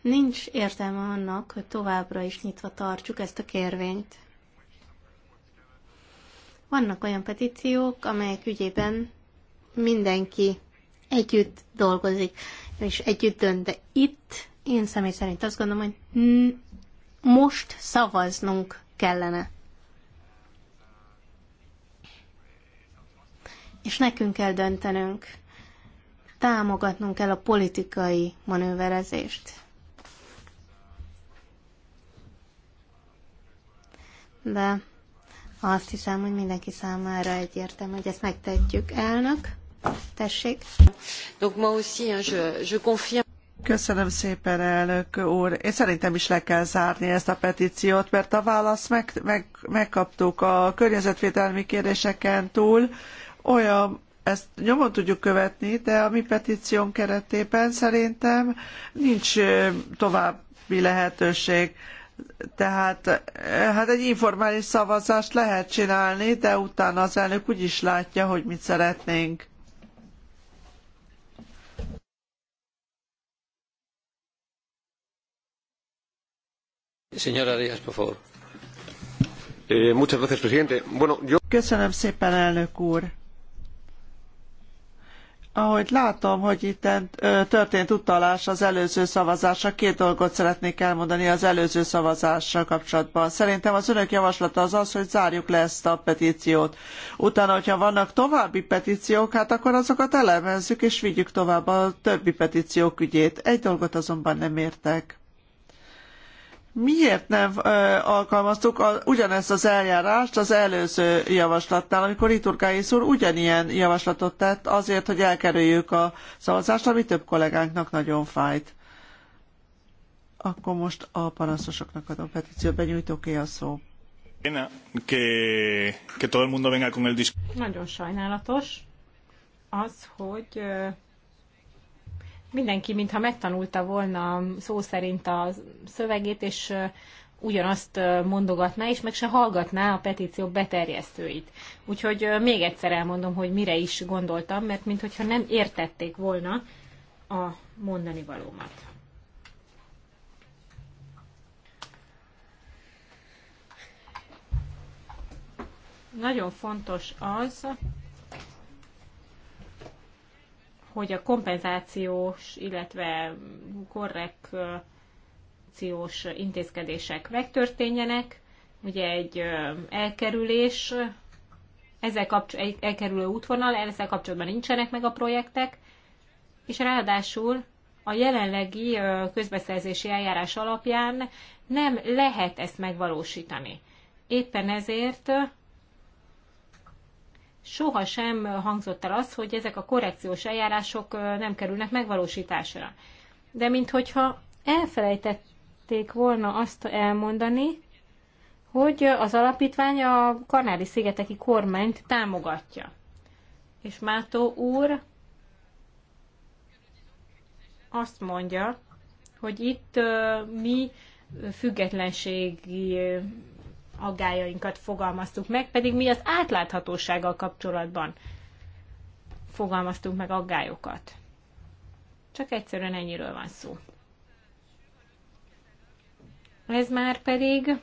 Nincs értelme annak, hogy továbbra is nyitva tartsuk ezt a kérvényt. Vannak olyan petíciók, amelyek ügyében mindenki együtt dolgozik, és együtt dönt. De itt én személy szerint azt gondolom, hogy most szavaznunk kellene. És nekünk kell döntenünk. Támogatnunk kell a politikai manőverezést. De azt hiszem, hogy mindenki számára egyértelmű, hogy ezt megtetjük. Elnök. Tessék. Donc moi aussi, je, je confirme. Köszönöm szépen, elnök úr. Én szerintem is le kell zárni ezt a petíciót, mert a választ meg, meg, megkaptuk a környezetvédelmi kérdéseken túl. Olyan, ezt nyomon tudjuk követni, de a mi petíción keretében szerintem nincs további lehetőség. Tehát hát egy informális szavazást lehet csinálni, de utána az elnök úgy is látja, hogy mit szeretnénk. Köszönöm szépen, elnök úr. Ahogy látom, hogy itt eh, történt utalás az előző szavazásra, két dolgot szeretnék elmondani az előző szavazással kapcsolatban. Szerintem az önök javaslata az az, hogy zárjuk le ezt a petíciót. Utána, hogyha vannak további petíciók, hát akkor azokat elemezzük és vigyük tovább a többi petciók ügyét. Egy dolgot azonban nem értek. Miért nem alkalmaztuk a, ugyanezt az eljárást az előző javaslatnál, amikor Iturgáis úr ugyanilyen javaslatot tett azért, hogy elkerüljük a szavazást, ami több kollégánknak nagyon fájt? Akkor most a panaszosoknak adom petíciót, benyújtóké a szó. Nagyon sajnálatos az, hogy mindenki mintha megtanulta volna szó szerint a szövegét, és ugyanazt mondogatná, és meg se hallgatná a petíció beterjesztőit. Úgyhogy még egyszer elmondom, hogy mire is gondoltam, mert mintha nem értették volna a mondani valómat. Nagyon fontos az, hogy a kompenzációs, illetve korrekciós intézkedések megtörténjenek. Ugye egy elkerülés, ezzel kapcs- elkerülő útvonal, ezzel kapcsolatban nincsenek meg a projektek, és ráadásul a jelenlegi közbeszerzési eljárás alapján nem lehet ezt megvalósítani. Éppen ezért soha sem hangzott el az, hogy ezek a korrekciós eljárások nem kerülnek megvalósításra. De minthogyha elfelejtették volna azt elmondani, hogy az alapítvány a Kanári-szigeteki kormányt támogatja. És Mátó úr azt mondja, hogy itt mi függetlenségi aggájainkat fogalmaztuk meg, pedig mi az átláthatósággal kapcsolatban fogalmaztunk meg aggályokat. Csak egyszerűen ennyiről van szó. Ez már pedig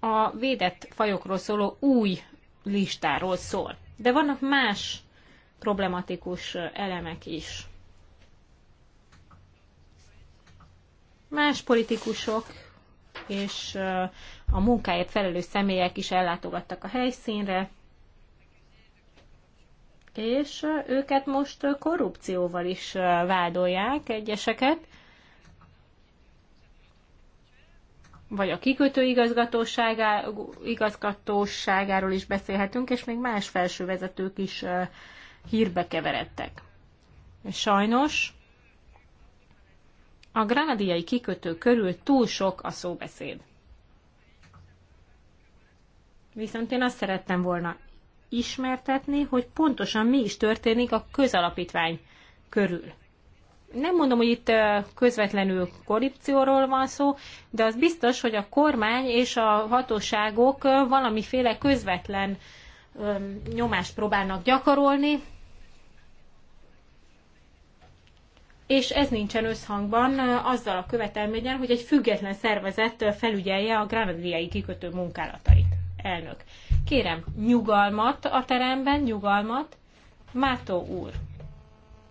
a védett fajokról szóló új listáról szól. De vannak más problematikus elemek is. Más politikusok és a munkáért felelős személyek is ellátogattak a helyszínre, és őket most korrupcióval is vádolják egyeseket, vagy a kikötő igazgatóságáról is beszélhetünk, és még más felsővezetők is hírbe keveredtek. Sajnos a grádiai kikötő körül túl sok a szóbeszéd. Viszont én azt szerettem volna ismertetni, hogy pontosan mi is történik a közalapítvány körül. Nem mondom, hogy itt közvetlenül korrupcióról van szó, de az biztos, hogy a kormány és a hatóságok valamiféle közvetlen nyomást próbálnak gyakorolni és ez nincsen összhangban azzal a követelményen, hogy egy független szervezet felügyelje a granadiai kikötő munkálatait. Elnök. Kérem, nyugalmat a teremben, nyugalmat. Mátó úr.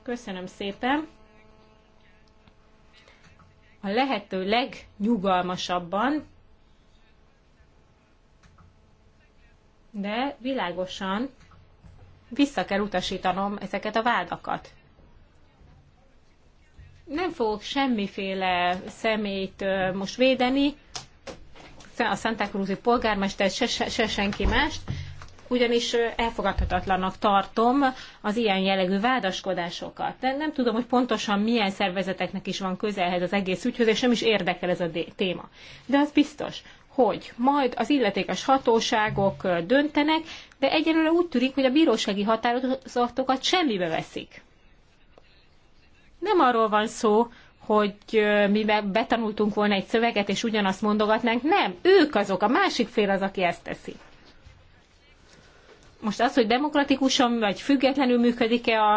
Köszönöm szépen. A lehető legnyugalmasabban, de világosan vissza kell utasítanom ezeket a vádakat nem fogok semmiféle szemét most védeni, a Santa Cruz-i polgármester se, se, se senki mást, ugyanis elfogadhatatlanak tartom az ilyen jellegű vádaskodásokat. De nem tudom, hogy pontosan milyen szervezeteknek is van közelhez az egész ügyhöz, és nem is érdekel ez a téma. De az biztos, hogy majd az illetékes hatóságok döntenek, de egyelőre úgy tűnik, hogy a bírósági határozatokat semmibe veszik. Nem arról van szó, hogy mi betanultunk volna egy szöveget, és ugyanazt mondogatnánk. Nem, ők azok, a másik fél az, aki ezt teszi. Most az, hogy demokratikusan vagy függetlenül működik-e a,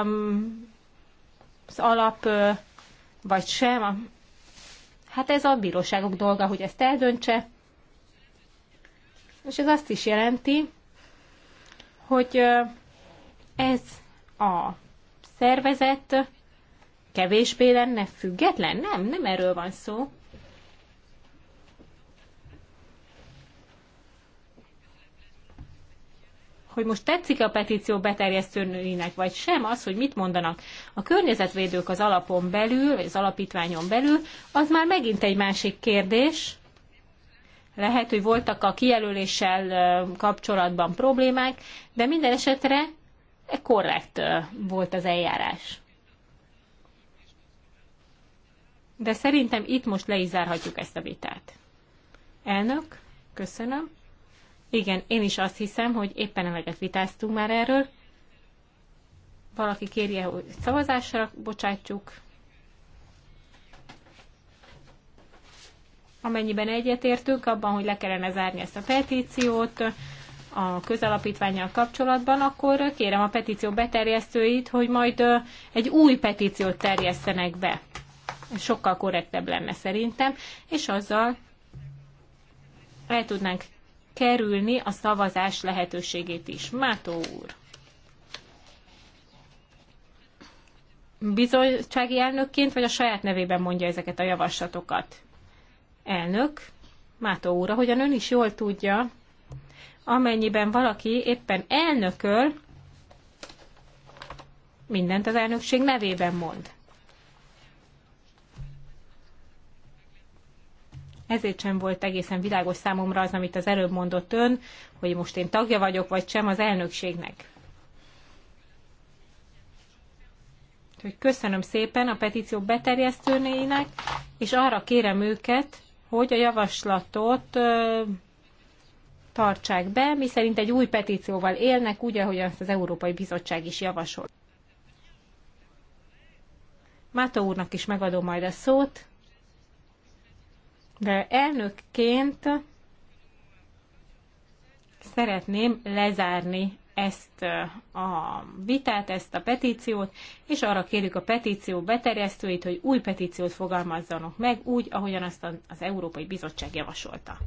az alap, vagy sem, hát ez a bíróságok dolga, hogy ezt eldöntse. És ez azt is jelenti, hogy ez a szervezet kevésbé lenne független? Nem, nem erről van szó. hogy most tetszik a petíció beterjesztőinek, vagy sem, az, hogy mit mondanak a környezetvédők az alapon belül, vagy az alapítványon belül, az már megint egy másik kérdés. Lehet, hogy voltak a kijelöléssel kapcsolatban problémák, de minden esetre e korrekt volt az eljárás. de szerintem itt most le is zárhatjuk ezt a vitát. Elnök, köszönöm. Igen, én is azt hiszem, hogy éppen eleget vitáztunk már erről. Valaki kérje, hogy szavazásra bocsátjuk. Amennyiben egyetértünk abban, hogy le kellene zárni ezt a petíciót a közalapítványjal kapcsolatban, akkor kérem a petíció beterjesztőit, hogy majd egy új petíciót terjesztenek be sokkal korrektebb lenne szerintem, és azzal el tudnánk kerülni a szavazás lehetőségét is. Mátó úr. Bizottsági elnökként, vagy a saját nevében mondja ezeket a javaslatokat? Elnök, Mátó úr, ahogyan ön is jól tudja, amennyiben valaki éppen elnököl, mindent az elnökség nevében mond. Ezért sem volt egészen világos számomra az, amit az előbb mondott ön, hogy most én tagja vagyok, vagy sem az elnökségnek. Hogy köszönöm szépen a petíció beterjesztőnéinek, és arra kérem őket, hogy a javaslatot ö, tartsák be, szerint egy új petícióval élnek, úgy, ahogy azt az Európai Bizottság is javasol. Mátó úrnak is megadom majd a szót de elnökként szeretném lezárni ezt uh, a vitát, ezt a petíciót, és arra kérjük a petíció beterjesztőit, hogy új petíciót fogalmazzanak meg úgy, ahogyan azt az Európai Bizottság javasolta.